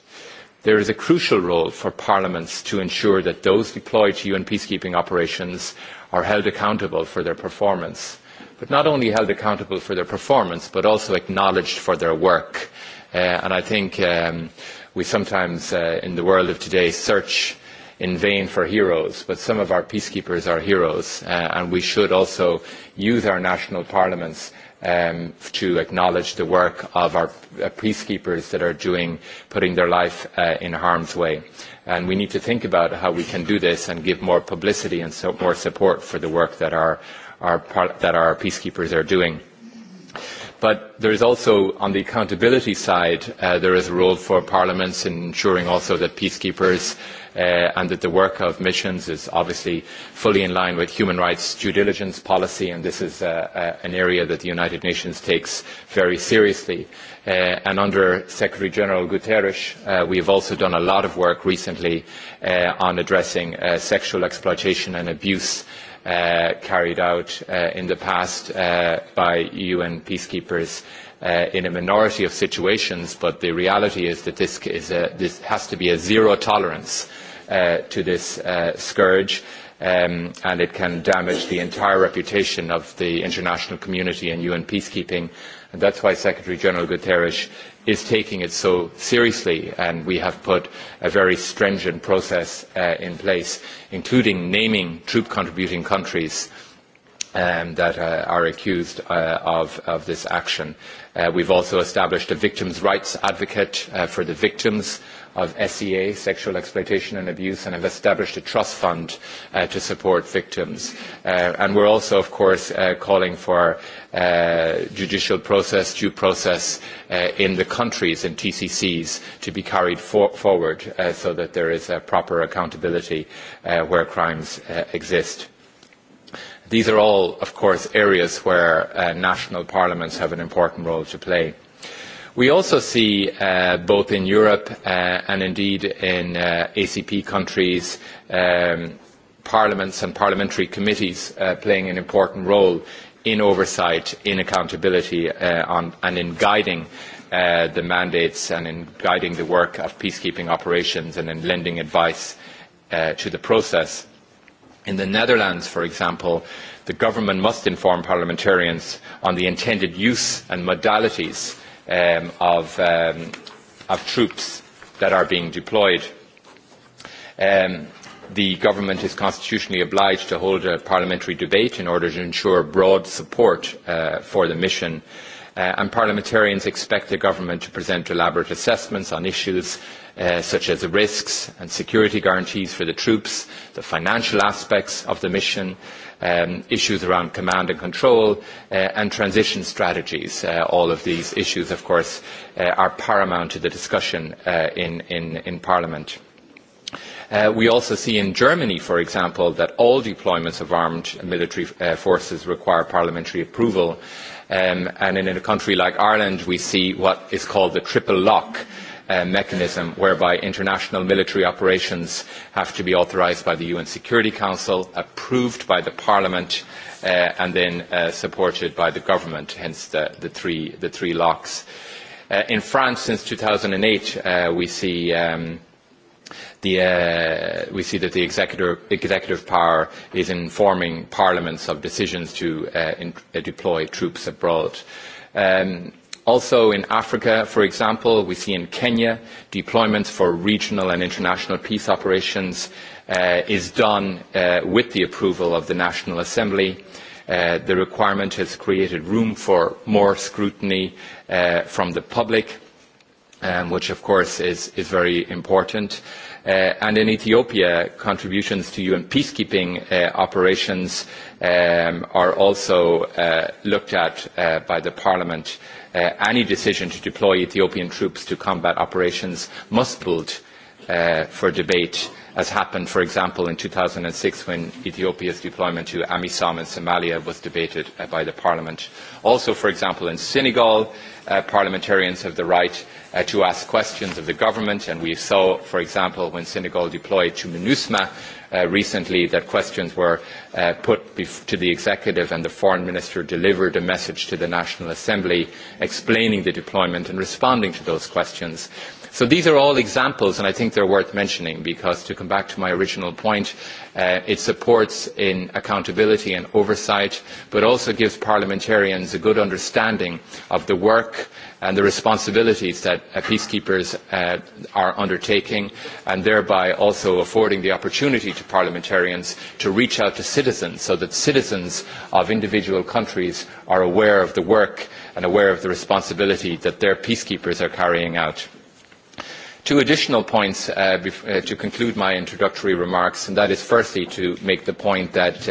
There is a crucial role for parliaments to ensure that those deployed to UN peacekeeping operations are held accountable for their performance, but not only held accountable for their performance, but also acknowledged for their work. Uh, and I think um, we sometimes, uh, in the world of today, search in vain for heroes, but some of our peacekeepers are heroes, uh, and we should also use our national parliaments um, to acknowledge the work of our uh, peacekeepers that are doing, putting their life uh, in harm's way. And we need to think about how we can do this and give more publicity and so more support for the work that our, our, that our peacekeepers are doing. But there is also, on the accountability side, uh, there is a role for parliaments in ensuring also that peacekeepers uh, and that the work of missions is obviously fully in line with human rights due diligence policy and this is uh, an area that the United Nations takes very seriously. And under Secretary General Guterres we have also done a lot of work recently on addressing sexual exploitation and abuse uh, carried out uh, in the past uh, by UN peacekeepers uh, in a minority of situations, but the reality is that this, is a, this has to be a zero tolerance uh, to this uh, scourge. Um, and it can damage the entire reputation of the international community and UN peacekeeping And that's why Secretary General Guterres is taking it so seriously and we have put a very stringent process uh, in place, including naming troop contributing countries um, that uh, are accused uh, of, of this action. Uh, we've also established a victims' rights advocate for the victims of SEA, sexual exploitation and abuse, and have established a trust fund uh, to support victims. Uh, and we're also, of course, uh, calling for uh, judicial process, due process uh, in the countries and TCCs to be carried for forward uh, so that there is a proper accountability uh, where crimes uh, exist. These are all, of course, areas where uh, national parliaments have an important role to play. We also see uh, both in Europe uh, and indeed in uh, ACP countries um, parliaments and parliamentary committees playing an important role in oversight, in accountability and in guiding the mandates and in guiding the work of peacekeeping operations and in lending advice to the process. In the Netherlands, for example, the government must inform parliamentarians on the intended use and modalities um, of, um, of troops that are being deployed. Um, the government is constitutionally obliged to hold a parliamentary debate in order to ensure broad support uh, for the mission Uh, and parliamentarians expect the government to present elaborate assessments on issues uh, such as the risks and security guarantees for the troops, the financial aspects of the mission, um, issues around command and control, uh, and transition strategies. All of these issues, of course, are paramount to the discussion in, in, in Parliament. we also see in Germany, for example, that all deployments of armed military forces require parliamentary approval Um, and in a country like Ireland, we see what is called the triple lock uh, mechanism, whereby international military operations have to be authorised by the UN Security Council, approved by the Parliament, uh, and then uh, supported by the government, hence the, the, three, the three locks. in France, since 2008, eight we see um, the, uh, we see that the executive, executive power is informing parliaments of decisions to uh, in, uh, deploy troops abroad. Um, also in Africa, for example, we see in Kenya deployments for regional and international peace operations uh, is done uh, with the approval of the National Assembly. Uh, the requirement has created room for more scrutiny uh, from the public, um, which of course is, is very important. Uh, and in Ethiopia, contributions to UN peacekeeping uh, operations um, are also uh, looked at by the Parliament. any decision to deploy Ethiopian troops to combat operations must build for debate, as happened, for example, in 2006 when Ethiopia's deployment to AMISOM in Somalia was debated by the Parliament. Also, for example, in Senegal, parliamentarians have the right Uh, to ask questions of the government and we saw for example when Senegal deployed to MINUSMA uh, recently that questions were uh, put to the executive and the foreign minister delivered a message to the National Assembly explaining the deployment and responding to those questions. So these are all examples and I think they're worth mentioning because to come back to my original point it supports in accountability and oversight but also gives parliamentarians a good understanding of the work and the responsibilities that uh, peacekeepers uh, are undertaking and thereby also affording the opportunity to parliamentarians to reach out to citizens so that citizens of individual countries are aware of the work and aware of the responsibility that their peacekeepers are carrying out two additional points uh, to conclude my introductory remarks and that is firstly to make the point that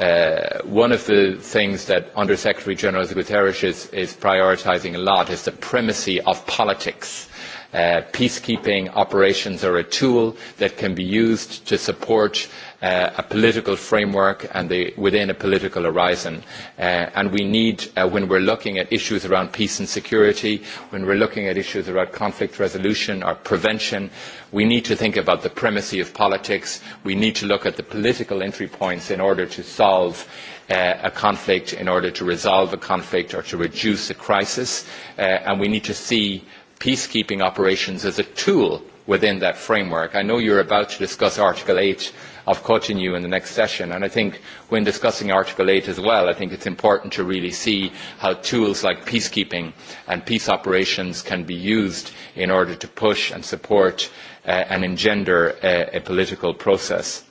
Uh, one of the things that Under Secretary General Guterres is, is prioritising a lot is the primacy of politics Uh, peacekeeping operations are a tool that can be used to support uh, a political framework and within a political horizon. Uh, and we need, uh, when we're looking at issues around peace and security, when we're looking at issues around conflict resolution or prevention, we need to think about the primacy of politics. We need to look at the political entry points in order to solve a conflict, in order to resolve a conflict or to reduce a crisis. And we need to see peacekeeping operations as a tool within that framework. I know you're about to discuss Article 8 of Cotonou in the next session, and I think when discussing Article 8 as well, I think it's important to really see how tools like peacekeeping and peace operations can be used in order to push and support uh, and engender a political process.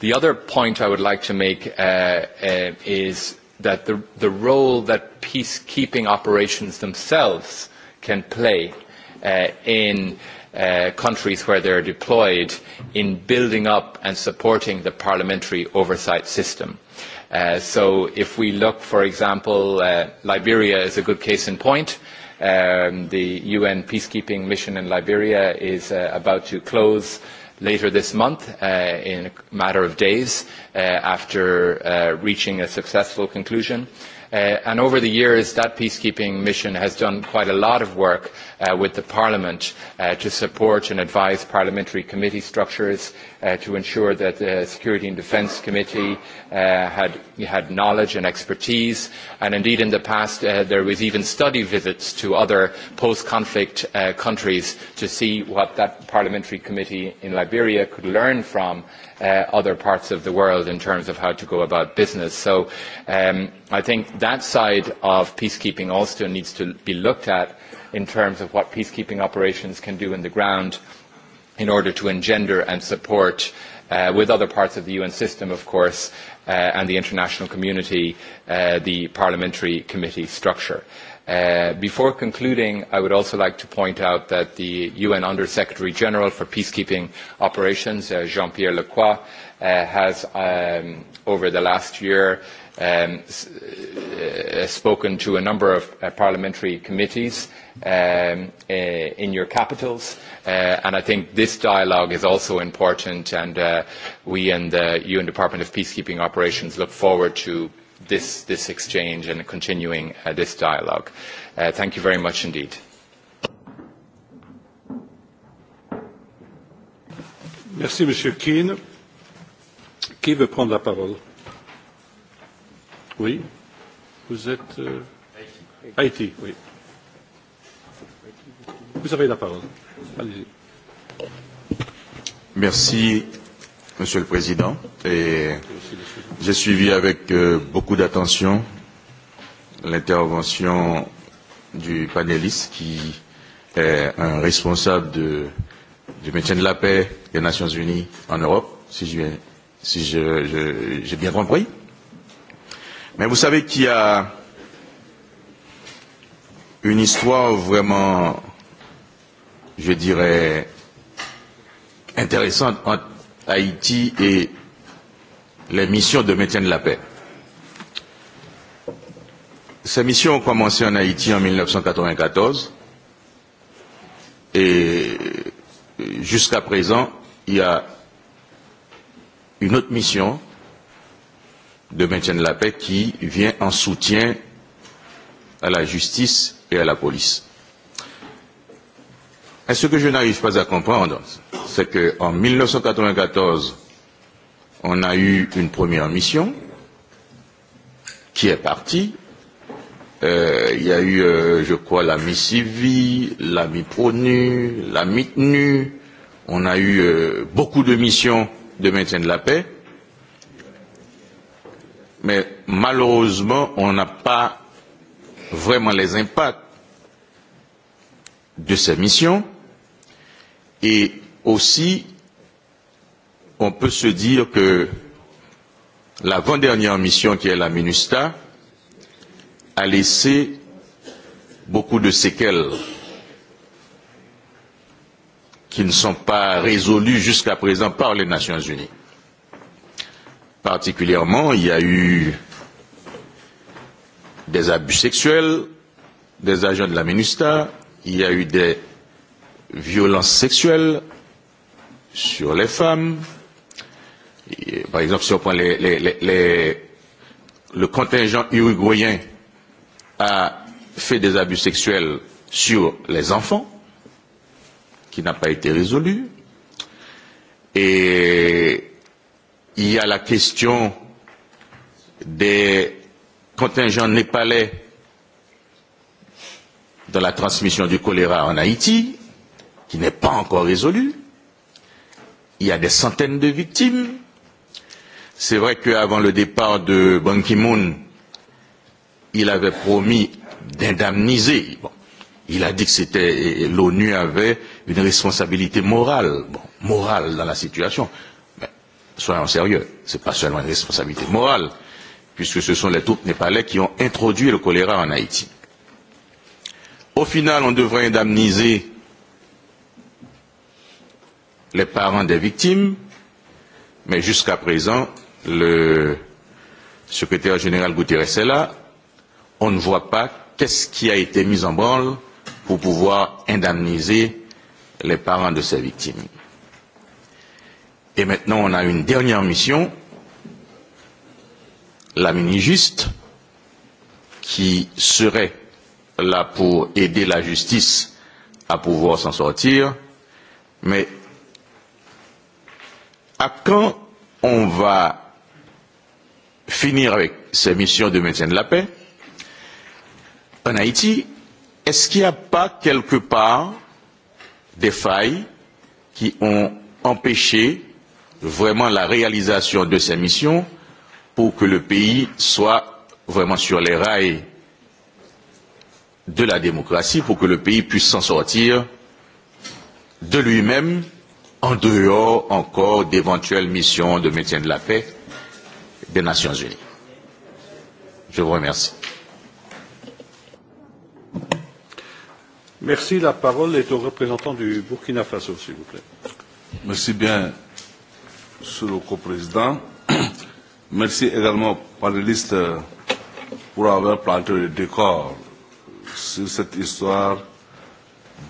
The other point I would like to make uh, uh, is that the, the role that peacekeeping operations themselves can play uh, in uh, countries where they are deployed in building up and supporting the parliamentary oversight system. Uh, so if we look, for example, Liberia is a good case in point. Um, the UN peacekeeping mission in Liberia is about to close later this month in a matter of days after reaching a successful conclusion. Uh, and over the years that peacekeeping mission has done quite a lot of work uh, with the parliament uh, to support and advise parliamentary committee structures uh, to ensure that the security and defence committee uh, had, had knowledge and expertise and indeed in the past uh, there was even study visits to other post conflict countries to see what that parliamentary committee in liberia could learn from Uh, other parts of the world in terms of how to go about business. So um, I think that side of peacekeeping also needs to be looked at in terms of what peacekeeping operations can do in the ground in order to engender and support uh, with other parts of the UN system, of course, uh, and the international community, the parliamentary committee structure. Uh, before concluding, I would also like to point out that the UN Under Secretary General for Peacekeeping Operations, uh, Jean Pierre Lacroix, uh, has um, over the last year um, spoken to a number of parliamentary committees um, in your capitals, and I think this dialogue is also important and we and the UN Department of Peacekeeping Operations look forward to this, this exchange and continuing uh, this dialogue. Uh, thank you very much indeed. Merci, Monsieur Keane. Qui veut prendre la parole Oui, vous êtes euh, Haïti, oui. Vous avez la parole. Allez-y. Merci, Monsieur le Président. Et j'ai suivi avec euh, beaucoup d'attention l'intervention du panéliste qui est un responsable de, du maintien de la paix des Nations Unies en Europe, si j'ai si je, je, bien compris. Mais vous savez qu'il y a une histoire vraiment, je dirais, intéressante entre Haïti et les missions de maintien de la paix. Ces missions ont commencé en Haïti en 1994 et jusqu'à présent, il y a une autre mission de maintien de la paix qui vient en soutien à la justice et à la police. Et ce que je n'arrive pas à comprendre, c'est qu'en 1994, on a eu une première mission qui est partie. Euh, il y a eu, euh, je crois, la mi la mi la MITNU, On a eu euh, beaucoup de missions de maintien de la paix. Mais malheureusement, on n'a pas vraiment les impacts de ces missions et aussi on peut se dire que l'avant dernière mission qui est la minusta a laissé beaucoup de séquelles qui ne sont pas résolues jusqu'à présent par les nations unies. particulièrement il y a eu des abus sexuels des agents de la minusta il y a eu des violences sexuelles sur les femmes. Et, par exemple, si on prend les, le contingent uruguayen a fait des abus sexuels sur les enfants, qui n'a pas été résolu. Et il y a la question des contingents népalais dans la transmission du choléra en Haïti qui n'est pas encore résolu. Il y a des centaines de victimes. C'est vrai qu'avant le départ de Ban Ki-moon, il avait promis d'indemniser. Bon, il a dit que c'était l'ONU avait une responsabilité morale, bon, morale dans la situation. Mais soyons sérieux, ce n'est pas seulement une responsabilité morale, puisque ce sont les troupes népalais qui ont introduit le choléra en Haïti. Au final, on devrait indemniser les parents des victimes, mais jusqu'à présent, le secrétaire général Guterres est là, on ne voit pas qu'est-ce qui a été mis en branle pour pouvoir indemniser les parents de ces victimes. Et maintenant, on a une dernière mission, la mini-juste, qui serait là pour aider la justice à pouvoir s'en sortir, mais à quand on va finir avec ces missions de maintien de la paix en Haïti Est-ce qu'il n'y a pas quelque part des failles qui ont empêché vraiment la réalisation de ces missions pour que le pays soit vraiment sur les rails de la démocratie, pour que le pays puisse s'en sortir de lui-même en dehors encore d'éventuelles missions de maintien de la paix des Nations Unies. Je vous remercie. Merci. La parole est au représentant du Burkina Faso, s'il vous plaît. Merci bien, Monsieur le Co-président. Merci également aux panélistes euh, pour avoir planté le décor sur cette histoire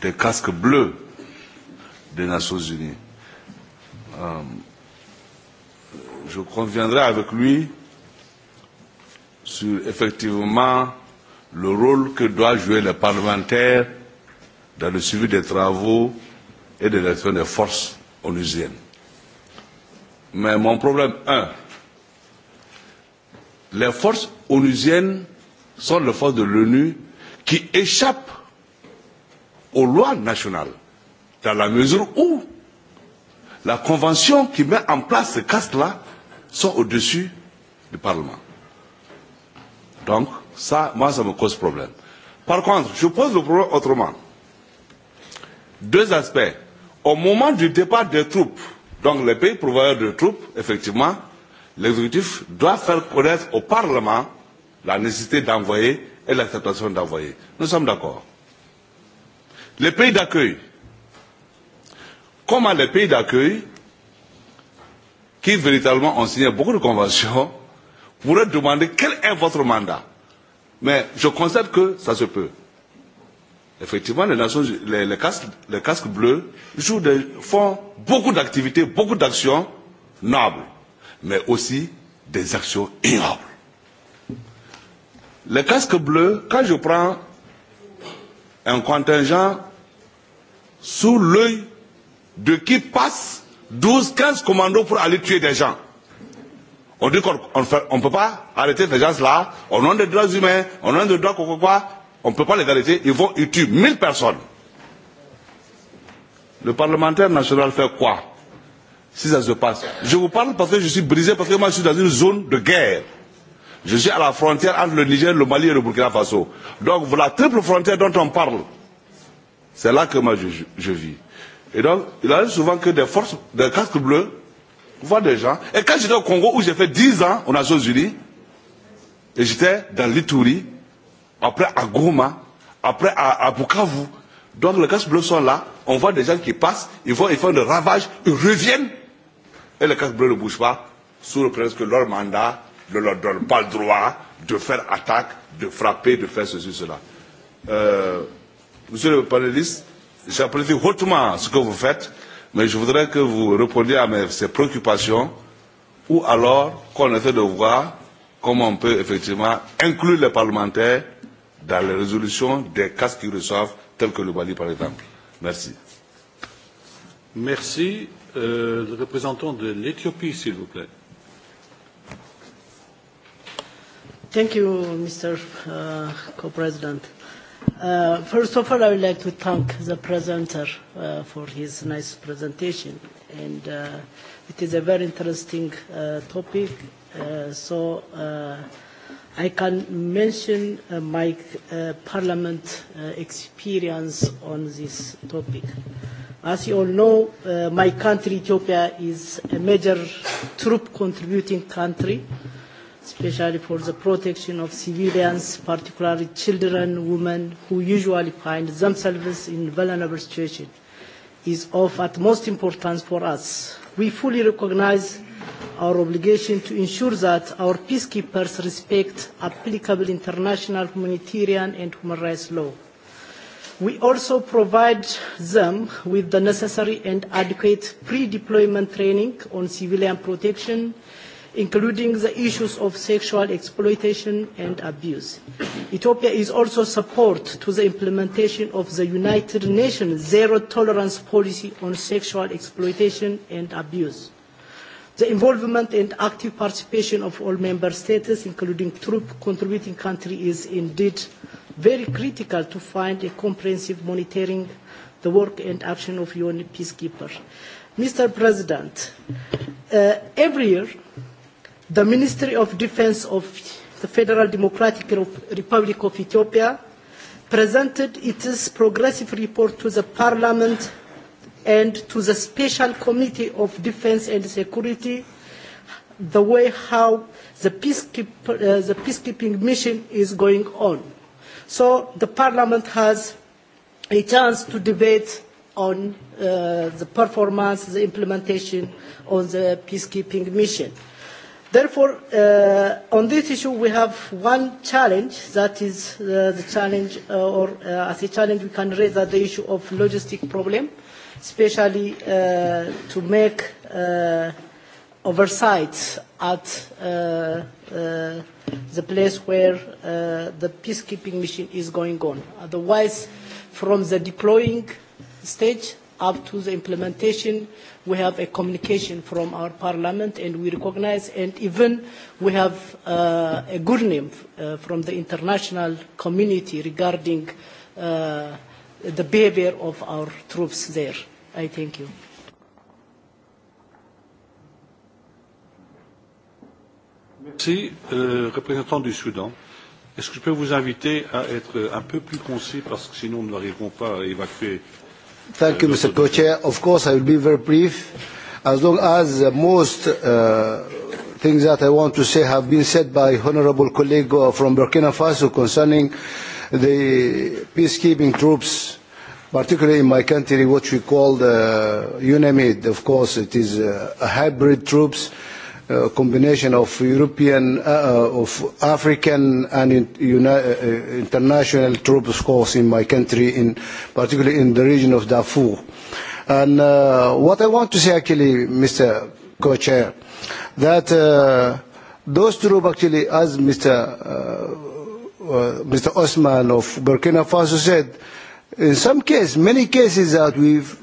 des casques bleus de Nations Unies. Euh, je conviendrai avec lui sur effectivement le rôle que doit jouer les parlementaires dans le suivi des travaux et de l'action des forces onusiennes. Mais mon problème, un, les forces onusiennes sont les forces de l'ONU qui échappent aux lois nationales dans la mesure où la convention qui met en place ces castes-là sont au-dessus du Parlement. Donc, ça, moi, ça me cause problème. Par contre, je pose le problème autrement. Deux aspects. Au moment du départ des troupes, donc les pays pourvoyeurs de troupes, effectivement, l'exécutif doit faire connaître au Parlement la nécessité d'envoyer et l'acceptation d'envoyer. Nous sommes d'accord. Les pays d'accueil, Comment les pays d'accueil, qui véritablement ont signé beaucoup de conventions, pourraient demander quel est votre mandat. Mais je constate que ça se peut. Effectivement, les, nations, les, les, casques, les casques bleus jouent des, font beaucoup d'activités, beaucoup d'actions nobles, mais aussi des actions ignobles. Les casques bleus, quand je prends un contingent sous l'œil de qui passe 12, 15 commandos pour aller tuer des gens. On dit qu'on ne on peut pas arrêter ces gens-là, au nom des droits humains, au nom des droits quoi, quoi, on ne peut pas les arrêter, ils vont, ils tuent 1000 personnes. Le parlementaire national fait quoi si ça se passe Je vous parle parce que je suis brisé, parce que moi je suis dans une zone de guerre. Je suis à la frontière entre le Niger, le Mali et le Burkina Faso. Donc la triple frontière dont on parle, c'est là que moi je, je vis. Et donc, il arrive souvent que des forces, des casques bleus, voient des gens. Et quand j'étais au Congo, où j'ai fait 10 ans aux Nations Unies, et j'étais dans l'Itouri, après à Goma, après à, à Bukavu. Donc les casques bleus sont là, on voit des gens qui passent, ils vont, ils font des ravages, ils reviennent. Et les casques bleus ne bougent pas, sous le principe que leur mandat ne leur donne pas le droit de faire attaque, de frapper, de faire ceci, cela. Euh, monsieur le panéliste, j'ai apprécié hautement ce que vous faites, mais je voudrais que vous répondiez à mes, ces préoccupations, ou alors qu'on essaie de voir comment on peut effectivement inclure les parlementaires dans les résolutions des cas qu'ils reçoivent, tels que le Bali par exemple. Merci. Merci. Euh, le représentant de l'Éthiopie, s'il vous plaît. Thank you, Mr. Uh, Co-President. Uh, first of all, I would like to thank the presenter uh, for his nice presentation. And uh, it is a very interesting uh, topic. Uh, so uh, I can mention uh, my uh, parliament uh, experience on this topic. As you all know, uh, my country, Ethiopia, is a major troop contributing country especially for the protection of civilians, particularly children, women, who usually find themselves in vulnerable situations, is of utmost importance for us. We fully recognize our obligation to ensure that our peacekeepers respect applicable international humanitarian and human rights law. We also provide them with the necessary and adequate pre-deployment training on civilian protection including the issues of sexual exploitation and abuse. Ethiopia is also support to the implementation of the United Nations zero tolerance policy on sexual exploitation and abuse. The involvement and active participation of all member states, including troop contributing countries, is indeed very critical to find a comprehensive monitoring the work and action of UN peacekeepers. Mr. President, uh, every year the ministry of Defense of the federal democratic republic of ethiopia presented its progressive report to the parliament and to the special committee of Defense and security the way how the, peacekeep, uh, the peacekeeping mission is going on. so the parliament has a chance to debate on uh, the performance the implementation of the peacekeeping mission. Therefore, uh, on this issue, we have one challenge that is uh, the challenge, uh, or uh, as a challenge, we can raise that the issue of logistic problem, especially uh, to make uh, oversight at uh, uh, the place where uh, the peacekeeping mission is going on. Otherwise, from the deploying stage up to the implementation we have a communication from our parliament and we recognize and even we have uh, a good name uh, from the international community regarding uh, the behavior of our troops there. I thank you. Merci, euh, représentant du Soudan. Est-ce que je peux vous inviter à être un peu plus concis parce que sinon nous n'arriverons pas à évacuer Thank you, Mr. Co-Chair. Of course, I will be very brief. As long as uh, most uh, things that I want to say have been said by honorable colleague from Burkina Faso concerning the peacekeeping troops, particularly in my country, what we call the UNAMID. Of course, it is uh, a hybrid troops uh, combination of European, uh, uh of African and uh, uh, international troops course in my country, in, particularly in the region of Darfur. And what I want to say actually, Mr. Co-Chair, that those troops actually, as Mr. Mr. Osman of Burkina Faso said, in some cases, many cases that we've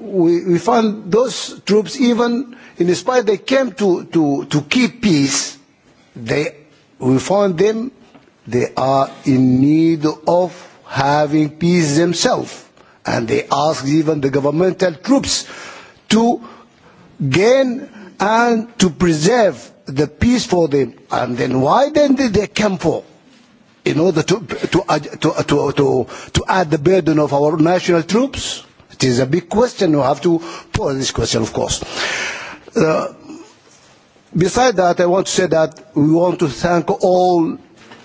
we, we found those troops, even in spite they came to, to, to keep peace, they, we found them, they are in need of having peace themselves. And they asked even the governmental troops to gain and to preserve the peace for them. And then why then did they come for? In order to, to, to, to, to, to add the burden of our national troops? it is a big question. you have to pose this question, of course. Uh, besides that, I want to say that we want to thank all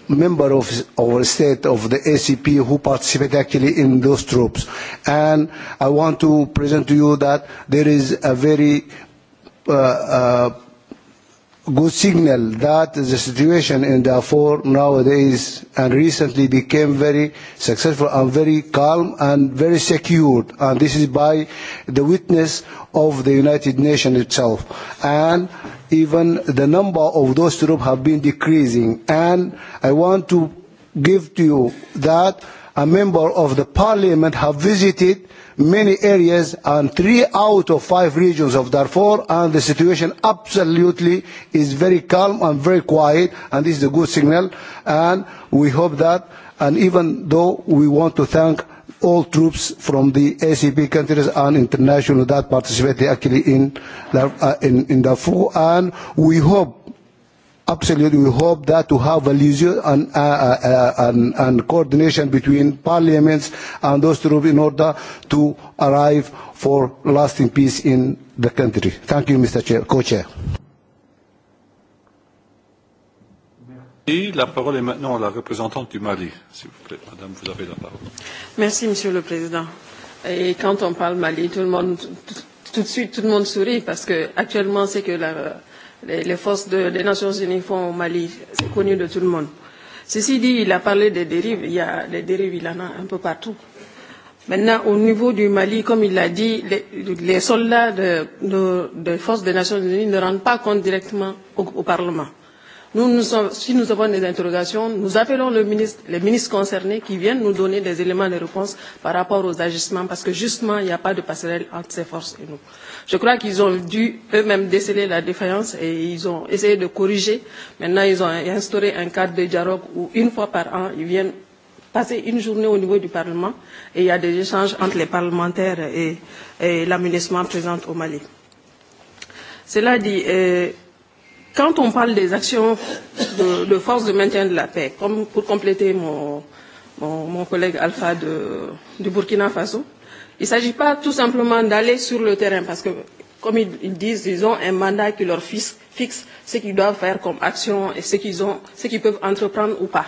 member of our state of the ACP who participate actually in those troops. And I want to present to you that there is a very uh, uh, good signal that the situation in Darfur nowadays and recently became very successful and very calm and very secure. And this is by the witness of the United Nations itself. And even the number of those troops have been decreasing. And I want to give to you that a member of the parliament have visited many areas and three out of five regions of Darfur and the situation absolutely is very calm and very quiet and this is a good signal and we hope that and even though we want to thank all troops from the ACP countries and international that participated actually in, uh, in, in Darfur and we hope absolutely we hope that to have a liaison and, uh, uh, uh, and, and coordination between parliaments and those two in order to arrive for lasting peace in the country. Thank you, Mr. Chair, Co-Chair. La parole est maintenant à la représentante du Mali, s'il vous plaît. Madame, vous avez la parole. Merci, Monsieur le Président. Et quand on parle Mali, tout le monde, tout, tout de suite, tout le monde sourit parce que actuellement, c'est que la, les, forces de, des Nations Unies font au Mali. C'est connu de tout le monde. Ceci dit, il a parlé des dérives. Il y a des dérives, il en a un peu partout. Maintenant, au niveau du Mali, comme il l'a dit, les, les soldats des de, de forces des Nations Unies ne rendent pas compte directement au, au Parlement. Nous, nous sommes, si nous avons des interrogations, nous appelons le ministre, les ministres concernés qui viennent nous donner des éléments de réponse par rapport aux agissements, parce que justement, il n'y a pas de passerelle entre ces forces et nous. Je crois qu'ils ont dû eux-mêmes déceler la défaillance et ils ont essayé de corriger. Maintenant, ils ont instauré un cadre de dialogue où, une fois par an, ils viennent passer une journée au niveau du Parlement et il y a des échanges entre les parlementaires et, et l'aménagement présent au Mali. Cela dit, Euh, Quand on parle des actions de, de force de maintien de la paix, comme pour compléter mon, mon, mon collègue Alpha de, du Burkina Faso, il ne s'agit pas tout simplement d'aller sur le terrain, parce que, comme ils, ils disent, ils ont un mandat qui leur fixe, fixe ce qu'ils doivent faire comme action et ce qu'ils qu peuvent entreprendre ou pas.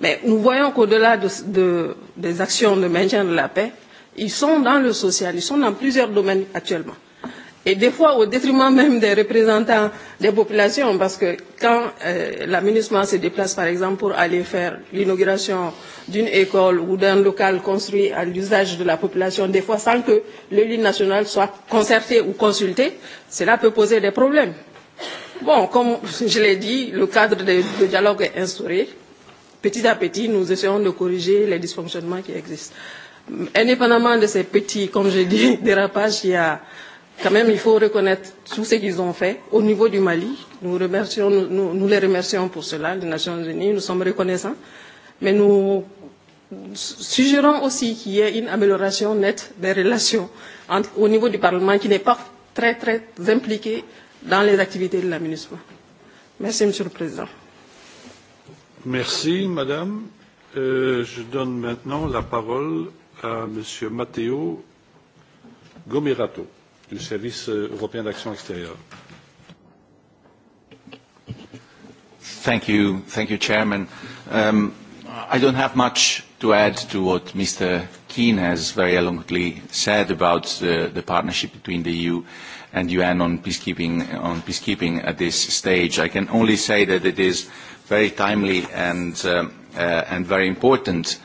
Mais nous voyons qu'au-delà de, de, des actions de maintien de la paix, ils sont dans le social, ils sont dans plusieurs domaines actuellement et des fois au détriment même des représentants des populations, parce que quand euh, la MINUSMA se déplace par exemple pour aller faire l'inauguration d'une école ou d'un local construit à l'usage de la population, des fois sans que le lit national soit concerté ou consulté, cela peut poser des problèmes. Bon, comme je l'ai dit, le cadre de, de dialogue est instauré. Petit à petit, nous essayons de corriger les dysfonctionnements qui existent. Indépendamment de ces petits, comme je dis, dérapages, il y a quand même, il faut reconnaître tout ce qu'ils ont fait au niveau du Mali. Nous, remercions, nous, nous les remercions pour cela, les Nations Unies, nous sommes reconnaissants. Mais nous suggérons aussi qu'il y ait une amélioration nette des relations entre, au niveau du Parlement qui n'est pas très, très impliqué dans les activités de la MINUSMA. Merci, Monsieur le Président. Merci, Madame. Euh, je donne maintenant la parole à Monsieur Matteo Gomerato du service euh, européen d'action extérieure. Thank you, thank you, Chairman. Um, I don't have much to add to what Mr. Keane has very eloquently said about the, the partnership between the EU and UN on peacekeeping, on peacekeeping at this stage. I can only say that it is very timely and, um, uh, and very important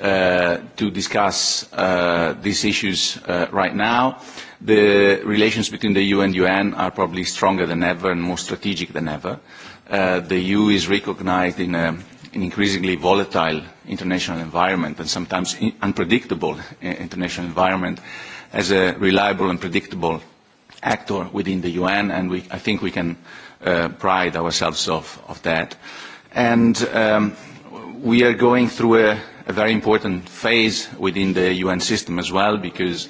Uh, to discuss uh, these issues uh, right now. The relations between the EU and UN are probably stronger than ever and more strategic than ever. The EU is recognized in an increasingly volatile international environment and sometimes unpredictable international environment as a reliable and predictable actor within the UN, and I think we can pride ourselves of, that. And um, we are going through a a very important phase within the UN system as well, because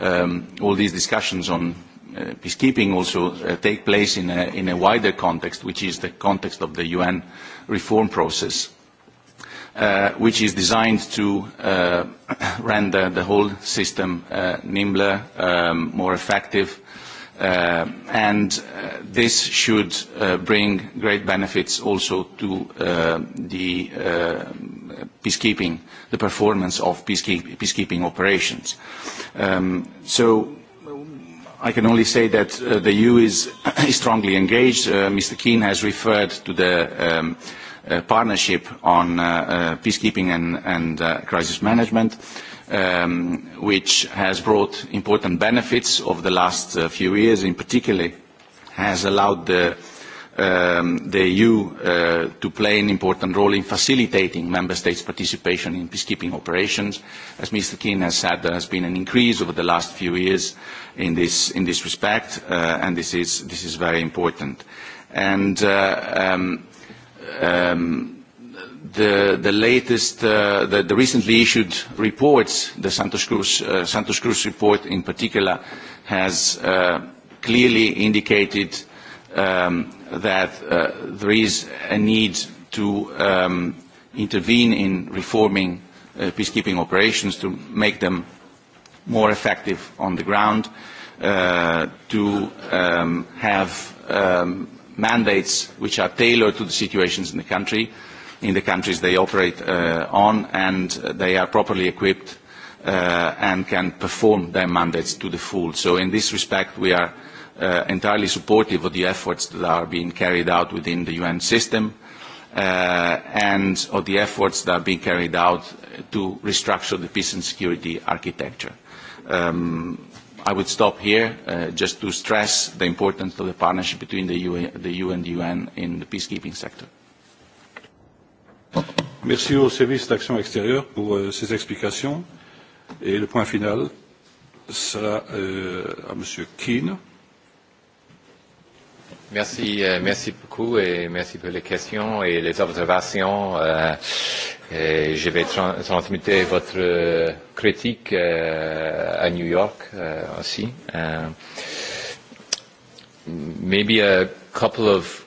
um, all these discussions on uh, peacekeeping also uh, take place in a, in a wider context, which is the context of the UN reform process, uh, which is designed to uh, render the whole system uh, nimbler, um, more effective, Uh, and uh, this should uh, bring great benefits also to the peacekeeping, the performance of peacekeeping operations. Um, so I can only say that the EU is, strongly engaged. Mr. Keane has referred to the um, partnership on peacekeeping and crisis management. Um, which has brought important benefits over the last uh, few years, in particular has allowed the, um, EU e uh, to play an important role in facilitating member states' participation in peacekeeping operations. As Mr. Keane has said, there has been an increase over the last few years in this, in this respect, uh, and this is, very important. And um, the, the latest, uh, the, the recently issued reports, the Santos Cruz, uh, Santos Cruz report in particular, has uh, clearly indicated um, that uh, there is a need to um, intervene in reforming uh, peacekeeping operations to make them more effective on the ground, uh, to um, have um, mandates which are tailored to the situations in the country, in the countries they operate uh, on and they are properly equipped uh, and can perform their mandates to the full. So in this respect we are uh, entirely supportive of the efforts that are being carried out within the UN system uh, and of the efforts that are being carried out to restructure the peace and security architecture. Um, i would stop here uh, just to stress the importance of the partnership between the UN the EU and the UN in the peacekeeping sector. Merci au service d'action extérieure pour euh, ces explications. Et le point final sera euh, à Monsieur Keane. Merci, euh, merci beaucoup et merci pour les questions et les observations. Euh, et je vais tra transmettre votre euh, critique euh, à New York euh, aussi. Uh, maybe a couple of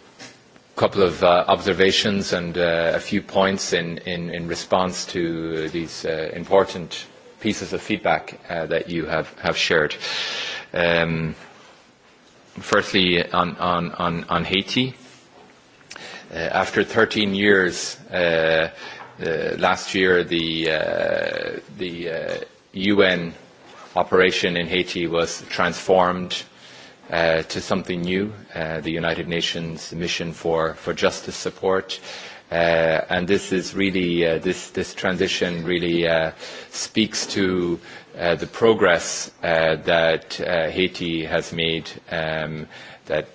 couple of uh, observations and uh, a few points in, in, in response to uh, these uh, important pieces of feedback uh, that you have, have shared. Um, firstly, on, on, on, on Haiti, uh, after 13 years, uh, uh, last year the, uh, the uh, UN operation in Haiti was transformed Uh, to something new, uh, the United Nations Mission for, for Justice Support. Uh, and this is really, uh, this, this transition really uh, speaks to uh, the progress uh, that uh, Haiti has made, um, that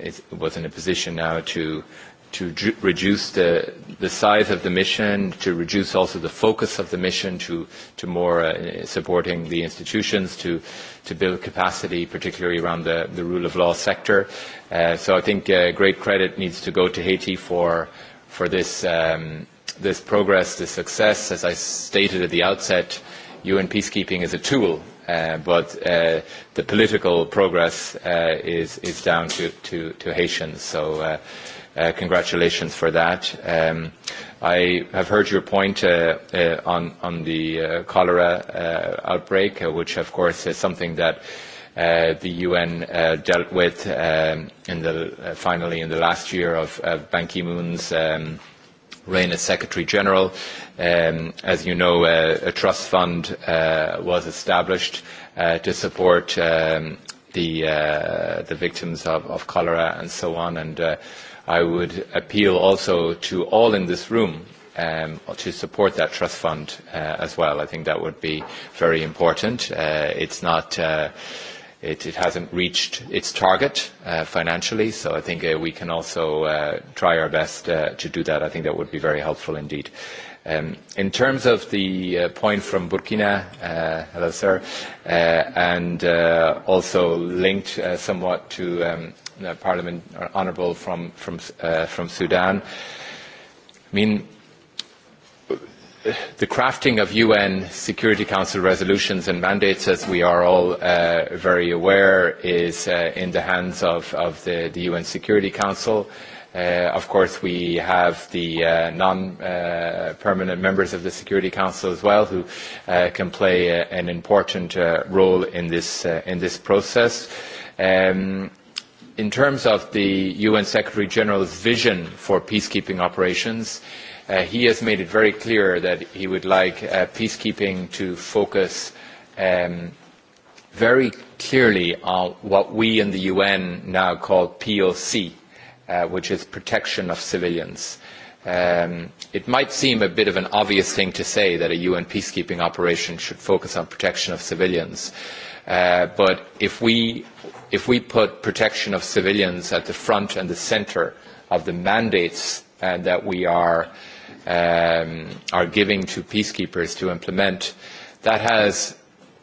it was in a position now to to reduce the, the size of the mission, to reduce also the focus of the mission to, to more uh, supporting the institutions, to, to build capacity, particularly around the, the rule of law sector. Uh, so I think uh, great credit needs to go to Haiti for, for this, um, this progress, this success. As I stated at the outset, UN peacekeeping is a tool but the political progress is, is down to, to, to Haitians. So Uh, congratulations for that. Um, I have heard your point uh, uh, on, on the cholera outbreak, which of course is something that the UN dealt with um, in the, finally in the last year of, Ban Ki-moon's um, reign as Secretary General. Um, as you know, a trust fund was established to support the, the victims of, of cholera and so on. and i would appeal also to all in this room um, to support that trust fund uh, as well. I think that would be very important. Uh, it's not, uh, it, it hasn't reached its target uh, financially, so I think uh, we can also uh, try our best uh, to do that. I think that would be very helpful indeed. Um, in terms of the uh, point from Burkina, uh, hello sir, uh, and also linked somewhat to um, the Parliament Honorable Honourable from, Sudan, I mean, the crafting of UN Security Council resolutions and mandates, as we are all very aware, is in the hands of, the, UN Security Council. Uh, of course, we have the uh, non-permanent uh, members of the Security Council as well, who can play an important role in this process. Um, in terms of the UN Secretary General's vision for peacekeeping operations, he has made it very clear that he would like peacekeeping to focus um, very clearly on what we in the UN now call POC Uh, which is protection of civilians. Um, it might seem a bit of an obvious thing to say that a UN peacekeeping operation should focus on protection of civilians. Uh, but if we, if we put protection of civilians at the front and the center of the mandates uh, that we are, um, are giving to peacekeepers to implement, that has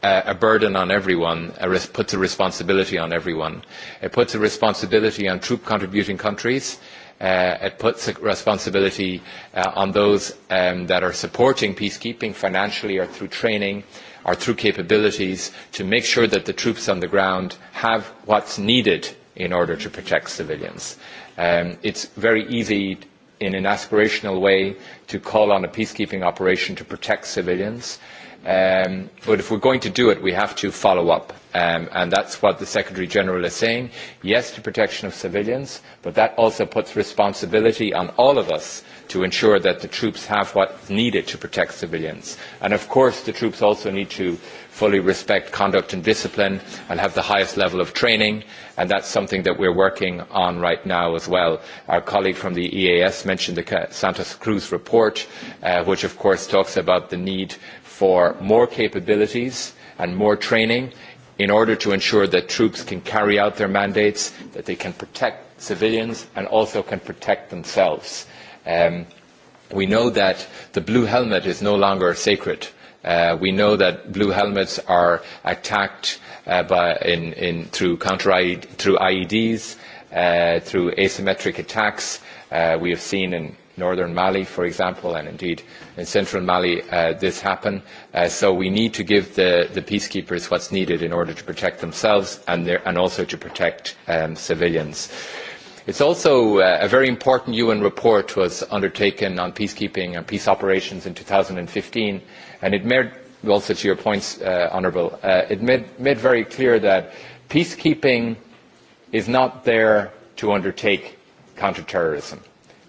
a burden on everyone, it puts a responsibility on everyone. It puts a responsibility on troop contributing countries, uh, it puts a responsibility uh, on those um, that are supporting peacekeeping financially or through training or through capabilities to make sure that the troops on the ground have what's needed in order to protect civilians. It um, it's very easy in an aspirational way to call on a peacekeeping operation to protect civilians Um, but if we're going to do it, we have to follow up. Um, and that's what the Secretary General is saying. Yes to protection of civilians, but that also puts responsibility on all of us to ensure that the troops have is needed to protect civilians. And of course, the troops also need to fully respect conduct and discipline and have the highest level of training. And that's something that we're working on right now as well. Our colleague from the EAS mentioned the Santos Cruz report, uh, which of course talks about the need for more capabilities and more training in order to ensure that troops can carry out their mandates, that they can protect civilians and also can protect themselves. Um, we know that the blue helmet is no longer sacred. Uh, we know that blue helmets are attacked uh, by in, in, through, counter IED, through IEDs, uh, through asymmetric attacks. we have seen in northern Mali, for example, and indeed in central Mali uh, this happened. Uh, so we need to give the, the peacekeepers what's needed in order to protect themselves and, and also to protect um, civilians. It's also uh, a very important UN report was undertaken on peacekeeping and peace operations in 2015, and it made, also to your points, Honourable, uh, it made, made very clear that peacekeeping is not there to undertake counter terrorism.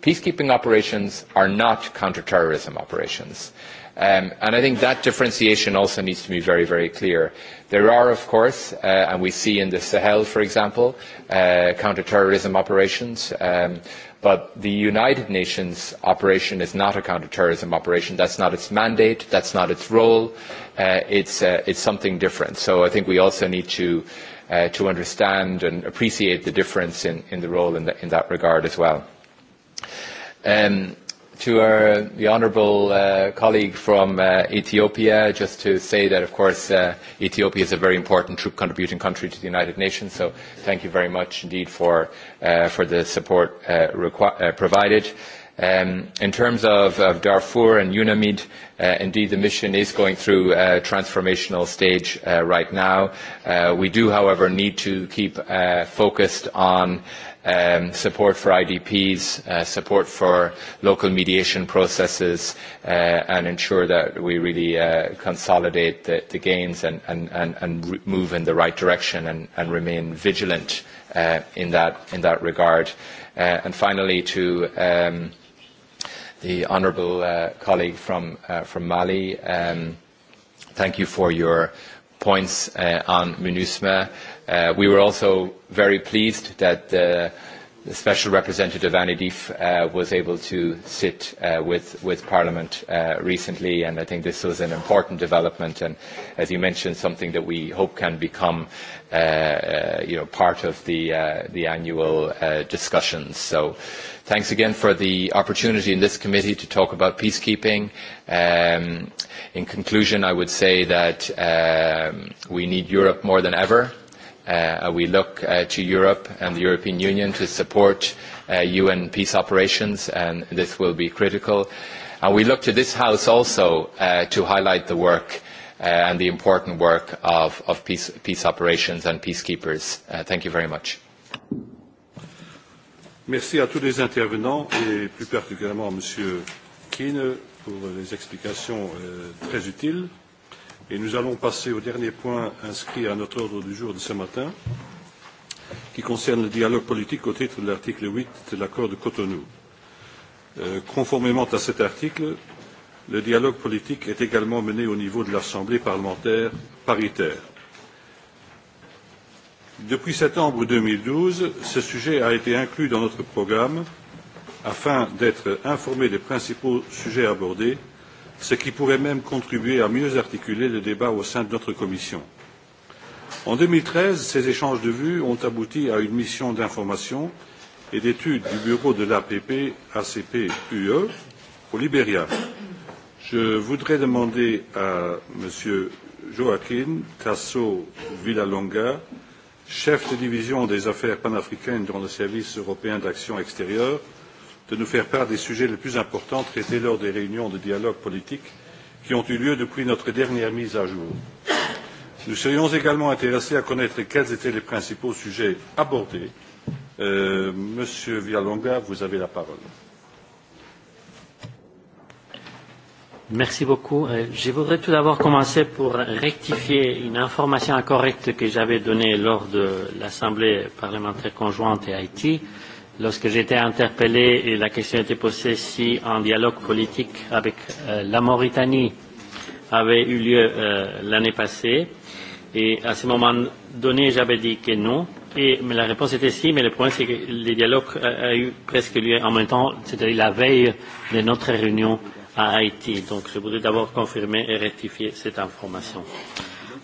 Peacekeeping operations are not counter terrorism operations. Um, and I think that differentiation also needs to be very, very clear. There are, of course, uh, and we see in the Sahel, for example, uh, counter terrorism operations. Um, but the United Nations operation is not a counter terrorism operation. That's not its mandate. That's not its role. Uh, it it's, something different. So I think we also need to, understand and appreciate the difference in, the role in that regard as well. Um, to our, the honourable uh, colleague from uh, Ethiopia, just to say that, of course, uh, Ethiopia is a very important troop contributing country to the United Nations, so thank you very much indeed for, uh, for the support uh, uh, provided. Um, in terms of, of Darfur and UNAMID, uh, indeed the mission is going through a transformational stage uh, right now. Uh, we do, however, need to keep uh, focused on uh, um, support for IDPs, uh, support for local mediation processes, uh, and ensure that we really uh, consolidate the, the gains and, and, and, and move in the right direction and, and remain vigilant uh, in, that, in that regard. Uh, and finally, to um, the honourable uh, colleague from, uh, from Mali, um, thank you for your points uh, on MINUSMA. Uh, we were also very pleased that uh, the Special Representative Annie uh, was able to sit with, with Parliament recently, and I think this was an important development, and as you mentioned, something that we hope can become you know, part of the, the annual discussions. So thanks again for the opportunity in this committee to talk about peacekeeping. Um, in conclusion, I would say that um, we need Europe more than ever Uh, we look uh, to Europe and the European Union to support UN uh, peace operations, and this will be critical. And we look to this House also to highlight the work and the important work of, peace, operations and peacekeepers. Thank you very much. Merci à tous les intervenants et plus particulièrement pour les explications euh, très utiles. Et nous allons passer au dernier point inscrit à notre ordre du jour de ce matin, qui concerne le dialogue politique au titre de l'article 8 de l'accord de Cotonou. Euh, conformément à cet article, le dialogue politique est également mené au niveau de l'Assemblée parlementaire paritaire. Depuis septembre 2012, ce sujet a été inclus dans notre programme afin d'être informé des principaux sujets abordés ce qui pourrait même contribuer à mieux articuler le débat au sein de notre commission. En 2013, ces échanges de vues ont abouti à une mission d'information et d'études du bureau de l'APP ACP UE au Libéria. Je voudrais demander à M. Joaquin Tasso Villalonga, chef de division des affaires panafricaines dans le service européen d'action extérieure, de nous faire part des sujets les plus importants traités lors des réunions de dialogue politique qui ont eu lieu depuis notre dernière mise à jour. Nous serions également intéressés à connaître quels étaient les principaux sujets abordés. Euh, Monsieur Vialonga, vous avez la parole. Merci beaucoup. Euh, je voudrais tout d'abord commencer pour rectifier une information incorrecte que j'avais donnée lors de l'Assemblée parlementaire conjointe et Haïti lorsque j'ai été interpellé et la question était posée si un dialogue politique avec euh, la Mauritanie avait eu lieu euh, l'année passée. Et à ce moment donné, j'avais dit que non. Et, mais la réponse était si, mais le problème c'est que le dialogue a, euh, a, eu presque lieu en même temps, c'est-à-dire la veille de notre réunion à Haïti. Donc je voudrais d'abord confirmer et rectifier cette information.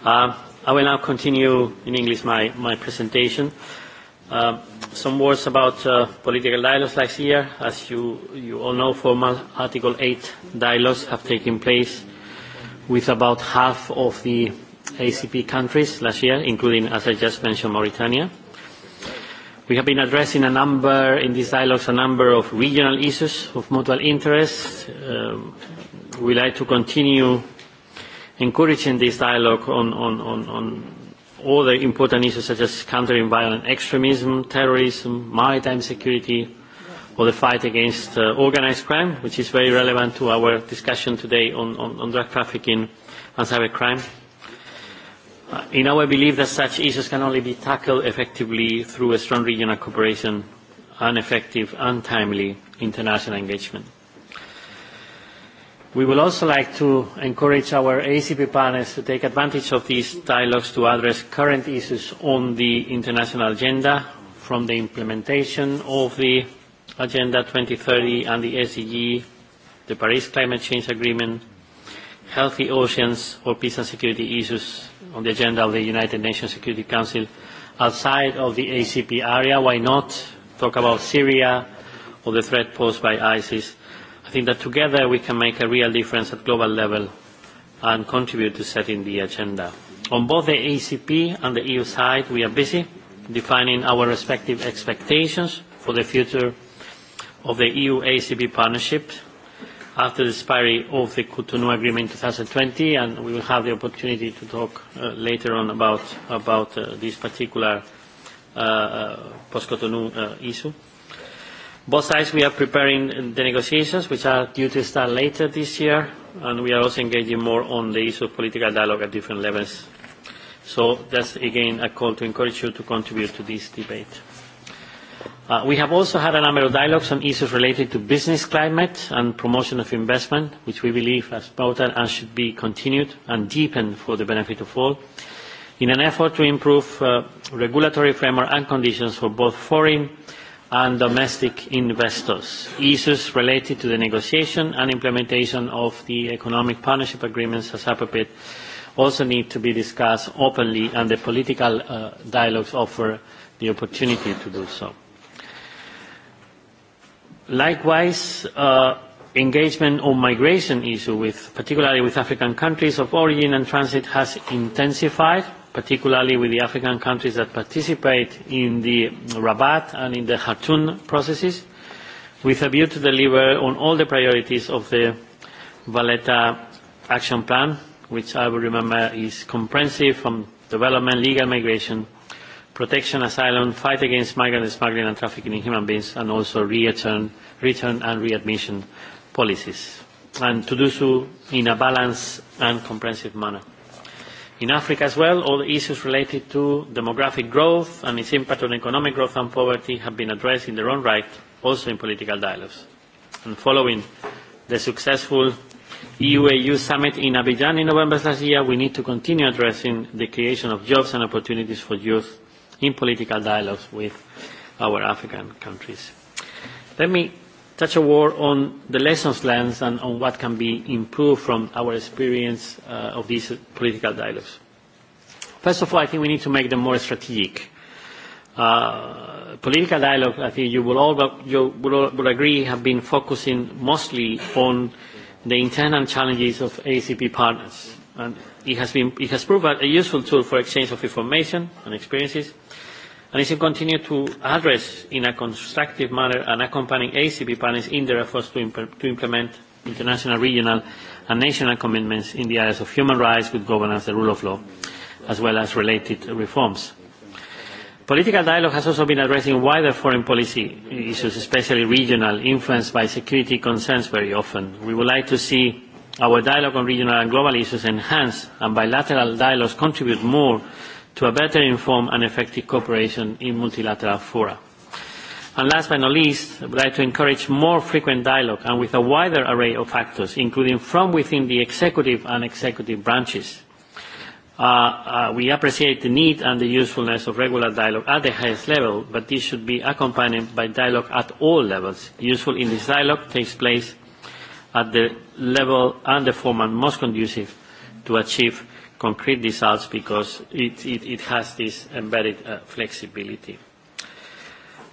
Uh, I will now continue in English my, my presentation. Uh, some words about uh, political dialogues last year. As you, you all know, formal Article 8 dialogues have taken place with about half of the ACP countries last year, including, as I just mentioned, Mauritania. We have been addressing a number, in these dialogues, a number of regional issues of mutual interest. Um, we like to continue encouraging this dialogue on, on, on, on the important issues such as countering violent extremism, terrorism, maritime security, or the fight against uh, organized crime, which is very relevant to our discussion today on, on, on drug trafficking and cybercrime. Uh, in our belief that such issues can only be tackled effectively through a strong regional cooperation and effective and timely international engagement. We would also like to encourage our ACP partners to take advantage of these dialogues to address current issues on the international agenda, from the implementation of the Agenda 2030 and the SDG, e the Paris Climate Change Agreement, healthy oceans or peace and security issues on the agenda of the United Nations Security Council outside of the ACP area. Why not talk about Syria or the threat posed by ISIS i think that together we can make a real difference at global level and contribute to setting the agenda. On both the ACP and the EU side, we are busy defining our respective expectations for the future of the EU-ACP partnership after the expiry of the Cotonou Agreement in 2020, and we will have the opportunity to talk uh, later on about, about uh, this particular uh, uh post-Cotonou uh, issue. Both sides, we are preparing the negotiations, which are due to start later this year, and we are also engaging more on the issue of political dialogue at different levels. So that's, again, a call to encourage you to contribute to this debate. Uh, we have also had a number of dialogues on issues related to business climate and promotion of investment, which we believe as important and should be continued and deepened for the benefit of all, in an effort to improve uh, regulatory framework and conditions for both foreign and domestic investors, issues related to the negotiation and implementation of the economic partnership agreements as appropriate also need to be discussed openly and the political uh, dialogues offer the opportunity to do so. Likewise, uh, engagement on migration issue, with, particularly with African countries of origin and transit, has intensified particularly with the African countries that participate in the Rabat and in the Khartoum processes, with a view to deliver on all the priorities of the Valletta Action Plan, which I will remember is comprehensive from development, legal migration, protection, asylum, fight against migrant smuggling and trafficking in human beings, and also return, return and readmission policies, and to do so in a balanced and comprehensive manner. In Africa as well, all the issues related to demographic growth and its impact on economic growth and poverty have been addressed in their own right, also in political dialogues. And following the successful EU-AU summit in Abidjan in November last year, we need to continue addressing the creation of jobs and opportunities for youth in political dialogues with our African countries. Let me touch a word on the lessons learned and on what can be improved from our experience uh, of these political dialogues. First of all, I think we need to make them more strategic. Uh, political dialogue, I think you will all, you will, all, will agree, have been focusing mostly on the internal challenges of ACP partners. And it has, been, it has proved a useful tool for exchange of information and experiences, and it should continue to address in a constructive manner and accompanying ACP partners in their efforts to, imp to implement international, regional and national commitments in the areas of human rights, good governance, the rule of law, as well as related reforms. Political dialogue has also been addressing wider foreign policy issues, especially regional, influenced by security concerns very often. We would like to see our dialogue on regional and global issues enhanced and bilateral dialogues contribute more to a better informed and effective cooperation in multilateral fora. And last but not least, I would like to encourage more frequent dialogue and with a wider array of actors, including from within the executive and executive branches. Uh, uh, we appreciate the need and the usefulness of regular dialogue at the highest level, but this should be accompanied by dialogue at all levels. Useful in this dialogue takes place at the level and the format most conducive to achieve concrete results because it, it, it has this embedded uh, flexibility.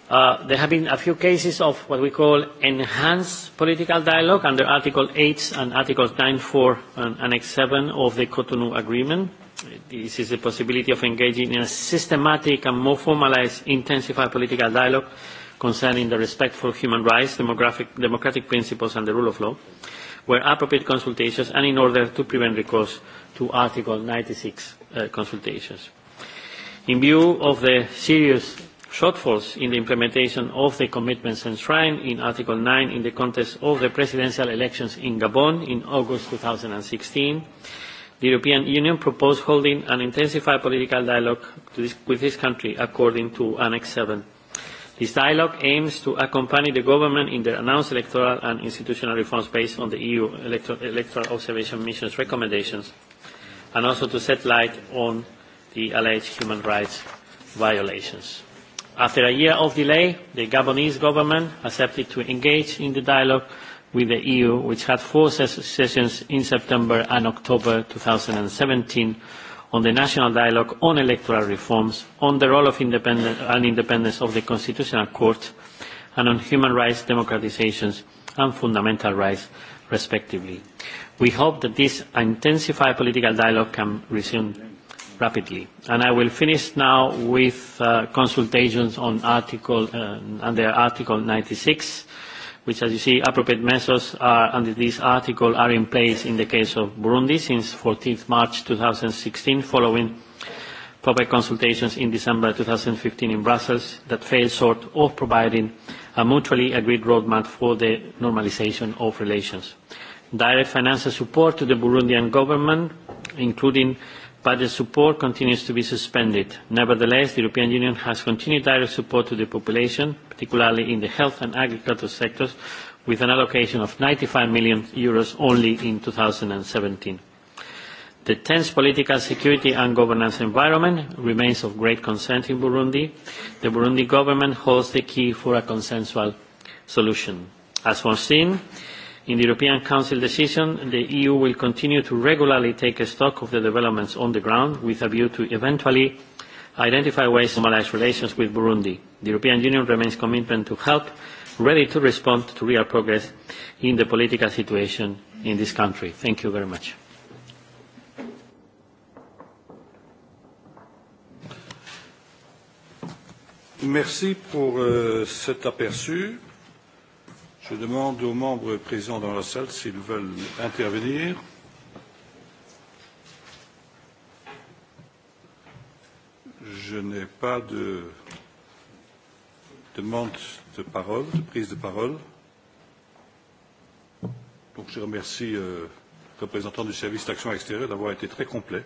Uh, there have been a few cases of what we call enhanced political dialogue under Article 8 and Articles 9.4 and Annex 7 of the Cotonou Agreement. This is the possibility of engaging in a systematic and more formalized, intensified political dialogue concerning the respect for human rights, demographic, democratic principles and the rule of law, where appropriate consultations and in order to prevent recourse to Article 96 uh, consultations. In view of the serious shortfalls in the implementation of the commitments enshrined in Article 9 in the context of the presidential elections in Gabon in August 2016, the European Union proposed holding an intensified political dialogue this, with this country according to Annex 7. This dialogue aims to accompany the government in their announced electoral and institutional reforms based on the EU electoral, electoral observation mission's recommendations and also to set light on the alleged human rights violations. After a year of delay, the Gabonese government accepted to engage in the dialogue with the EU, which had four sessions in September and October 2017 on the national dialogue on electoral reforms, on the role of independence and independence of the Constitutional Court, and on human rights, democratizations, and fundamental rights respectively. We hope that this intensified political dialogue can resume rapidly. And I will finish now with uh, consultations on Article uh, under Article 96, which, as you see, appropriate measures are under this article are in place in the case of Burundi since 14th March 2016, following public consultations in December 2015 in Brussels that failed short of providing a mutually agreed roadmap for the normalisation of relations. Direct financial support to the Burundian government, including budget support, continues to be suspended. Nevertheless, the European Union has continued direct support to the population, particularly in the health and agricultural sectors, with an allocation of 95 million euros only in 2017. The tense political security and governance environment remains of great concern in Burundi. The Burundi government holds the key for a consensual solution. As foreseen in the European Council decision, the EU will continue to regularly take stock of the developments on the ground with a view to eventually identify ways to normalize relations with Burundi. The European Union remains committed to help, ready to respond to real progress in the political situation in this country. Thank you very much. Merci pour euh, cet aperçu. Je demande aux membres présents dans la salle s'ils veulent intervenir. Je n'ai pas de demande de parole, de prise de parole. Donc je remercie euh, le représentant du service d'action extérieure d'avoir été très complet,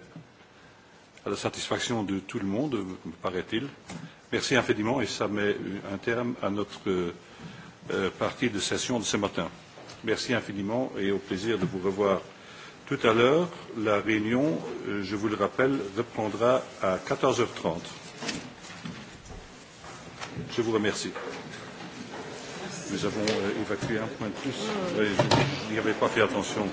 à la satisfaction de tout le monde, me paraît-il. Merci infiniment et ça met un terme à notre euh, partie de session de ce matin. Merci infiniment et au plaisir de vous revoir tout à l'heure. La réunion, euh, je vous le rappelle, reprendra à 14h30. Je vous remercie. Nous avons euh, évacué un point de plus. Oh. Oui, je n'y avais pas fait attention.